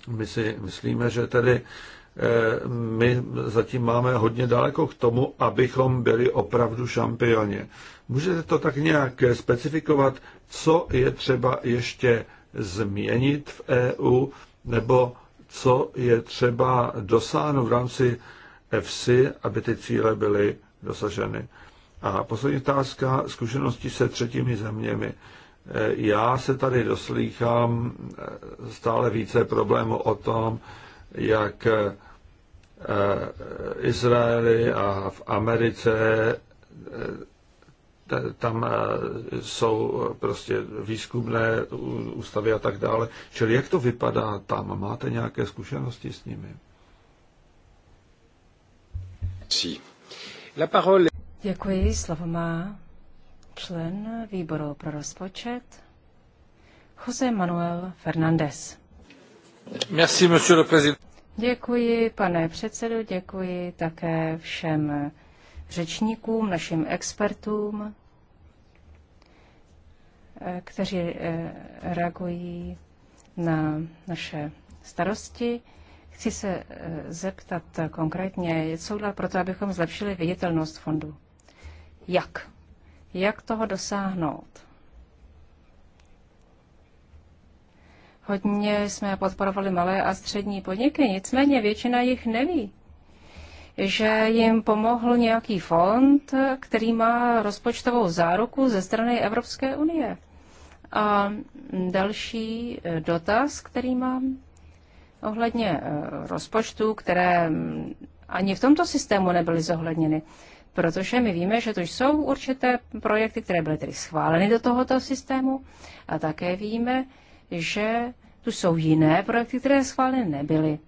My si myslíme, že tedy eh, my zatím máme hodně daleko k tomu, abychom byli opravdu šampioni. Můžete to tak nějak specifikovat, co je třeba ještě změnit v EU, nebo co je třeba dosáhnout v rámci EFSI, aby ty cíle byly dosaženy. A poslední otázka, zkušenosti se třetími zeměmi. Eh, já se tady doslýchám eh, stále více problémů o tom, jak eh, Izraeli a v Americe tam jsou prostě výzkumné ústavy a tak dále. Čili jak to vypadá tam? Máte nějaké zkušenosti s nimi? Děkuji, slovo má člen výboru pro rozpočet Jose Manuel Fernández. Merci, monsieur le président. Děkuji, pane předsedo, děkuji také všem řečníkům, našim expertům, eh, kteří eh, reagují na naše starosti. Chci se eh, zeptat konkrétně, co udělat pro to, abychom zlepšili viditelnost fondu. Jak? Jak toho dosáhnout? Hodně jsme podporovali malé a střední podniky, nicméně většina jich neví, že jim pomohl nějaký fond, který má rozpočtovou záruku ze strany Evropské unie. A další dotaz, který mám ohledně eh, rozpočtů, které ani v tomto systému nebyly zohledněny protože my víme, že to jsou určité projekty, které byly tedy schváleny do tohoto systému a také víme, že tu jsou jiné projekty, které schváleny nebyly.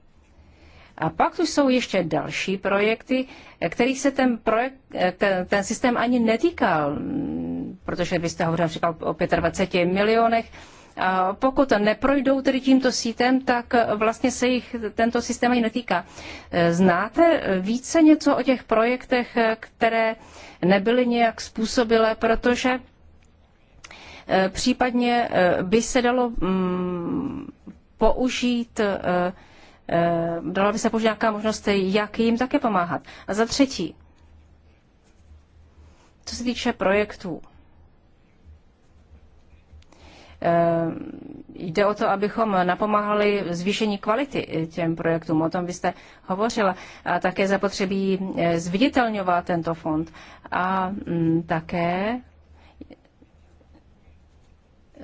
A pak tu jsou ještě další projekty, kterých se ten, projekt, ten, eh, ten systém ani netýkal, mm, protože byste hovořil například o 25 milionech, pokud neprojdou tedy tímto sítem, tak vlastně se jich tento systém ani netýká. E, znáte více něco o těch projektech, e, které nebyly nějak způsobilé, protože e, případně by se dalo mm, použít dala by se použít nějaká možnost, jak jim také pomáhat. A za třetí, co se týče projektů, Eh, jde o to, abychom napomáhali zvýšení kvality těm projektům. O tom byste hovořila. A také zapotřebí eh, zviditelňovat tento fond. A mm, také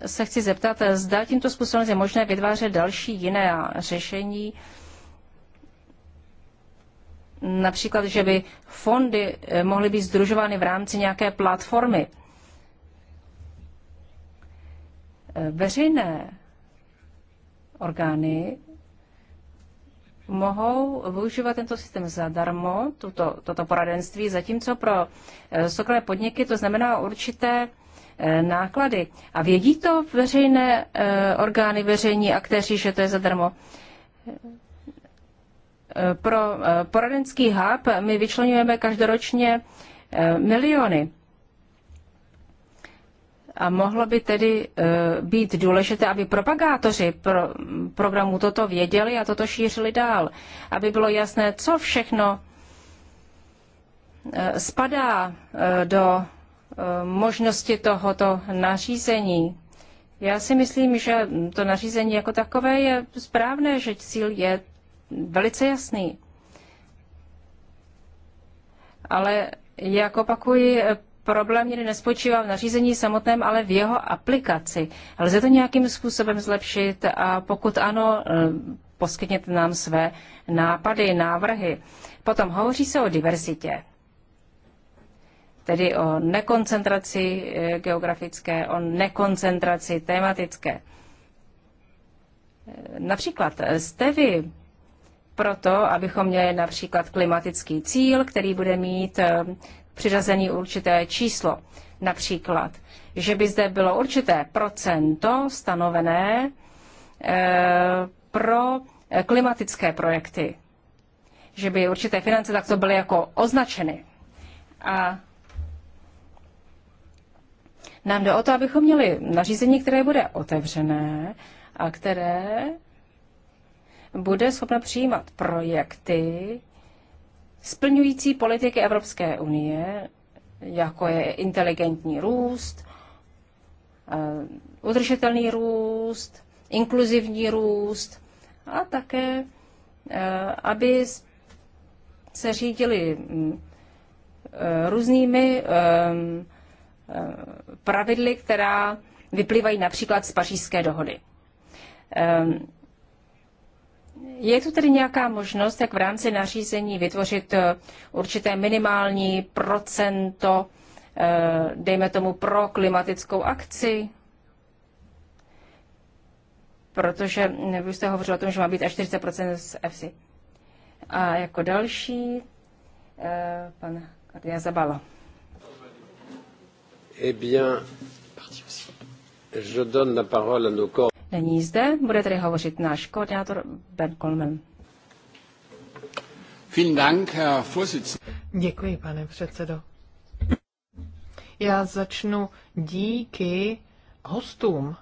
se chci zeptat, zda tímto způsobem je možné vytvářet další jiné řešení, například, že by fondy eh, mohly být združovány v rámci nějaké platformy veřejné orgány mohou využívat tento systém zadarmo, tuto, toto poradenství, zatímco pro eh, soukromé podniky to znamená určité eh, náklady. A vědí to veřejné eh, orgány, veřejní akteři, že to je zadarmo. Pro poradenský hub my vyčlenujeme každoročně miliony. A mohlo by tedy eh, být důležité, aby propagátoři pro, programu toto věděli a toto šířili dál, aby bylo jasné, co všechno eh, spadá eh, do možnosti tohoto nařízení. Já si myslím, že to nařízení jako takové je správné, že cíl je velice jasný. Ale jak opakuji, problém jen nespočívá v nařízení samotném, ale v jeho aplikaci. Lze to nějakým způsobem zlepšit a pokud ano, eh, poskytněte nám své nápady, návrhy. Potom hovoří se o diverzitě, tedy o nekoncentraci eh, geografické, o nekoncentraci tematické. Eh, například jste vy proto, abychom měli například klimatický cíl, který bude mít přiřazené určité číslo. Například, že by zde bylo určité procento stanovené eh, pro eh, klimatické projekty. Že by určité finance takto byly jako označeny. A nám jde o to, abychom měli nařízení, které bude otevřené a které bude schopna přijímat projekty, splňující politiky Evropské unie, jako je inteligentní růst, eh, udržitelný růst, inkluzivní růst a také, eh, aby se řídili mm, eh, různými pravidly, která vyplývají například z pařížské dohody. Je tu tedy nějaká možnost, jak v rámci nařízení vytvořit eh, určité minimální procento, eh, dejme tomu, pro klimatickou akci? Protože vy jste hovořil o tom, že má být až 40 z EFSI. A jako další eh, pan Kardia Zabala. Eh bien, je donne la parole à nos není zde. Bude tedy hovořit náš koordinátor Ben Coleman. Děkuji, pane předsedo. Já začnu díky hostům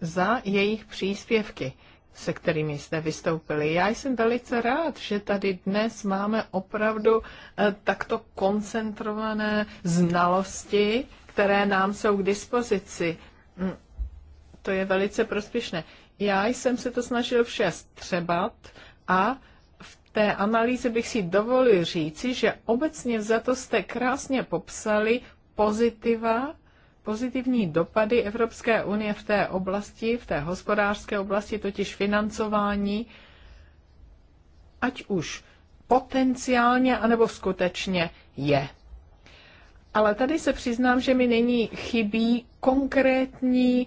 za jejich příspěvky, se kterými jste vystoupili. Já jsem velice rád, že tady dnes máme opravdu eh, takto koncentrované znalosti, které nám jsou k dispozici mm, to je velice prospěšné. Já jsem se to snažil vše střebat a v té analýze bych si dovolil říci, že obecně za to jste krásně popsali pozitiva, pozitivní dopady Evropské unie v té oblasti, v té hospodářské oblasti, totiž financování, ať už potenciálně anebo skutečně je. Ale tady se přiznám, že mi není chybí konkrétní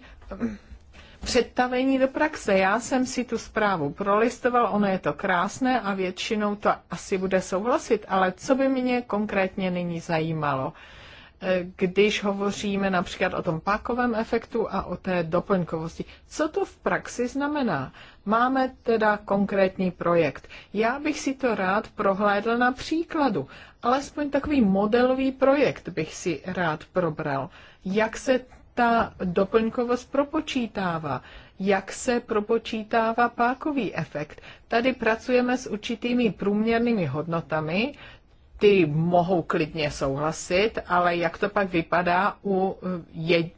představení do praxe. Já jsem si tu zprávu prolistoval, ono je to krásné a většinou to asi bude souhlasit, ale co by mě konkrétně nyní zajímalo? Eh, když hovoříme například o tom pákovém efektu a o té doplňkovosti, co to v praxi znamená? Máme teda konkrétní projekt. Já bych si to rád prohlédl na příkladu. Alespoň takový modelový projekt bych si rád probral. Jak se ta doplňkovost propočítává, jak se propočítává pákový efekt. Tady pracujeme s určitými průměrnými hodnotami, ty mohou klidně souhlasit, ale jak to pak vypadá u, je,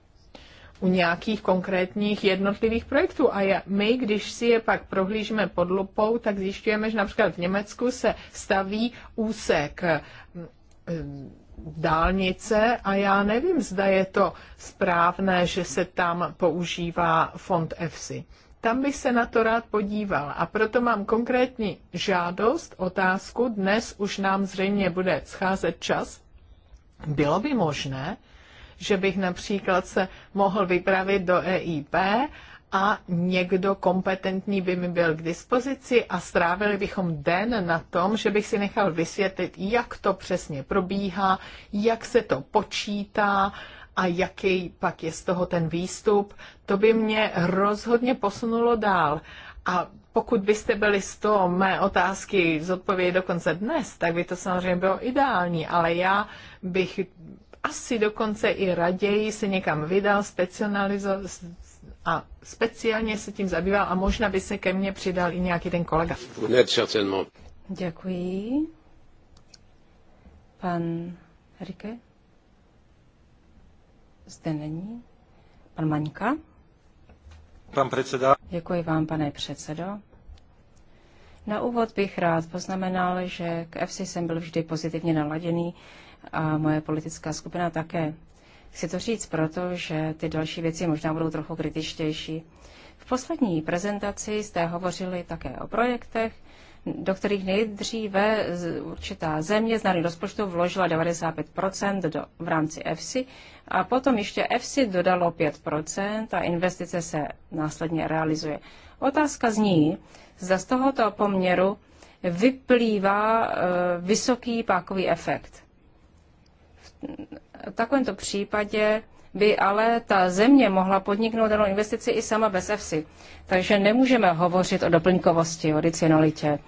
u nějakých konkrétních jednotlivých projektů. A my, když si je pak prohlížíme pod lupou, tak zjišťujeme, že například v Německu se staví úsek dálnice a já nevím, zda je to správné, že se tam používá fond EFSI. Tam bych se na to rád podíval a proto mám konkrétní žádost, otázku. Dnes už nám zřejmě bude scházet čas. Bylo by možné, že bych například se mohl vypravit do EIP a někdo kompetentní by mi byl k dispozici a strávili bychom den na tom, že bych si nechal vysvětlit, jak to přesně probíhá, jak se to počítá a jaký pak je z toho ten výstup, to by mě rozhodně posunulo dál. A pokud byste byli z toho mé otázky zodpovědět dokonce dnes, tak by to samozřejmě bylo ideální, ale já bych asi dokonce i raději se někam vydal, specializo- a speciálně se tím zabýval a možná by se ke mně přidal i nějaký ten kolega. Děkuji. Pan Rike? Zde není. Pan Maňka? Pan předseda. Děkuji vám, pane předsedo. Na úvod bych rád poznamenal, že k EFSI jsem byl vždy pozitivně naladěný a moje politická skupina také. Chci to říct proto, že ty další věci možná budou trochu kritičtější. V poslední prezentaci jste hovořili také o projektech, do kterých nejdříve určitá země z národního rozpočtu vložila 95 do, v rámci EFSI a potom ještě EFSI dodalo 5 a investice se následně realizuje. Otázka zní, zda z tohoto poměru vyplývá e, vysoký pákový efekt v takovémto případě by ale ta země mohla podniknout danou investici i sama bez EFSI. Takže nemůžeme hovořit o doplňkovosti, o adicionalitě.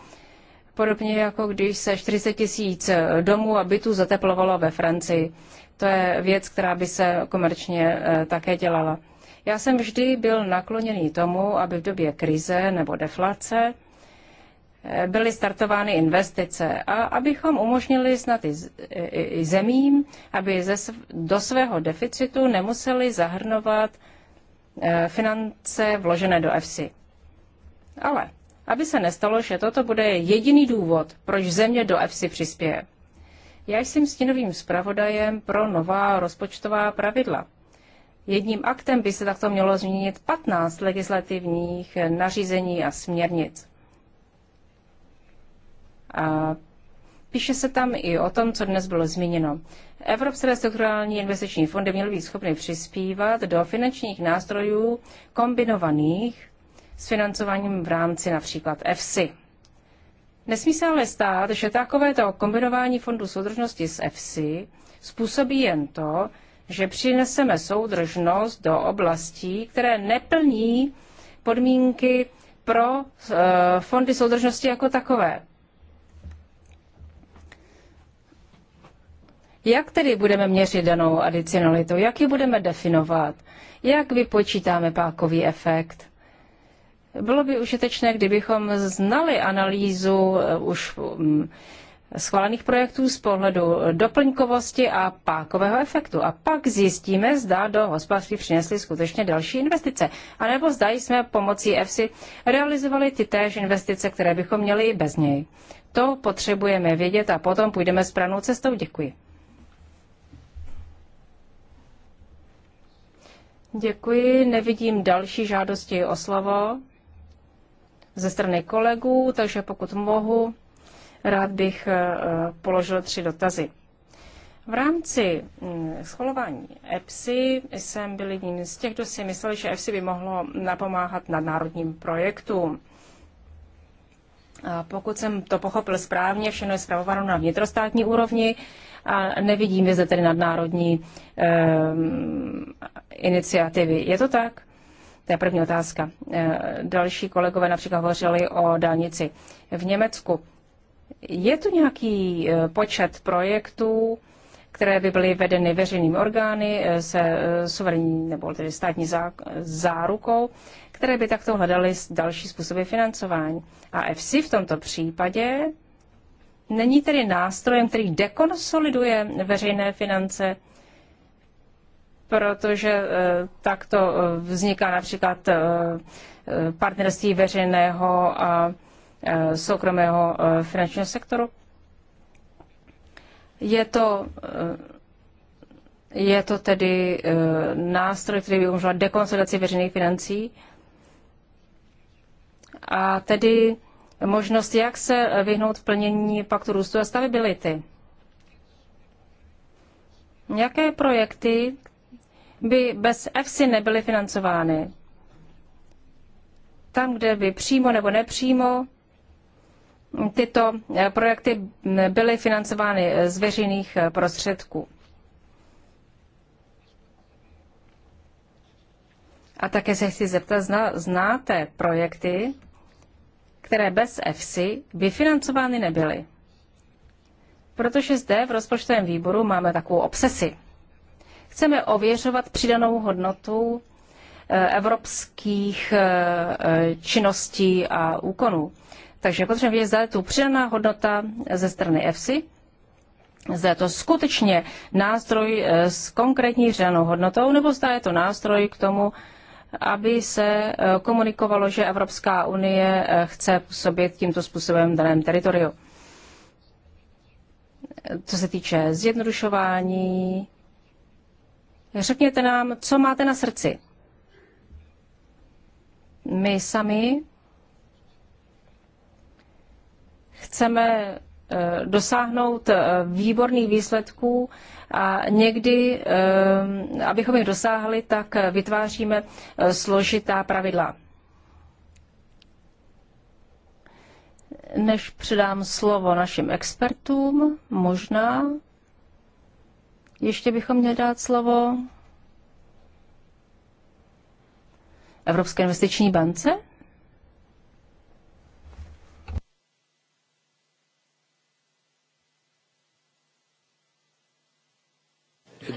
Podobně jako když se 40 tisíc domů a bytů zateplovalo ve Francii. To je věc, která by se komerčně eh, také dělala. Já jsem vždy byl nakloněný tomu, aby v době krize nebo deflace byly startovány investice a abychom umožnili snad i zemím, aby do svého deficitu nemuseli zahrnovat eh, finance vložené do EFSI. Ale aby se nestalo, že toto bude jediný důvod, proč země do EFSI přispěje. Já jsem stínovým zpravodajem pro nová rozpočtová pravidla. Jedním aktem by se takto mělo změnit 15 legislativních nařízení a směrnic píše se tam i o tom, co dnes bylo zmíněno. Evropské strukturální investiční fondy měly být schopny přispívat do finančních nástrojů kombinovaných s financováním v rámci například EFSI. Nesmí se ale stát, že takovéto kombinování fondu soudržnosti s EFSI způsobí jen to, že přineseme soudržnost do oblastí, které neplní podmínky pro e, fondy soudržnosti jako takové. Jak tedy budeme měřit danou adicionalitu? Jak ji budeme definovat? Jak vypočítáme pákový efekt? Bylo by užitečné, kdybychom znali analýzu eh, už mm, schválených projektů z pohledu doplňkovosti a pákového efektu. A pak zjistíme, zda do hospodářství přinesly skutečně další investice. A nebo zda jsme pomocí EFSI realizovali ty též investice, které bychom měli i bez něj. To potřebujeme vědět a potom půjdeme správnou cestou. Děkuji. Děkuji, nevidím další žádosti o slovo ze strany kolegů, takže pokud mohu, rád bych eh, položil tři dotazy. V rámci hm, schvalování EPSI jsem byl jedním z těch, kdo si myslel, že EPSI by mohlo napomáhat nadnárodním projektům. pokud jsem to pochopil správně, všechno je zpravováno na vnitrostátní úrovni a nevidím zde tedy nadnárodní eh, iniciativy. Je to tak? To je první otázka. Eh, další kolegové například hovořili o dálnici v Německu. Je tu nějaký eh, počet projektů, které by byly vedeny veřejnými orgány eh, se eh, suverní nebo tedy státní zá, zárukou, které by takto hledaly další způsoby financování. A FC v tomto případě Není tedy nástrojem, který dekonsoliduje veřejné finance, protože eh, takto eh, vzniká například eh, partnerství veřejného a soukromého finančního sektoru. Je to, je to tedy nástroj, který by umožňoval dekonsolidaci veřejných financí. A tedy možnost, jak se vyhnout plnění paktu růstu a stability. Jaké projekty by bez EFSI nebyly financovány? Tam, kde by přímo nebo nepřímo tyto projekty byly financovány z veřejných prostředků. A také se chci zeptat, zna, znáte projekty, které bez EFSI by financovány nebyly. Protože zde v rozpočtovém výboru máme takovou obsesi. Chceme ověřovat přidanou hodnotu eh, evropských eh, eh, činností a úkonů. Takže potřebujeme vědět, zda je tu přidaná hodnota ze strany EFSI, zda je to skutečně nástroj s konkrétní přidanou hodnotou, nebo zda je to nástroj k tomu, aby se e, komunikovalo, že Evropská unie e, chce působit tímto způsobem v daném teritoriu. Co se týče zjednodušování, řekněte nám, co máte na srdci. My sami chceme e, dosáhnout výborných výsledků a někdy, eh, abychom jich dosáhli, tak vytváříme eh, složitá pravidla. Než předám slovo našim expertům, možná ještě bychom měli dát slovo Evropské investiční bance?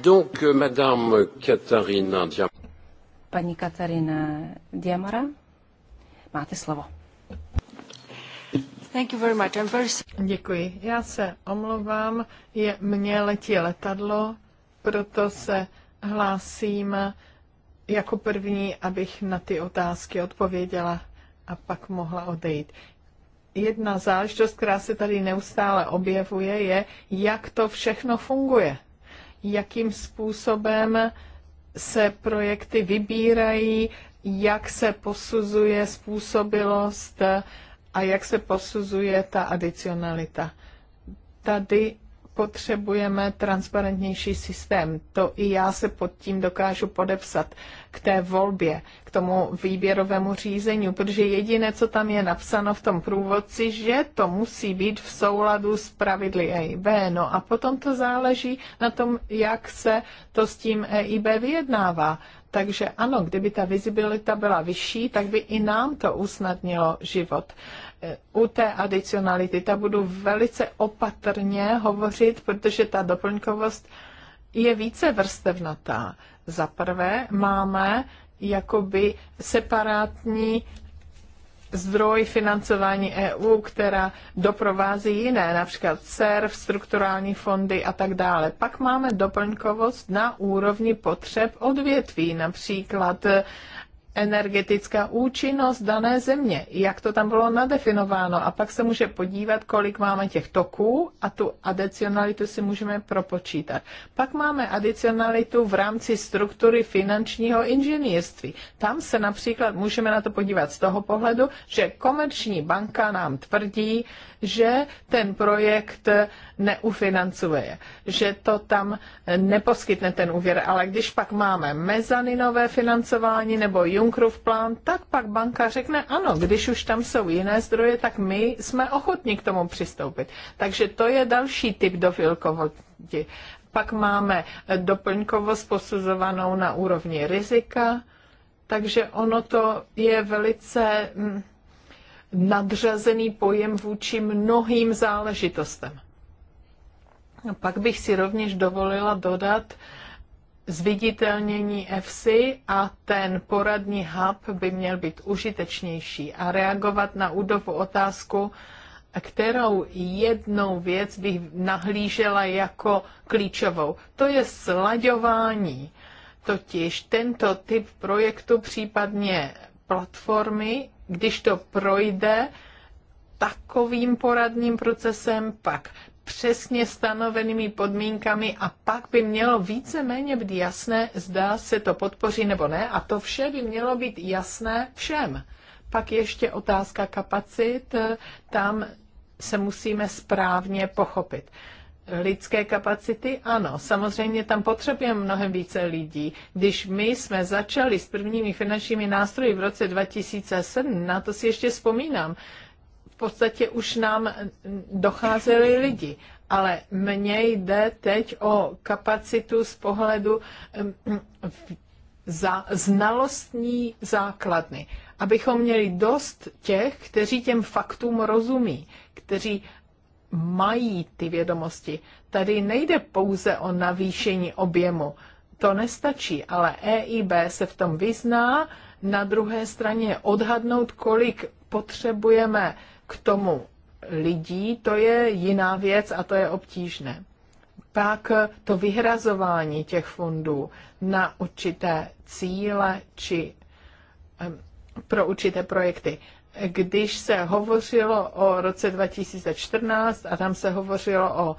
donc, euh, Madame Katarina Diamara. Paní Katarina Diamara, máte slovo. Thank you very much. I'm very... Děkuji. Já se omlouvám, je, mně letí letadlo, proto se hlásím jako první, abych na ty otázky odpověděla a pak mohla odejít. Jedna záležitost, která se tady neustále objevuje, je, jak to všechno funguje jakým způsobem se projekty vybírají, jak se posuzuje způsobilost a jak se posuzuje ta adicionalita. Tady potřebujeme transparentnější systém. To i já se pod tím dokážu podepsat k té volbě, k tomu výběrovému řízení, protože jediné, co tam je napsáno v tom průvodci, že to musí být v souladu s pravidly EIB. No a potom to záleží na tom, jak se to s tím EIB vyjednává. Takže ano, kdyby ta vizibilita byla vyšší, tak by i nám to usnadnilo život u té adicionality, ta budu velice opatrně hovořit, protože ta doplňkovost je více vrstevnatá. Za prvé máme jakoby separátní zdroj financování EU, která doprovází jiné, například CERF, strukturální fondy a tak dále. Pak máme doplňkovost na úrovni potřeb odvětví, například energetická účinnost dané země, jak to tam bylo nadefinováno. A pak se může podívat, kolik máme těch toků a tu adicionalitu si můžeme propočítat. Pak máme adicionalitu v rámci struktury finančního inženýrství. Tam se například můžeme na to podívat z toho pohledu, že komerční banka nám tvrdí, že ten projekt neufinancuje, že to tam neposkytne ten úvěr, ale když pak máme mezaninové financování nebo Junckerův plán, tak pak banka řekne ano, když už tam jsou jiné zdroje, tak my jsme ochotní k tomu přistoupit. Takže to je další typ dovilkovosti. Pak máme doplňkovost posuzovanou na úrovni rizika, takže ono to je velice mm, nadřazený pojem vůči mnohým záležitostem. Pak bych si rovněž dovolila dodat zviditelnění EFSI a ten poradní hub by měl být užitečnější a reagovat na údovu otázku, kterou jednou věc bych nahlížela jako klíčovou. To je slaďování. Totiž tento typ projektu, případně platformy, když to projde takovým poradním procesem, pak přesně stanovenými podmínkami a pak by mělo více-méně být jasné, zda se to podpoří nebo ne a to vše by mělo být jasné všem. Pak ještě otázka kapacit, tam se musíme správně pochopit lidské kapacity? Ano, samozřejmě tam potřebujeme mnohem více lidí. Když my jsme začali s prvními finančními nástroji v roce 2007, na to si ještě vzpomínám, v podstatě už nám docházeli lidi. Ale mně jde teď o kapacitu z pohledu za znalostní základny, abychom měli dost těch, kteří těm faktům rozumí, kteří mají ty vědomosti. Tady nejde pouze o navýšení objemu. To nestačí, ale EIB se v tom vyzná. Na druhé straně odhadnout, kolik potřebujeme k tomu lidí, to je jiná věc a to je obtížné. Pak to vyhrazování těch fondů na určité cíle či pro určité projekty když se hovořilo o roce 2014 a tam se hovořilo o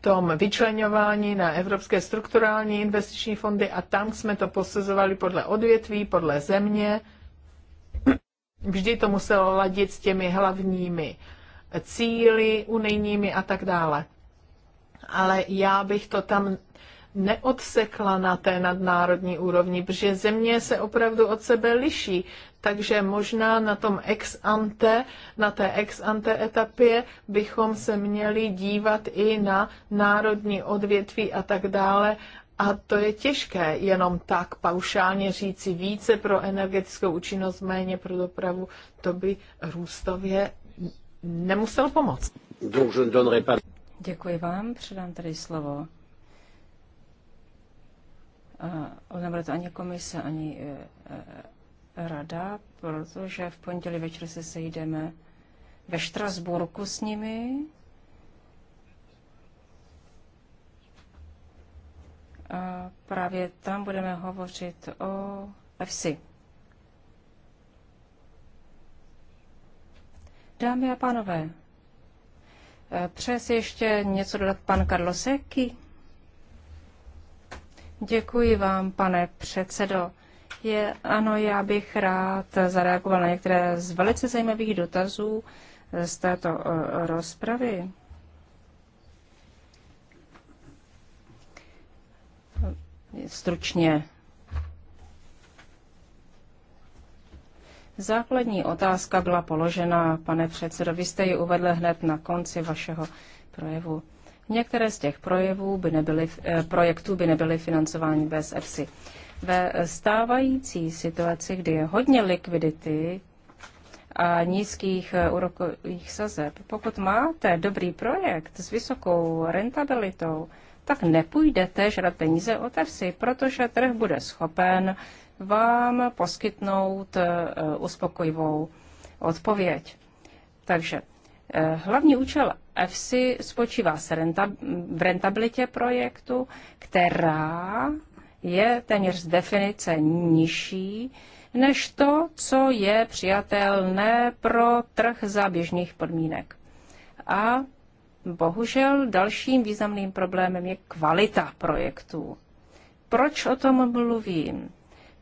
tom vyčlenování na evropské strukturální investiční fondy a tam jsme to posuzovali podle odvětví, podle země. Vždy to muselo ladit s těmi hlavními cíly unijními a tak dále. Ale já bych to tam neodsekla na té nadnárodní úrovni, protože země se opravdu od sebe liší. Takže možná na tom ex ante, na té ex ante etapě bychom se měli dívat i na národní odvětví a tak dále. A to je těžké jenom tak paušálně říci více pro energetickou účinnost, méně pro dopravu. To by růstově nemusel pomoct. Děkuji vám, předám tady slovo. Eh, nebude to ani komise, ani eh, rada, protože v pondělí večer se sejdeme ve Štrasburku s nimi. A právě tam budeme hovořit o FC. Dámy a pánové, přes ještě něco dodat pan Karlo Seky. Děkuji vám, pane předsedo. Je, ano, já bych rád zareagoval na některé z velice zajímavých dotazů z této eh, rozpravy. Stručně. Základní otázka byla položena, pane předsedo, vy jste ji uvedl hned na konci vašeho projevu. Některé z těch projevů by nebyly, eh, projektů by nebyly financovány bez EFSI. Ve stávající situaci, kdy je hodně likvidity a nízkých eh, úrokových sazeb, pokud máte dobrý projekt s vysokou rentabilitou, tak nepůjdete žrat peníze o trsy, protože trh bude schopen vám poskytnout eh, uspokojivou odpověď. Takže eh, hlavní účel EFSI spočívá v rentabilitě projektu, která je téměř z definice nižší než to, co je přijatelné pro trh za běžných podmínek. A bohužel dalším významným problémem je kvalita projektů. Proč o tom mluvím?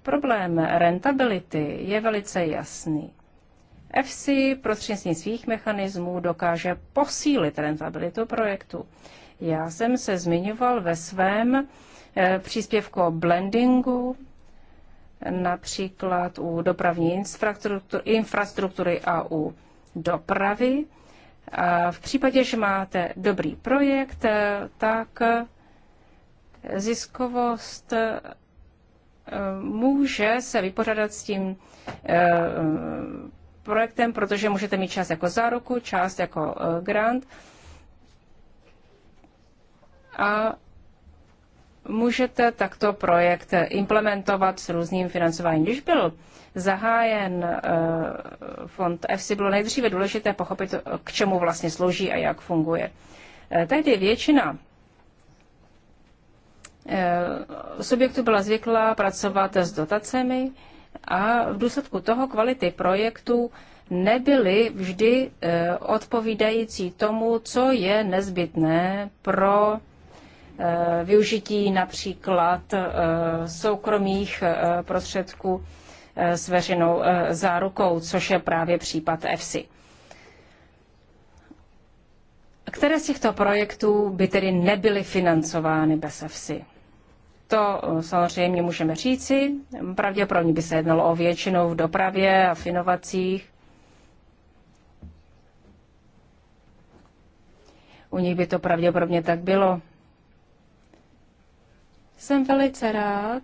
Problém rentability je velice jasný. FC prostřednictvím svých mechanismů dokáže posílit rentabilitu projektu. Já jsem se zmiňoval ve svém Eh, příspěvku o blendingu, například u dopravní infrastruktury a u dopravy. A v případě, že máte dobrý projekt, eh, tak eh, ziskovost může se vypořádat s tím projektem, protože můžete mít část jako záruku, část jako grant. A můžete takto projekt implementovat s různým financováním. Když byl zahájen eh, fond EFSI, bylo nejdříve důležité pochopit, k čemu vlastně slouží a jak funguje. Eh, tehdy většina eh, subjektů byla zvyklá pracovat s dotacemi a v důsledku toho kvality projektů nebyly vždy odpovídající tomu, co je nezbytné pro Eh, využití například eh, soukromých eh, prostředků s veřejnou zárukou, což je právě případ EFSI. Které z těchto projektů by tedy nebyly financovány bez EFSI? To samozřejmě můžeme říci. Pravděpodobně by se jednalo o většinou v dopravě a v inovacích. U nich by to pravděpodobně tak bylo. Jsem velice rád,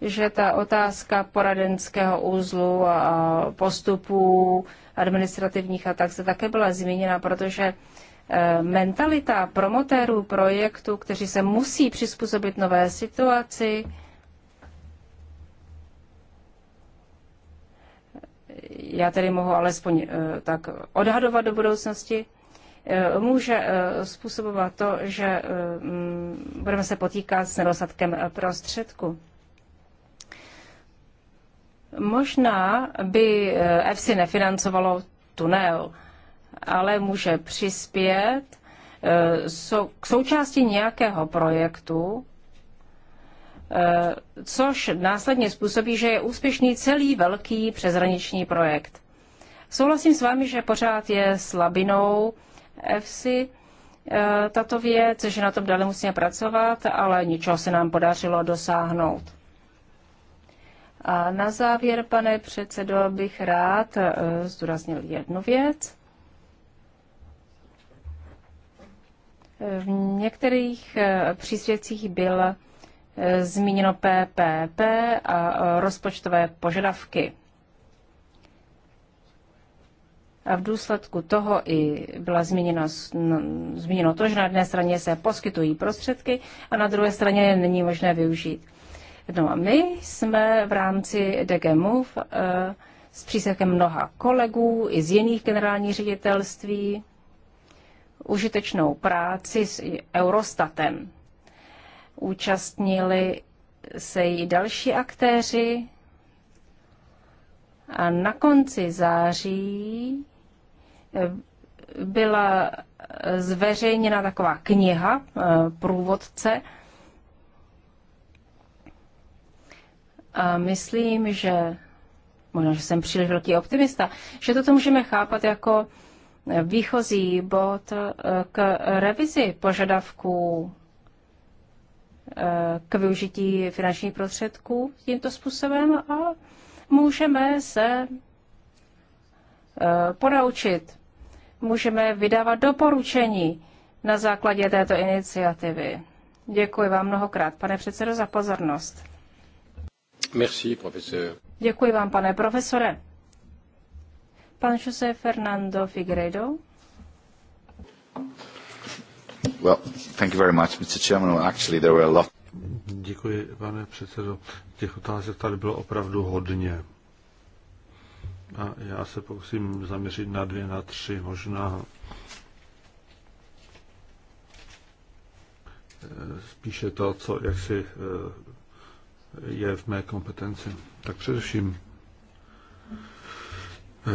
že ta otázka poradenského úzlu a postupů administrativních a tak se také byla zmíněna, protože eh, mentalita promotérů projektu, kteří se musí přizpůsobit nové situaci, já tedy mohu alespoň eh, tak odhadovat do budoucnosti, Eh, může eh, způsobovat to, že eh, mm, budeme se potýkat s nedostatkem prostředku. Možná by EFSI nefinancovalo tunel, ale může přispět k součásti nějakého projektu, což následně způsobí, že je úspěšný celý velký přezraniční projekt. Souhlasím s vámi, že pořád je slabinou EFSI eh, tato věc, že na tom dále musíme pracovat, ale ničeho se nám podařilo dosáhnout. A na závěr, pane předsedo, bych rád eh, zdůraznil jednu věc. V některých eh, příspěvcích byl zmíněno PPP a rozpočtové požadavky. A v důsledku toho i byla zmíněno, no, zmíněno to, že na jedné straně se poskytují prostředky a na druhé straně je není možné využít. No a my jsme v rámci DGMUV e, eh, s přísevkem mnoha kolegů i z jiných generálních ředitelství užitečnou práci s Eurostatem. Účastnili se i další aktéři a na konci září byla zveřejněna taková kniha, eh, průvodce. A myslím, že možná, že jsem příliš velký optimista, že toto můžeme chápat jako výchozí bod eh, k revizi požadavků eh, k využití finančních prostředků tímto způsobem a můžeme se ponaučit můžeme vydávat doporučení na základě této iniciativy. Děkuji vám mnohokrát, pane předsedo, za pozornost. Merci, profesor. Děkuji vám, pane profesore. Pan José Fernando Figueiredo. Well, thank you very much, Mr. Chairman. Actually, there were a lot. Děkuji, pane předsedo. Těch otázek tady bylo opravdu hodně. A já se pokusím zaměřit na dvě, na tři možná. Eh, spíše to, co jaksi eh, je v mé kompetenci. Tak především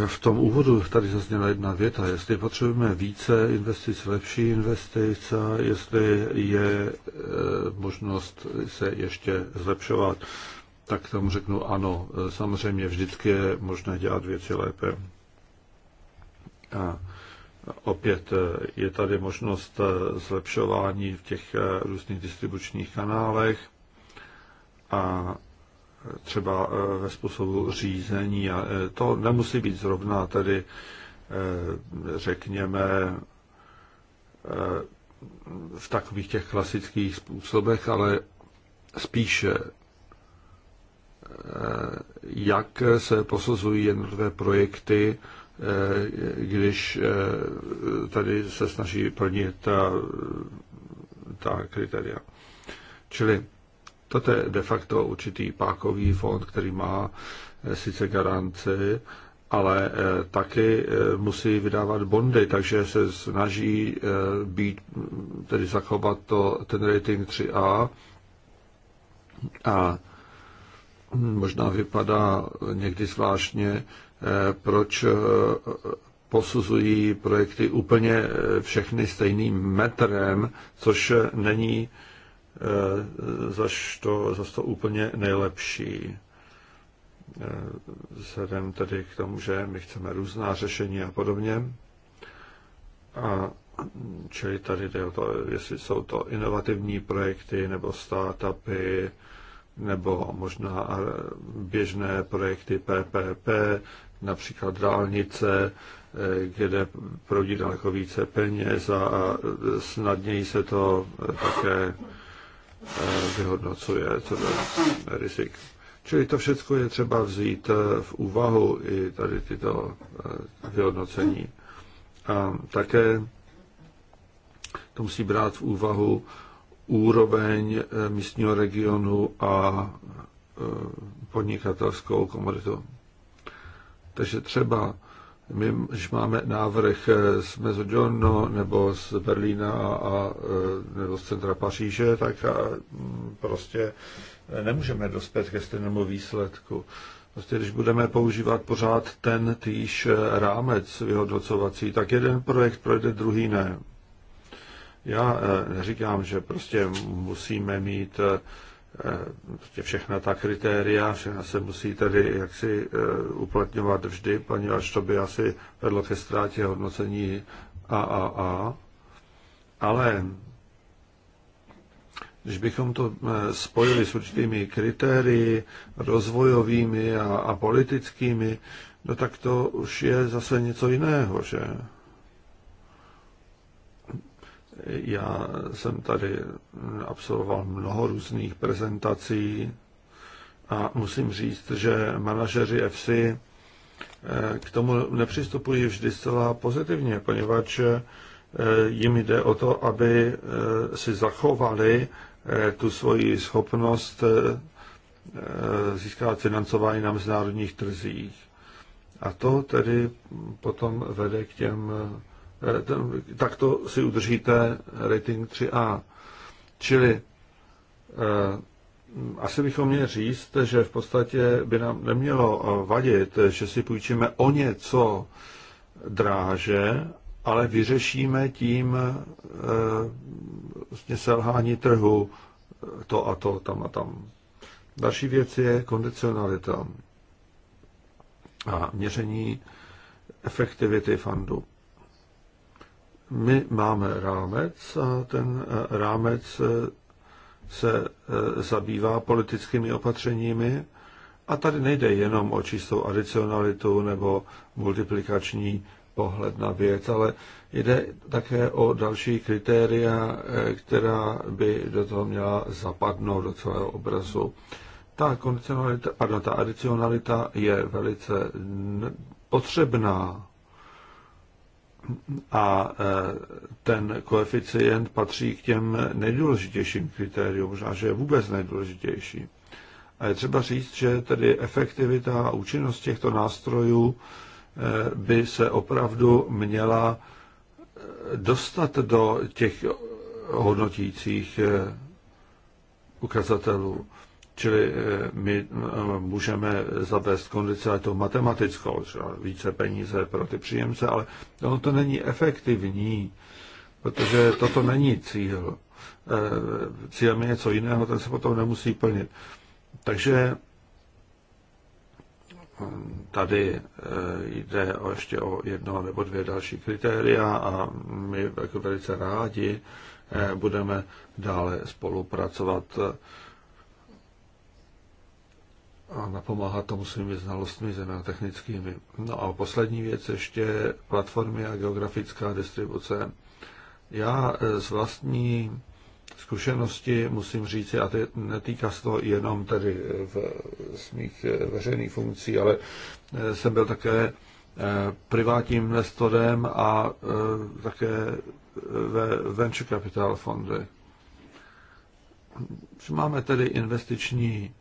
eh, v tom úvodu tady zazněla jedna věta, jestli potřebujeme více investic, lepší investice, jestli je možnost se ještě zlepšovat tak tomu řeknu ano, samozřejmě vždycky je možné dělat věci lépe. A opět je tady možnost zlepšování v těch různých distribučních kanálech a třeba ve způsobu řízení. A to nemusí být zrovna tedy, řekněme, v takových těch klasických způsobech, ale spíše Eh, jak se posuzují jednotlivé projekty, eh, když eh, tady se snaží plnit ta, ta kritéria. Čili toto je de facto určitý pákový fond, který má sice garanci, ale taky musí vydávat bondy, takže se snaží být, tedy zachovat to, ten rating 3A a možná vypadá někdy zvláštně, eh, proč eh, posuzují projekty úplně eh, všechny stejným metrem, což není zaž to, zaž to úplně nejlepší. Vzhledem tedy k tomu, že my chceme různá řešení a podobně. A čili tady jde o to, jestli jsou to inovativní projekty nebo startupy, nebo možná běžné projekty PPP, například dálnice, kde proudí daleko více peněz a snadněji se to také e, vyhodnocuje, co je rizik. Čili to všechno je třeba vzít e, v úvahu i tady tyto e, vyhodnocení. A také to musí brát v úvahu úroveň eh, místního regionu a eh, podnikatelskou komoditu. Takže třeba my, když máme návrh eh, z Mezzogiorno nebo z Berlína a, nebo z centra Paříže, tak a, prostě nemůžeme dospět ke stejnému výsledku. Prostě když budeme používat pořád ten týž rámec vyhodnocovací, tak jeden projekt projde, druhý ne. Já eh, neříkám, že prostě musíme mít eh, prostě všechna ta kritéria, všechna se musí tedy jaksi eh, uplatňovat vždy, poněvadž to by asi vedlo ke ztrátě hodnocení AAA. Ale když bychom to spojili s určitými kritérii rozvojovými a, a politickými, no tak to už je zase něco jiného, že? Já jsem tady absolvoval mnoho různých prezentací a musím říct, že manažeři FC eh, k tomu nepřistupují vždy zcela pozitivně, poněvadž eh, jim jde o to, aby eh, si zachovali tu svoji schopnost získat financování na mezinárodních trzích. A to tedy potom vede k těm Eh, takto si udržíte rating 3A. Čili eh, asi bychom měli říct, že v podstatě by nám nemělo eh, vadit, že si půjčíme o něco dráže, ale vyřešíme tím vlastně selhání trhu to a to, tam a tam. Další věc je kondicionalita a měření efektivity fundu. My máme rámec a ten eh, rámec eh, se eh, zabývá politickými opatřeními a tady nejde jenom o čistou adicionalitu nebo multiplikační pohled na věc, ale jde také o další kritéria, která by do toho měla zapadnout do celého obrazu. Ta, kondicionalita, pardon, ta adicionalita je velice potřebná a e, ten koeficient patří k těm nejdůležitějším kritériům, možná, že je vůbec nejdůležitější. A je třeba říct, že tedy efektivita a účinnost těchto nástrojů e, by se opravdu měla e, dostat do těch hodnotících ukazatelů. Čili eh, my eh, můžeme zavést to matematickou, že více peníze pro ty příjemce, ale ono to není efektivní, protože toto není cíl. Eh, cílem je něco jiného, ten se potom nemusí plnit. Takže tady jde o ještě o jedno nebo dvě další kritéria a my jako velice rádi budeme dále spolupracovat a napomáhat tomu svými znalostmi, zejména technickými. No a poslední věc ještě platformy a geografická distribuce. Já eh, z vlastní zkušenosti musím říct, a to netýká se to jenom tedy eh, v mých eh, veřejných funkcí, ale jsem byl také privátním investorem a také ve venture capital fondy. Máme tedy investiční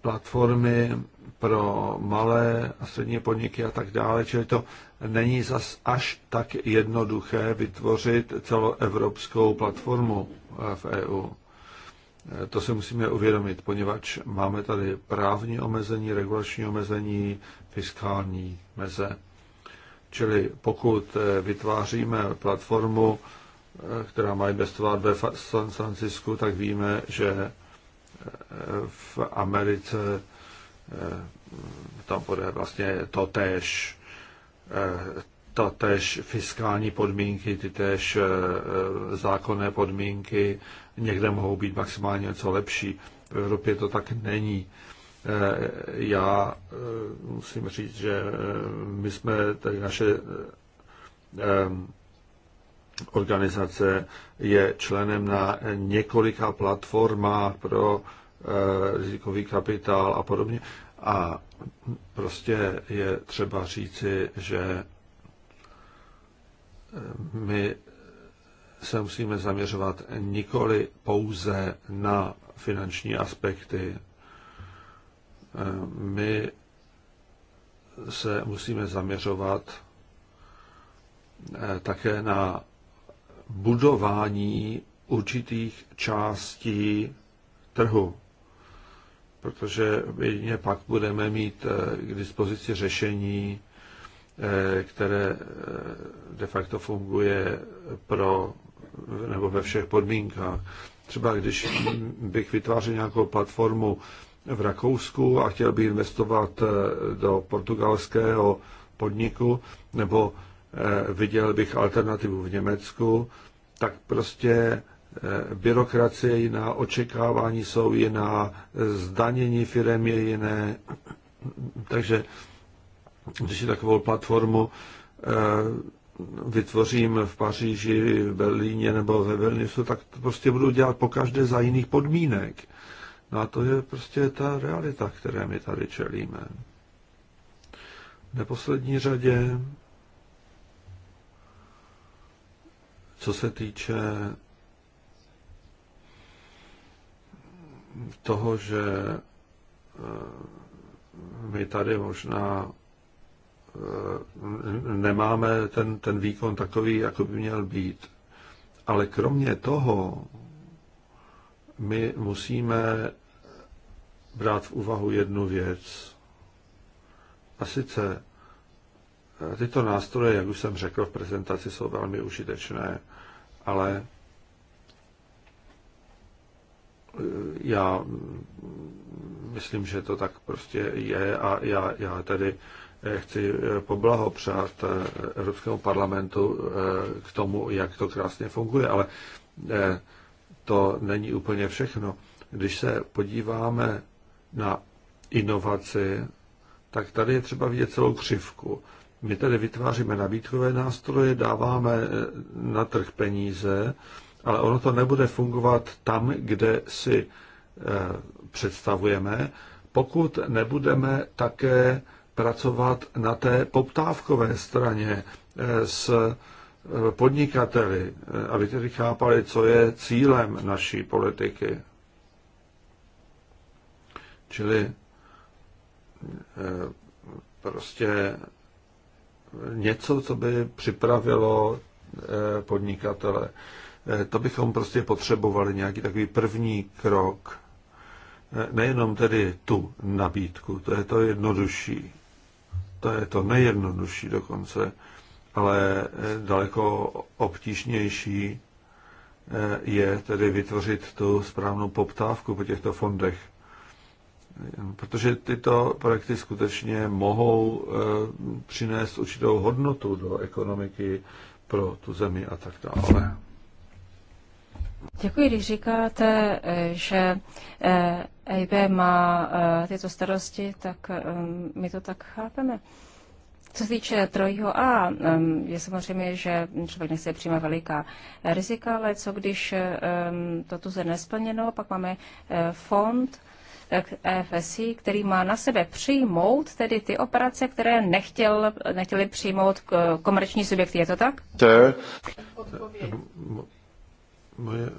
platformy pro malé a střední podniky a tak dále, čili to není zas až tak jednoduché vytvořit celoevropskou platformu eh, v EU. Eh, to si musíme uvědomit, poněvadž máme tady právní omezení, regulační omezení, fiskální meze. Čili pokud eh, vytváříme platformu, která má investovat ve San Francisku, tak víme, že v Americe eh, tam bude vlastně to tež, eh, to tež fiskální podmínky, ty tež eh, zákonné podmínky, někde mohou být maximálně něco lepší. V Evropě to tak není. Já musím říct, že my jsme, tady naše organizace je členem na několika platformách pro eh, rizikový kapitál a podobně. A prostě je třeba říci, že eh, my se musíme zaměřovat nikoli pouze na finanční aspekty. Eh, my se musíme zaměřovat také na budování určitých částí trhu, protože jedině pak budeme mít eh, k dispozici řešení, eh, které eh, de facto funguje pro nebo ve všech podmínkách. Třeba když bych vytvářel nějakou platformu v Rakousku a chtěl bych investovat do portugalského podniku, nebo Eh, viděl bych alternativu v Německu, tak prostě eh, byrokracie je jiná, očekávání jsou jiná, zdanění firm je jiné. Takže když si takovou platformu eh, vytvořím v Paříži, v Berlíně nebo ve Vilniusu, tak to prostě budu dělat po každé za jiných podmínek. No a to je prostě ta realita, které my tady čelíme. V neposlední řadě Co se týče toho, že eh, my tady možná eh, nemáme ten, ten výkon takový, jako by měl být. Ale kromě toho, my musíme brát v úvahu jednu věc. A sice eh, tyto nástroje, jak už jsem řekl v prezentaci, jsou velmi užitečné ale eh, já mm, myslím, že to tak prostě je a já, já tedy eh, chci eh, poblahopřát Evropskému parlamentu k tomu, jak to krásně funguje, ale to není úplně všechno. Když se podíváme na inovaci, tak tady je třeba vidět celou křivku. My tedy vytváříme nabídkové nástroje, dáváme eh, na trh peníze, ale ono to nebude fungovat tam, kde si eh, představujeme, pokud nebudeme také pracovat na té poptávkové straně eh, s podnikateli, aby tedy chápali, co je cílem naší politiky. Čili prostě něco, co by připravilo eh, podnikatele. Eh, to bychom prostě potřebovali nějaký takový první krok. Eh, nejenom tedy tu nabídku, to je to jednodušší. To je to nejjednodušší dokonce, ale daleko obtížnější je tedy vytvořit tu správnou poptávku po těchto fondech protože tyto projekty skutečně mohou eh, přinést určitou hodnotu do ekonomiky pro tu zemi a tak dále. Děkuji, když říkáte, eh, že EIB eh, má tyto starosti, tak my to tak chápeme. Co se týče trojího A, je samozřejmě, že člověk nechce přijímat veliká rizika, ale co když to tu je nesplněno, pak máme fond, FSI, který má na sebe přijmout tedy ty operace, které nechtěl, nechtěli přijmout eh, komerční subjekty. Je to tak? je... Moje,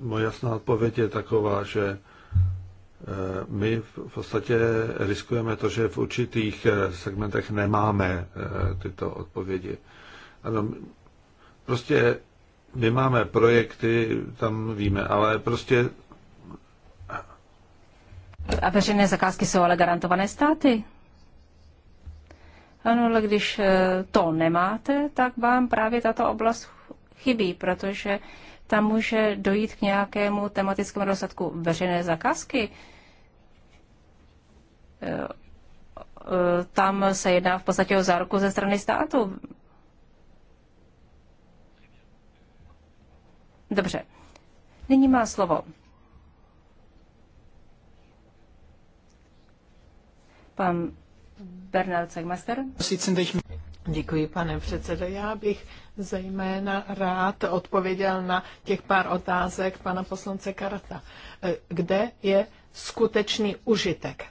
moje jasná odpověď je taková, že eh, my v podstatě riskujeme to, že v určitých eh, segmentech nemáme tyto odpovědi. Ano, prostě my máme projekty, tam víme, ale prostě a veřejné zakázky jsou ale garantované státy. Ano, ale když eh, to nemáte, tak vám právě tato oblast chybí, protože tam může dojít k nějakému tematickému dostatku veřejné zakázky. Eh, eh, tam se jedná v podstatě o záruku ze strany státu. Dobře. Nyní má slovo Pan Bernard Zegmaster. Děkuji, pane předsedo. Já bych zejména rád odpověděl na těch pár otázek pana poslance Karata. Eh, kde je skutečný užitek?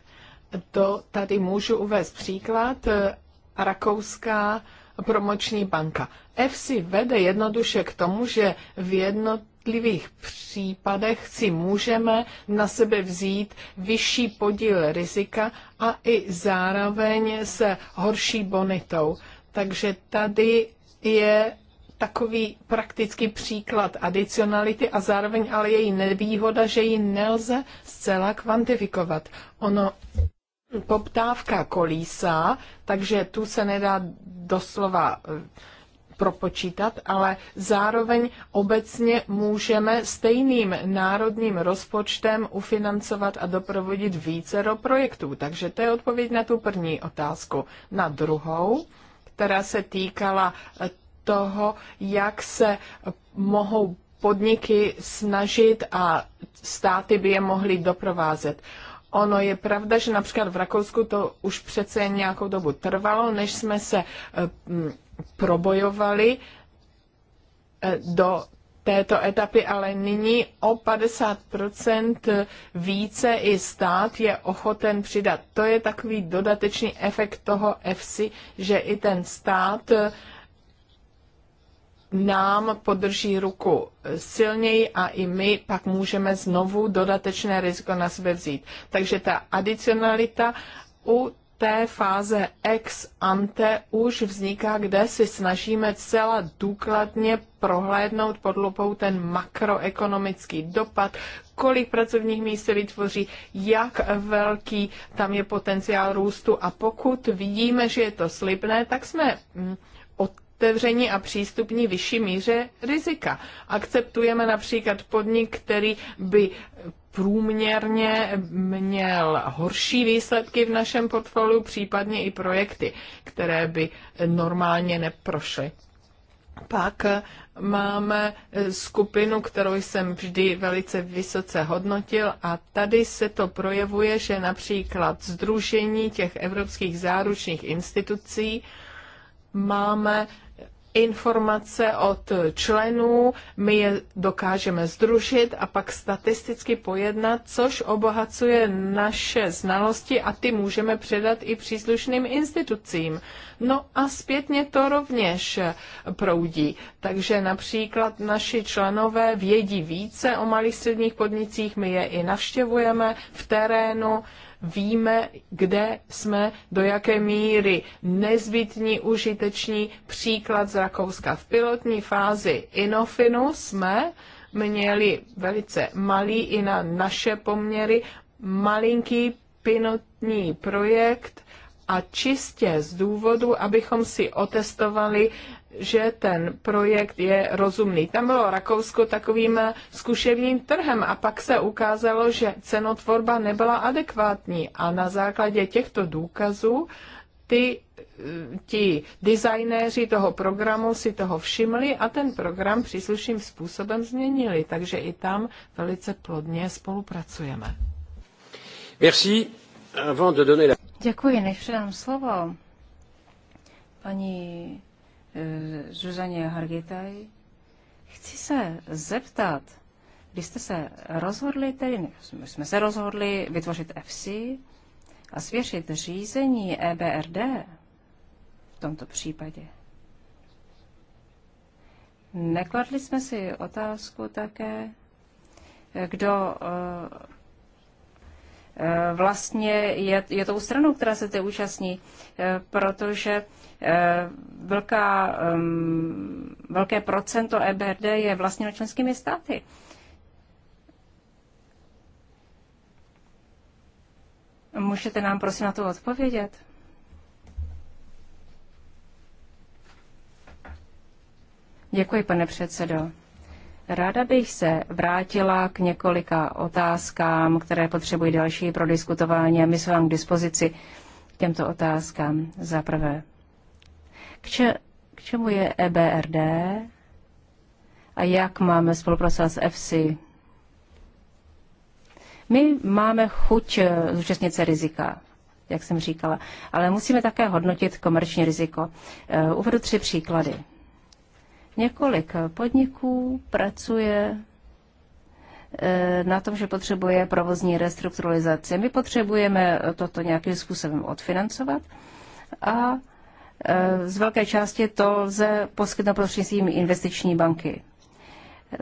To tady můžu uvést příklad. Eh, rakouská promoční banka. EFSI vede jednoduše k tomu, že v jednot jednotlivých případech si můžeme na sebe vzít vyšší podíl rizika a i zároveň se horší bonitou. Takže tady je takový praktický příklad adicionality a zároveň ale její nevýhoda, že ji nelze zcela kvantifikovat. Ono poptávka kolísá, takže tu se nedá doslova eh, propočítat, ale zároveň obecně můžeme stejným národním rozpočtem ufinancovat a doprovodit vícero projektů. Takže to je odpověď na tu první otázku. Na druhou, která se týkala eh, toho, jak se eh, mohou podniky snažit a státy by je mohly doprovázet. Ono je pravda, že například v Rakousku to už přece jen nějakou dobu trvalo, než jsme se eh, probojovali eh, do této etapy, ale nyní o 50% více i stát je ochoten přidat. To je takový dodatečný efekt toho EFSI, že i ten stát eh, nám podrží ruku silněji a i my pak můžeme znovu dodatečné riziko na sebe vzít. Takže ta adicionalita u té fáze ex ante už vzniká, kde si snažíme celá důkladně prohlédnout pod lupou ten makroekonomický dopad, kolik pracovních míst se vytvoří, jak velký tam je potenciál růstu a pokud vidíme, že je to slibné, tak jsme mm, otevření a přístupní vyšší míře rizika. Akceptujeme například podnik, který by průměrně měl horší výsledky v našem portfoliu, případně i projekty, které by normálně neprošly. Pak eh, máme eh, skupinu, kterou jsem vždy velice vysoce hodnotil a tady se to projevuje, že například združení těch evropských záručních institucí máme informace od členů, my je dokážeme združit a pak statisticky pojednat, což obohacuje naše znalosti a ty můžeme předat i příslušným institucím. No a zpětně to rovněž proudí. Takže například naši členové vědí více o malých středních podnicích, my je i navštěvujeme v terénu, víme, kde jsme, do jaké míry nezbytní, užiteční příklad z Rakouska. V pilotní fázi Inofinu jsme měli velice malý i na naše poměry malinký pilotní projekt a čistě z důvodu, abychom si otestovali že ten projekt je rozumný. Tam bylo Rakousko takovým zkušebním trhem a pak se ukázalo, že cenotvorba nebyla adekvátní a na základě těchto důkazů ty ti designéři toho programu si toho všimli a ten program příslušným způsobem změnili. Takže i tam velice plodně spolupracujeme. Merci. Avant de donner la... Děkuji, než předám slovo paní Žužaně eh, Hargitaj. Chci se zeptat, když jste se rozhodli, tedy ne, my jsme se rozhodli vytvořit FC a svěřit řízení EBRD v tomto případě, nekladli jsme si otázku také, eh, kdo eh, vlastně je, je tou stranou, která se zde účastní, protože Eh, velká, velké procento EBRD je vlastně členskými státy. Můžete nám prosím na to odpovědět? Děkuji, pane předsedo. Ráda bych se vrátila k několika otázkám, které potřebují další prodiskutování a my jsme vám k dispozici k těmto otázkám. Za prvé, k, če, k čemu je EBRD a jak máme spolupracovat s EFSI? My máme chuť eh, zúčastnit se rizika, jak jsem říkala, ale musíme také hodnotit komerční riziko. Eh, uvedu tři příklady. Několik podniků pracuje eh, na tom, že potřebuje provozní restrukturalizaci. My potřebujeme toto nějakým způsobem odfinancovat a Eh, z velké části to lze poskytnout prostřednictvím investiční banky.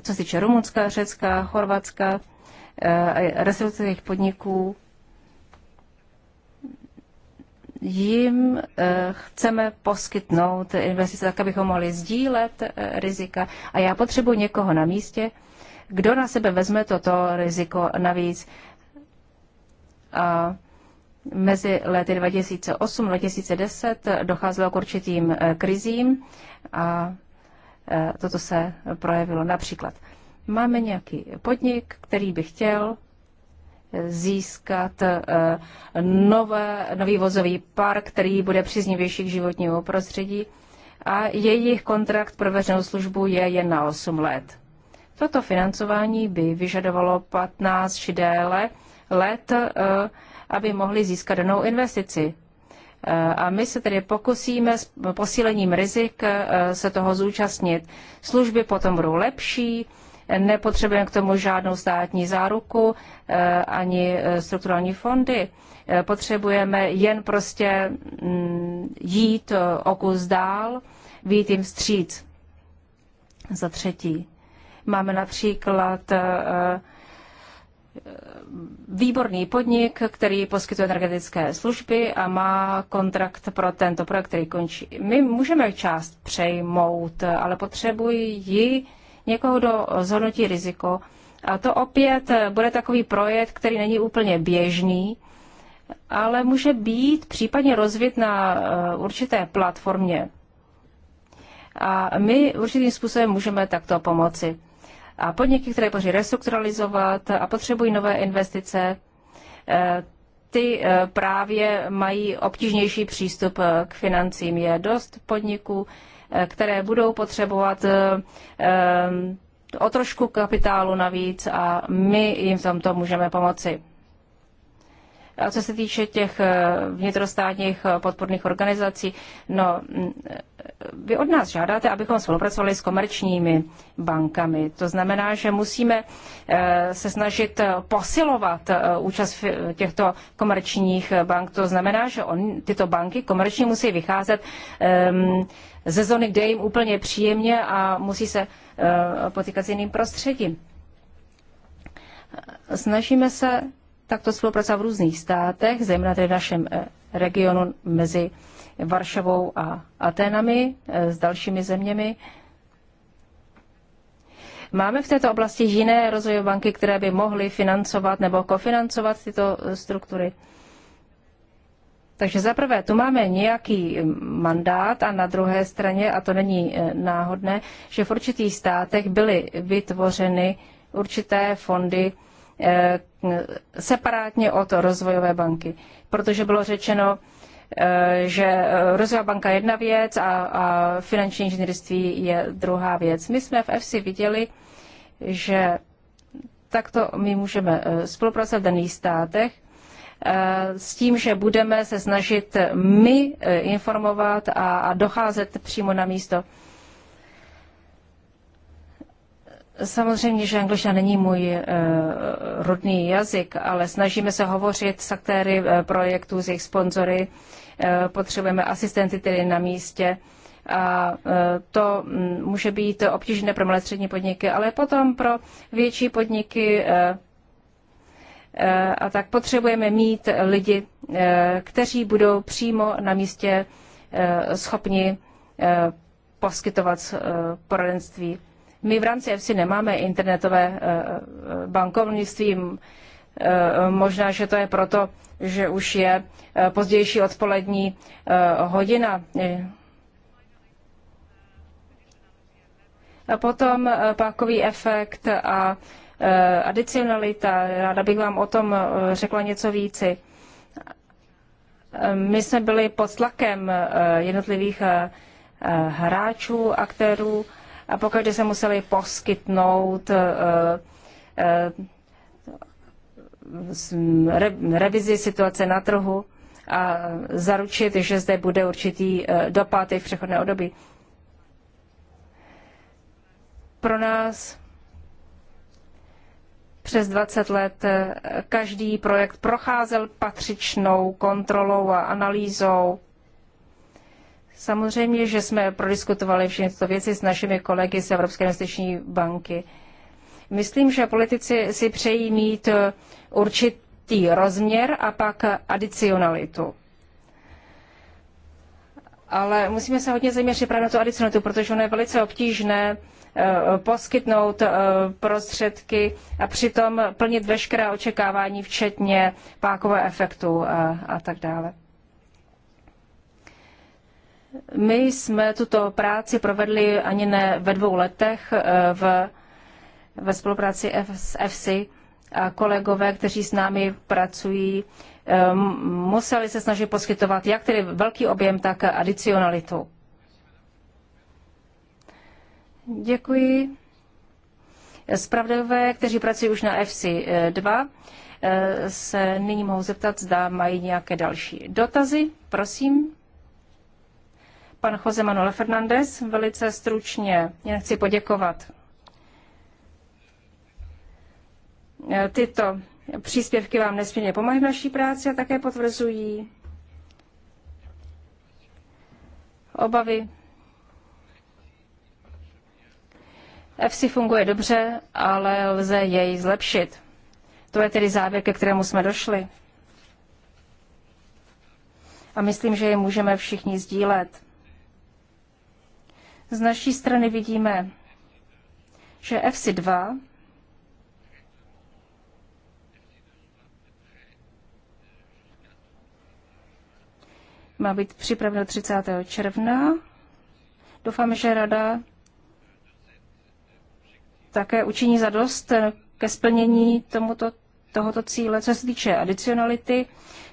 Co se týče Rumunska, Řecka, Chorvatska, eh, restrukturých podniků, jim eh, chceme poskytnout investice tak, abychom mohli sdílet rizika. A já potřebuji někoho na místě, kdo na sebe vezme toto riziko navíc. A Mezi lety 2008 a 2010 docházelo k určitým eh, krizím a eh, toto se projevilo například. Máme nějaký podnik, který by chtěl eh, získat nové, nový vozový park, který bude příznivější k životnímu prostředí a jejich kontrakt pro veřejnou službu je jen na 8 let. Toto financování by vyžadovalo 15 či déle let aby mohli získat danou investici. Eh, a my se tedy pokusíme s posílením rizik eh, se toho zúčastnit. Služby potom budou lepší, nepotřebujeme k tomu žádnou státní záruku eh, ani strukturální fondy. Potřebujeme jen prostě mm, jít o kus dál, vít jim vstříc. Za třetí. Máme například výborný podnik, který poskytuje energetické služby a má kontrakt pro tento projekt, který končí. My můžeme část přejmout, ale potřebují ji někoho, do zhodnotí riziko. A to opět bude takový projekt, který není úplně běžný, ale může být případně rozvit na eh, určité platformě. A my určitým způsobem můžeme takto pomoci a podniky, které potřebují restrukturalizovat a potřebují nové investice, eh, ty eh, právě mají obtížnější přístup eh, k financím. Je dost podniků, které budou potřebovat o trošku kapitálu navíc a my jim v tomto můžeme pomoci. A co se týče těch eh, vnitrostátních eh, podporných organizací, no, mm, eh, vy od nás žádáte, abychom spolupracovali s komerčními bankami. To znamená, že musíme se snažit posilovat účast těchto komerčních bank. To znamená, že on, tyto banky komerční musí vycházet ehm, ze zóny, kde jim úplně příjemně a musí se potýkat s jiným prostředím. Snažíme se takto spolupracovat v různých státech, zejména tedy v našem eh, regionu mezi Varšavou a Aténami, eh, s dalšími zeměmi. Máme v této oblasti jiné rozvojové banky, které by mohly financovat nebo kofinancovat tyto eh, struktury. Takže zaprvé tu máme nějaký mandát a na druhé straně, a to není náhodné, že v určitých státech byly vytvořeny určité fondy Eh, separátně od rozvojové banky. Protože bylo řečeno, eh, že rozvojová banka je jedna věc a, a finanční inženýrství je druhá věc. My jsme v EFSI viděli, že takto my můžeme eh, spolupracovat v daných státech s tím, že budeme se snažit my informovat a, a docházet přímo na místo. Samozřejmě, že angličtina není můj eh, rodný jazyk, ale snažíme se hovořit s aktéry eh, projektů, s jejich sponzory. Eh, potřebujeme asistenty tedy na místě. A to mm, může být obtížné pro malé střední podniky, ale potom pro větší podniky a tak potřebujeme mít lidi, kteří budou přímo na místě schopni poskytovat poradenství. My v rámci EFSI nemáme internetové eh, eh, bankovnictví, eh, možná, že to je proto, že už je pozdější odpolední hodina. A potom pákový efekt a adicionalita. Ráda bych vám o tom řekla něco víci. My jsme byli pod tlakem jednotlivých hráčů, aktérů a pokaždé se museli poskytnout eh, eh, revizi situace na trhu a zaručit, že zde bude určitý eh, dopad i v přechodné období. Pro nás přes 20 let každý projekt procházel patřičnou kontrolou a analýzou Samozřejmě, že jsme prodiskutovali všechny tyto věci s našimi kolegy z Evropské investiční banky. Myslím, že politici si přejí mít eh, určitý rozměr a pak adicionalitu. Ale musíme se hodně zaměřit právě na tu adicionalitu, protože ono je velice obtížné eh, poskytnout eh, prostředky a přitom plnit veškerá očekávání, včetně pákové efektu a, a tak dále. My jsme tuto práci provedli ani ne ve dvou letech eh, v, ve spolupráci s EFSI a kolegové, kteří s námi pracují, eh, museli se snažit poskytovat jak tedy velký objem, tak adicionalitu. Děkuji. Spravdové, kteří pracují už na FC 2, eh, se nyní mohou zeptat, zda mají nějaké další dotazy. Prosím. Pan Jose Manuel Fernández, velice stručně, jen chci poděkovat. E, tyto příspěvky vám nesmírně pomohly v naší práci a také potvrzují obavy. EFSI funguje dobře, ale lze jej zlepšit. To je tedy závěr, ke kterému jsme došli. A myslím, že je můžeme všichni sdílet. Z naší strany vidíme, že EFSI 2 má být připraveno 30. června. Doufám, že rada také učiní zadost ke splnění tomuto, tohoto cíle. Co se týče adicionality,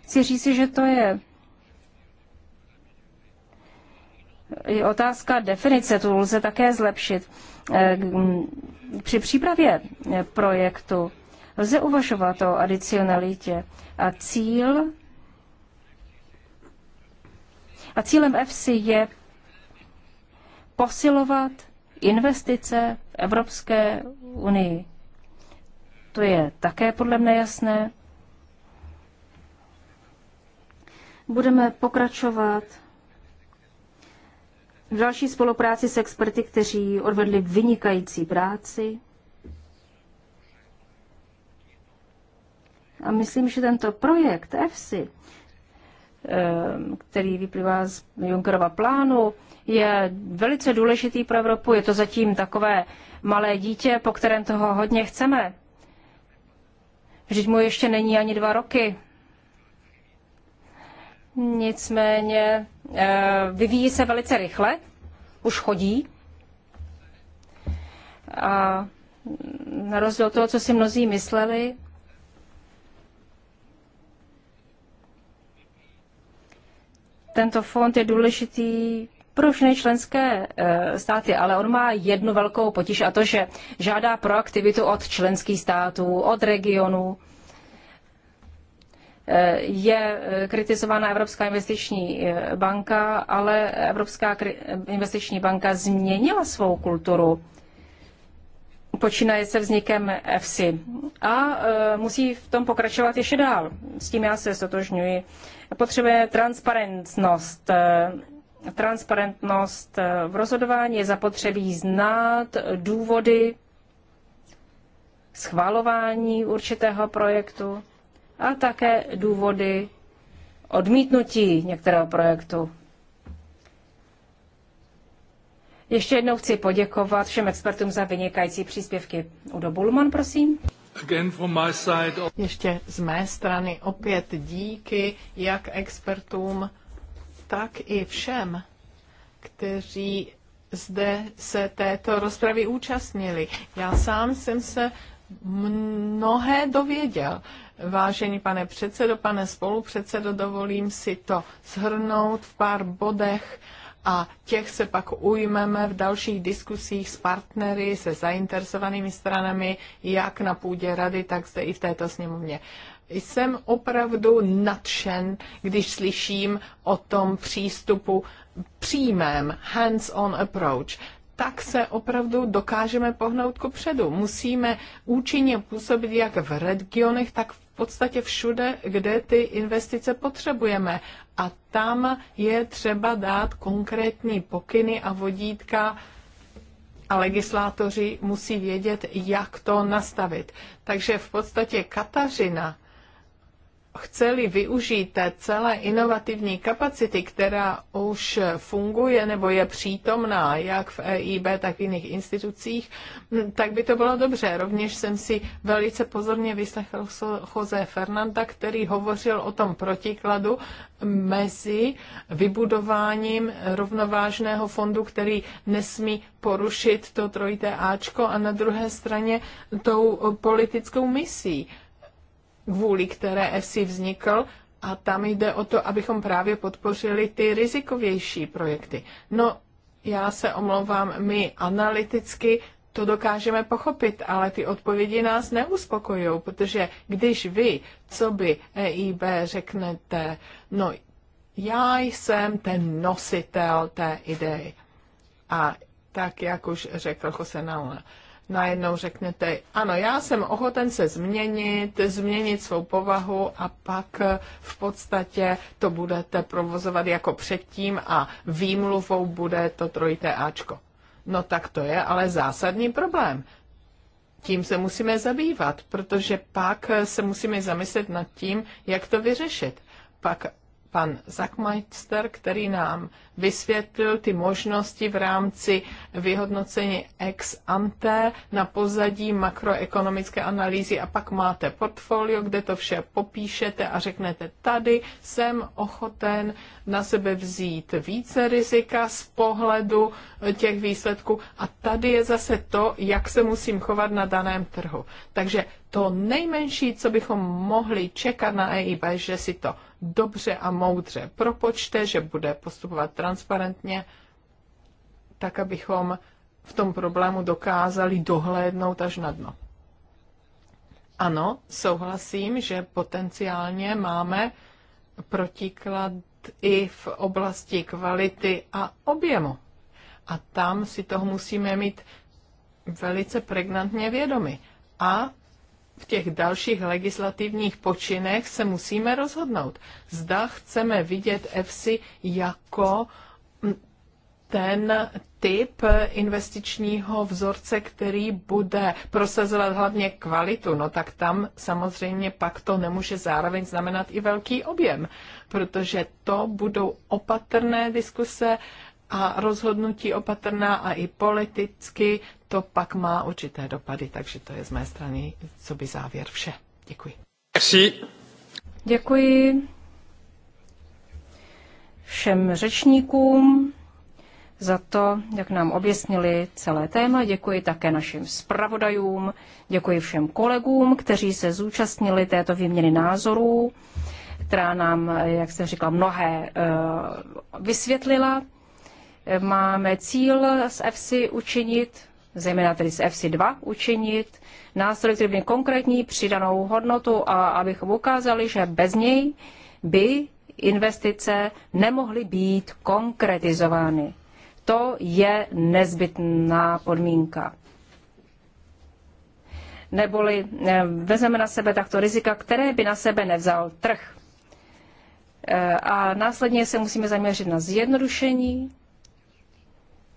chci říci, že to je I otázka definice, tu lze také zlepšit. Eh, mm, při přípravě eh, projektu lze uvažovat o adicionalitě a cíl a cílem EFSI je posilovat investice v Evropské unii. To je také podle mne jasné. Budeme pokračovat v další spolupráci s experty, kteří odvedli vynikající práci. A myslím, že tento projekt EFSI, ehm, který vyplývá z Junckerova plánu, je velice důležitý pro Evropu. Je to zatím takové malé dítě, po kterém toho hodně chceme. Vždyť mu ještě není ani dva roky. Nicméně Eh, vyvíjí se velice rychle, už chodí. A na rozdíl toho, co si mnozí mysleli, tento fond je důležitý pro všechny členské eh, státy, ale on má jednu velkou potíž a to, že žádá proaktivitu od členských států, od regionů je kritizována Evropská investiční banka, ale Evropská investiční banka změnila svou kulturu. Počínaje se vznikem EFSI a e, musí v tom pokračovat ještě dál. S tím já se stotožňuji. Potřebuje transparentnost. E, transparentnost e, v rozhodování je zapotřebí znát důvody schvalování určitého projektu a také důvody odmítnutí některého projektu. Ještě jednou chci poděkovat všem expertům za vynikající příspěvky. Udo Bulman, prosím. Ještě z mé strany opět díky jak expertům, tak i všem, kteří zde se této rozpravy účastnili. Já sám jsem se mnohé dověděl. Vážený pane předsedo, pane spolupředsedo, dovolím si to shrnout v pár bodech a těch se pak ujmeme v dalších diskusích s partnery, se zainteresovanými stranami, jak na půdě rady, tak zde i v této sněmovně. Jsem opravdu nadšen, když slyším o tom přístupu přímém, hands-on approach tak se opravdu dokážeme pohnout ku předu. Musíme účinně působit jak v regionech, tak v podstatě všude, kde ty investice potřebujeme. A tam je třeba dát konkrétní pokyny a vodítka a legislátoři musí vědět, jak to nastavit. Takže v podstatě Katařina chceli využít té celé inovativní kapacity, která už funguje nebo je přítomná jak v EIB, tak v jiných institucích, tak by to bylo dobře. Rovněž jsem si velice pozorně vyslechl Jose Fernanda, který hovořil o tom protikladu mezi vybudováním rovnovážného fondu, který nesmí porušit to trojité Ačko a na druhé straně tou politickou misí kvůli které ESI vznikl, a tam jde o to, abychom právě podpořili ty rizikovější projekty. No, já se omlouvám, my analyticky to dokážeme pochopit, ale ty odpovědi nás neuspokojují, protože když vy, co by EIB řeknete, no já jsem ten nositel té idei. A tak, jak už řekl Jose Naula, najednou řeknete, ano, já jsem ochoten se změnit, změnit svou povahu a pak eh, v podstatě to budete provozovat jako předtím a výmluvou bude to trojité Ačko. No tak to je ale zásadní problém. Tím se musíme zabývat, protože pak eh, se musíme zamyslet nad tím, jak to vyřešit. Pak pan Zackmeister, který nám vysvětlil ty možnosti v rámci vyhodnocení ex ante na pozadí makroekonomické analýzy a pak máte portfolio, kde to vše popíšete a řeknete, tady jsem ochoten na sebe vzít více rizika z pohledu těch výsledků a tady je zase to, jak se musím chovat na daném trhu. Takže to nejmenší, co bychom mohli čekat na EIB, že si to dobře a moudře propočte, že bude postupovat transparentně, transparentně, tak abychom v tom problému dokázali dohlédnout až na dno. Ano, souhlasím, že potenciálně máme protiklad i v oblasti kvality a objemu. A tam si toho musíme mít velice pregnantně vědomi. A v těch dalších legislativních počinech se musíme rozhodnout. Zda chceme vidět EFSI jako mm, ten typ investičního vzorce, který bude prosazovat hlavně kvalitu, no tak tam samozřejmě pak to nemůže zároveň znamenat i velký objem, protože to budou opatrné diskuse a rozhodnutí opatrná a i politicky to pak má určité dopady, takže to je z mé strany, co by závěr vše. Děkuji. Merci. Děkuji všem řečníkům za to, jak nám objasnili celé téma. Děkuji také našim zpravodajům, děkuji všem kolegům, kteří se zúčastnili této výměny názorů, která nám, jak jsem říkala, mnohé eh, vysvětlila. Máme cíl z EFSI učinit zejména tedy z FC2, učinit nástroj, který by konkrétní přidanou hodnotu a abychom ukázali, že bez něj by investice nemohly být konkretizovány. To je nezbytná podmínka. Neboli eh, vezmeme na sebe takto rizika, které by na sebe nevzal trh. Eh, a následně se musíme zaměřit na zjednodušení,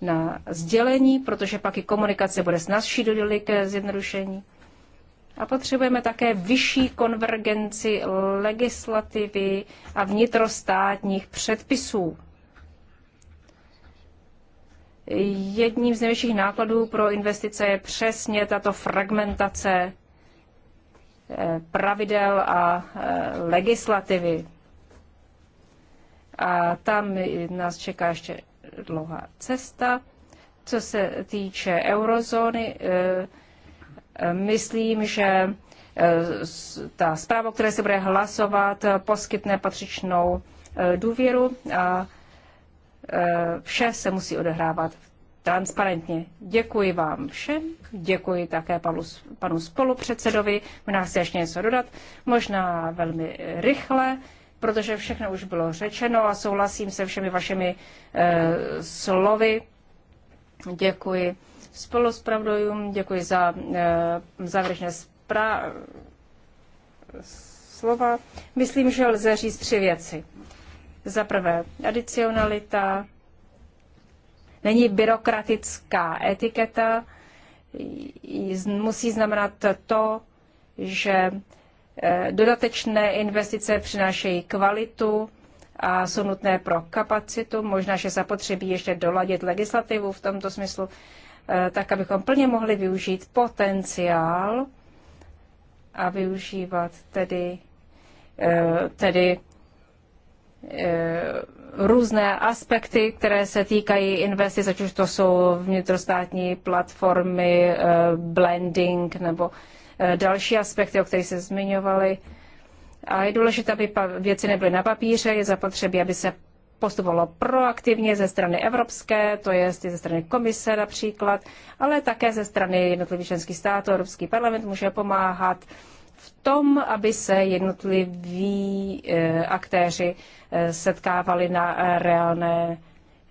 na sdělení, protože pak i komunikace bude snazší dojde ke zjednodušení. A potřebujeme také vyšší konvergenci legislativy a vnitrostátních předpisů. Jedním z největších nákladů pro investice je přesně tato fragmentace eh, pravidel a eh, legislativy. A tam nás čeká ještě dlouhá cesta. Co se týče eurozóny, eh, eh, myslím, že eh, ta zpráva, které se bude hlasovat, poskytne patřičnou důvěru a vše se musí odehrávat transparentně. Děkuji vám všem, děkuji také panu, panu spolupředsedovi, možná chci ještě něco dodat, možná velmi rychle protože všechno už bylo řečeno a souhlasím se všemi vašimi e, slovy. Děkuji spolu s pravdojům, děkuji za e, závěrečné spra- slova. Myslím, že lze říct tři věci. Za prvé, adicionalita není byrokratická etiketa, musí znamenat to, že Eh, dodatečné investice přinášejí kvalitu a jsou nutné pro kapacitu. Možná, že zapotřebí ještě doladit legislativu v tomto smyslu, eh, tak abychom plně mohli využít potenciál a využívat tedy, eh, tedy různé aspekty, které se týkají investic, ať už to jsou vnitrostátní platformy, blending nebo Eh, další aspekty, o kterých se zmiňovali. A je důležité, aby věci nebyly na papíře, je zapotřebí, aby se postupovalo proaktivně ze strany evropské, to je ze strany komise například, ale také ze strany jednotlivých členských států. Evropský parlament může pomáhat v tom, aby se jednotliví eh, aktéři eh, setkávali na reálné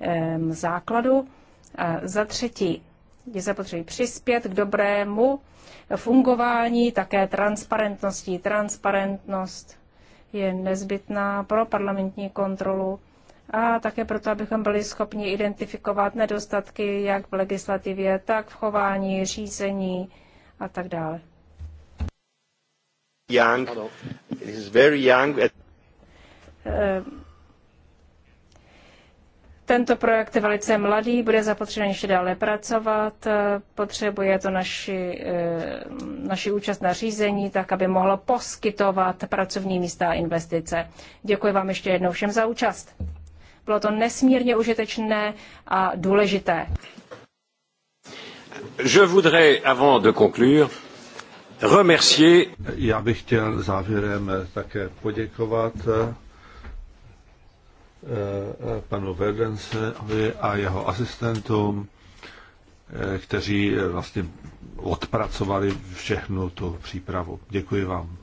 ehm, základu. A za třetí je zapotřebí přispět k dobrému fungování, také transparentností. Transparentnost je nezbytná pro parlamentní kontrolu a také proto, abychom byli schopni identifikovat nedostatky jak v legislativě, tak v chování, řízení a tak dále. Young. It is very young. Eh, tento projekt je velice mladý, bude zapotřebí ještě dále pracovat, eh, potřebuje to naši, eh, naši účast na řízení, tak aby mohlo poskytovat pracovní místa a investice. Děkuji vám ještě jednou všem za účast. Bylo to nesmírně užitečné a důležité. Je voudrais, avant de conclure, remercier... Já bych chtěl závěrem také poděkovat eh, Eh, panu Verdensovi a jeho asistentům, eh, kteří vlastně odpracovali všechnu tu přípravu. Děkuji vám.